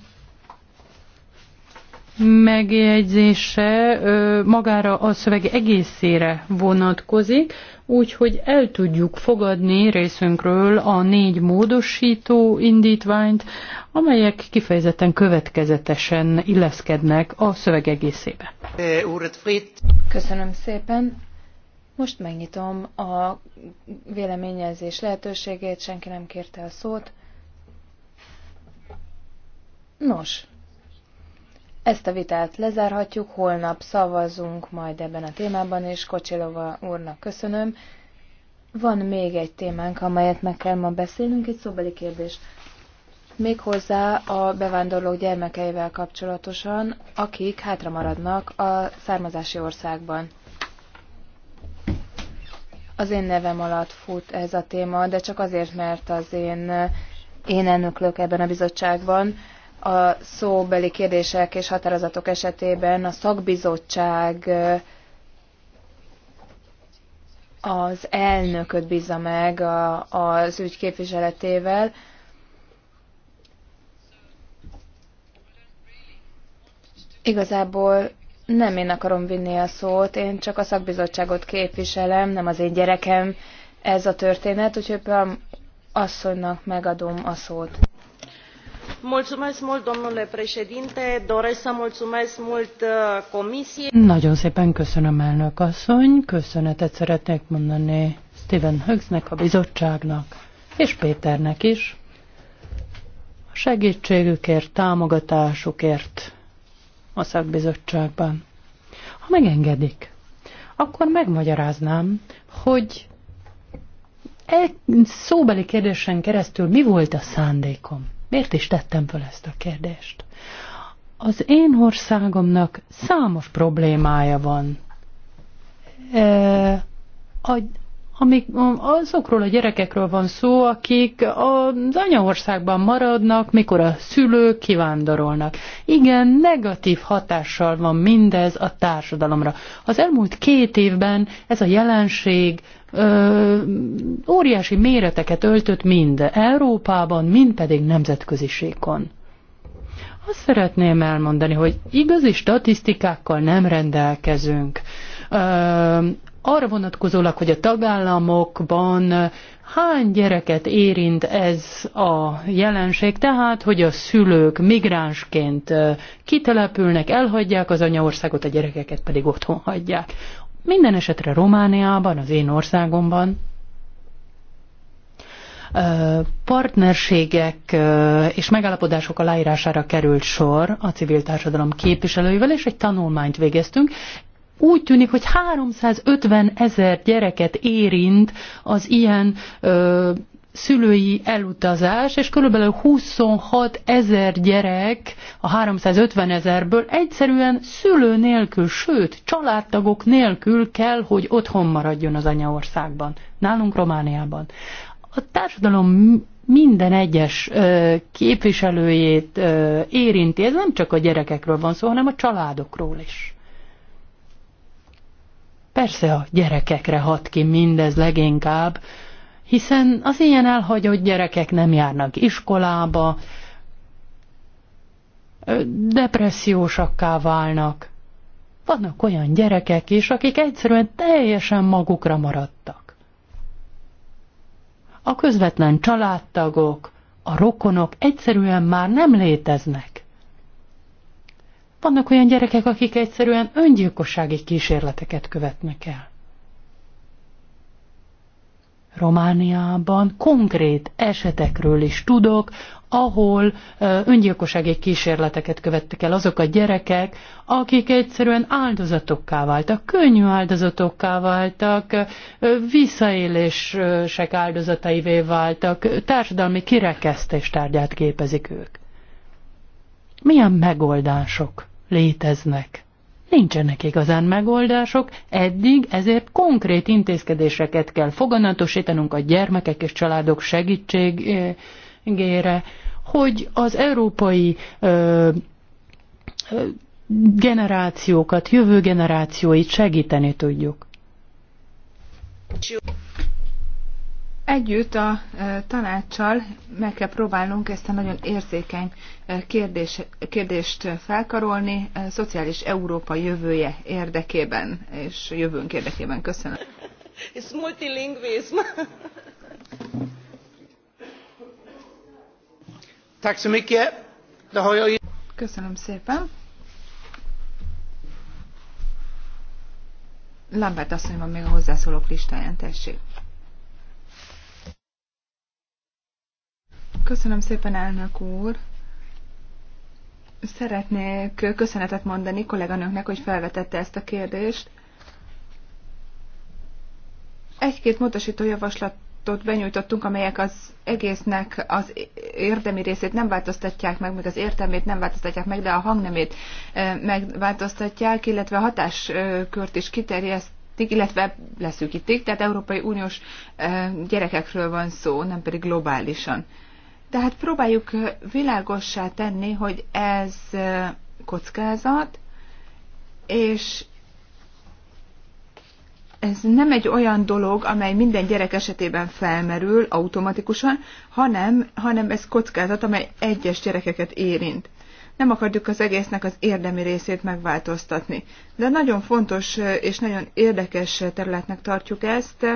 megjegyzése magára a szöveg egészére vonatkozik, úgyhogy el tudjuk fogadni részünkről a négy módosító indítványt, amelyek kifejezetten következetesen illeszkednek a szöveg egészébe. Köszönöm szépen. Most megnyitom a véleményezés lehetőségét, senki nem kérte a szót. Nos, ezt a vitát lezárhatjuk, holnap szavazunk majd ebben a témában, és Kocsilova úrnak köszönöm. Van még egy témánk, amelyet meg kell ma beszélnünk, egy szóbeli kérdés. Méghozzá a bevándorlók gyermekeivel kapcsolatosan, akik hátra maradnak a származási országban. Az én nevem alatt fut ez a téma, de csak azért, mert az én, én elnöklök ebben a bizottságban, a szóbeli kérdések és határozatok esetében a szakbizottság az elnököt bízza meg a, az ügy képviseletével. Igazából nem én akarom vinni a szót, én csak a szakbizottságot képviselem, nem az én gyerekem ez a történet, úgyhogy asszonynak megadom a szót. Uh, Nagyon szépen köszönöm elnök asszony, köszönetet szeretnék mondani Stephen Hughesnek, a bizottságnak és Péternek is. A segítségükért, támogatásukért a szakbizottságban. Ha megengedik, akkor megmagyaráznám, hogy egy szóbeli kérdésen keresztül mi volt a szándékom. Miért is tettem fel ezt a kérdést? Az én országomnak számos problémája van. E, a amik, azokról a gyerekekről van szó, akik az anyaországban maradnak, mikor a szülők kivándorolnak. Igen, negatív hatással van mindez a társadalomra. Az elmúlt két évben ez a jelenség ö, óriási méreteket öltött mind Európában, mind pedig nemzetközisékon. Azt szeretném elmondani, hogy igazi statisztikákkal nem rendelkezünk arra vonatkozólag, hogy a tagállamokban hány gyereket érint ez a jelenség, tehát hogy a szülők migránsként kitelepülnek, elhagyják az anyaországot, a gyerekeket pedig otthon hagyják. Minden esetre Romániában, az én országomban partnerségek és megállapodások aláírására került sor a civil társadalom képviselőivel, és egy tanulmányt végeztünk úgy tűnik, hogy 350 ezer gyereket érint az ilyen ö, szülői elutazás, és körülbelül 26 ezer gyerek a 350 ezerből egyszerűen szülő nélkül, sőt, családtagok nélkül kell, hogy otthon maradjon az anyaországban, nálunk Romániában. A társadalom minden egyes ö, képviselőjét ö, érinti, ez nem csak a gyerekekről van szó, hanem a családokról is. Persze a gyerekekre hat ki mindez leginkább, hiszen az ilyen elhagyott gyerekek nem járnak iskolába, depressziósakká válnak. Vannak olyan gyerekek is, akik egyszerűen teljesen magukra maradtak. A közvetlen családtagok, a rokonok egyszerűen már nem léteznek. Vannak olyan gyerekek, akik egyszerűen öngyilkossági kísérleteket követnek el. Romániában konkrét esetekről is tudok, ahol öngyilkossági kísérleteket követtek el azok a gyerekek, akik egyszerűen áldozatokká váltak, könnyű áldozatokká váltak, visszaélések áldozataivé váltak, társadalmi kirekesztés tárgyát képezik ők. Milyen megoldások léteznek. Nincsenek igazán megoldások, eddig ezért konkrét intézkedéseket kell foganatosítanunk a gyermekek és családok segítségére, hogy az európai ö, ö, generációkat, jövő generációit segíteni tudjuk. Együtt a e, tanácssal meg kell próbálnunk ezt a nagyon érzékeny e, kérdés, kérdést felkarolni e, szociális Európa jövője érdekében és jövőnk érdekében. Köszönöm. Ez multilingvizm. Köszönöm szépen. Lambert asszony van még a hozzászólók listáján, tessék. Köszönöm szépen, elnök úr. Szeretnék köszönetet mondani kolléganőknek, hogy felvetette ezt a kérdést. Egy-két módosító javaslatot benyújtottunk, amelyek az egésznek az érdemi részét nem változtatják meg, meg az értelmét nem változtatják meg, de a hangnemét megváltoztatják, illetve a hatáskört is kiterjeszt illetve leszűkítik, tehát Európai Uniós gyerekekről van szó, nem pedig globálisan. Tehát próbáljuk világossá tenni, hogy ez kockázat, és ez nem egy olyan dolog, amely minden gyerek esetében felmerül automatikusan, hanem, hanem ez kockázat, amely egyes gyerekeket érint. Nem akarjuk az egésznek az érdemi részét megváltoztatni. De nagyon fontos és nagyon érdekes területnek tartjuk ezt,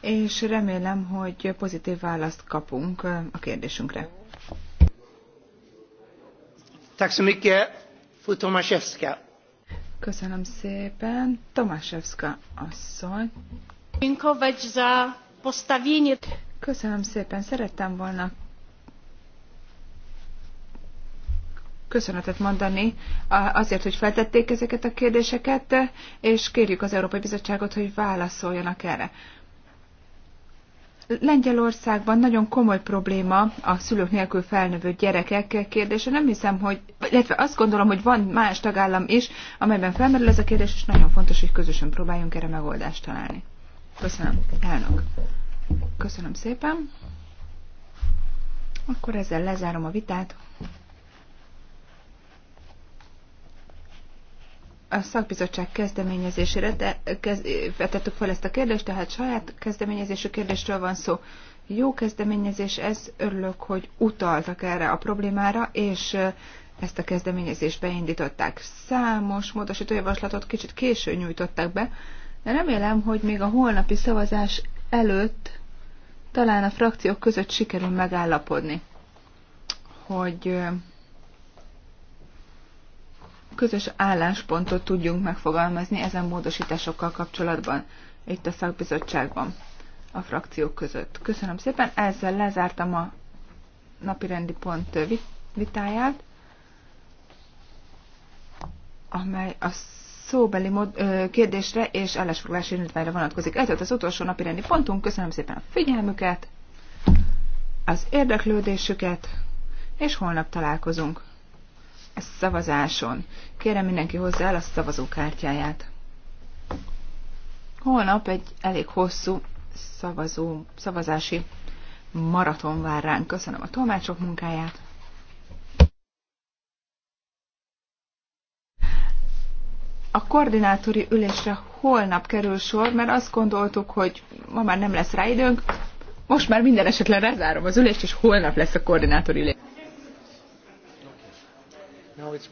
és remélem, hogy pozitív választ kapunk a kérdésünkre. Köszönöm szépen. Tomaszewska asszony. Köszönöm szépen. Szerettem volna köszönetet mondani azért, hogy feltették ezeket a kérdéseket, és kérjük az Európai Bizottságot, hogy válaszoljanak erre. Lengyelországban nagyon komoly probléma a szülők nélkül felnövő gyerekek kérdése. Nem hiszem, hogy, illetve azt gondolom, hogy van más tagállam is, amelyben felmerül ez a kérdés, és nagyon fontos, hogy közösen próbáljunk erre megoldást találni. Köszönöm, elnök. Köszönöm szépen. Akkor ezzel lezárom a vitát. a szakbizottság kezdeményezésére te, kez, vetettük fel ezt a kérdést, tehát saját kezdeményezésű kérdésről van szó. Jó kezdeményezés ez, örülök, hogy utaltak erre a problémára, és ezt a kezdeményezést beindították. Számos javaslatot kicsit későn nyújtottak be, de remélem, hogy még a holnapi szavazás előtt talán a frakciók között sikerül megállapodni, hogy közös álláspontot tudjunk megfogalmazni ezen módosításokkal kapcsolatban itt a szakbizottságban a frakciók között. Köszönöm szépen, ezzel lezártam a napirendi pont vitáját, amely a szóbeli mod, kérdésre és állásfoglalási indítványra vonatkozik. Ez volt az utolsó napirendi pontunk. Köszönöm szépen a figyelmüket, az érdeklődésüket, és holnap találkozunk szavazáson. Kérem mindenki hozzá el a szavazókártyáját. Holnap egy elég hosszú szavazó, szavazási maraton vár ránk. Köszönöm a tolmácsok munkáját. A koordinátori ülésre holnap kerül sor, mert azt gondoltuk, hogy ma már nem lesz rá időnk. Most már minden esetlen lezárom az ülést, és holnap lesz a koordinátori ülés. Now it's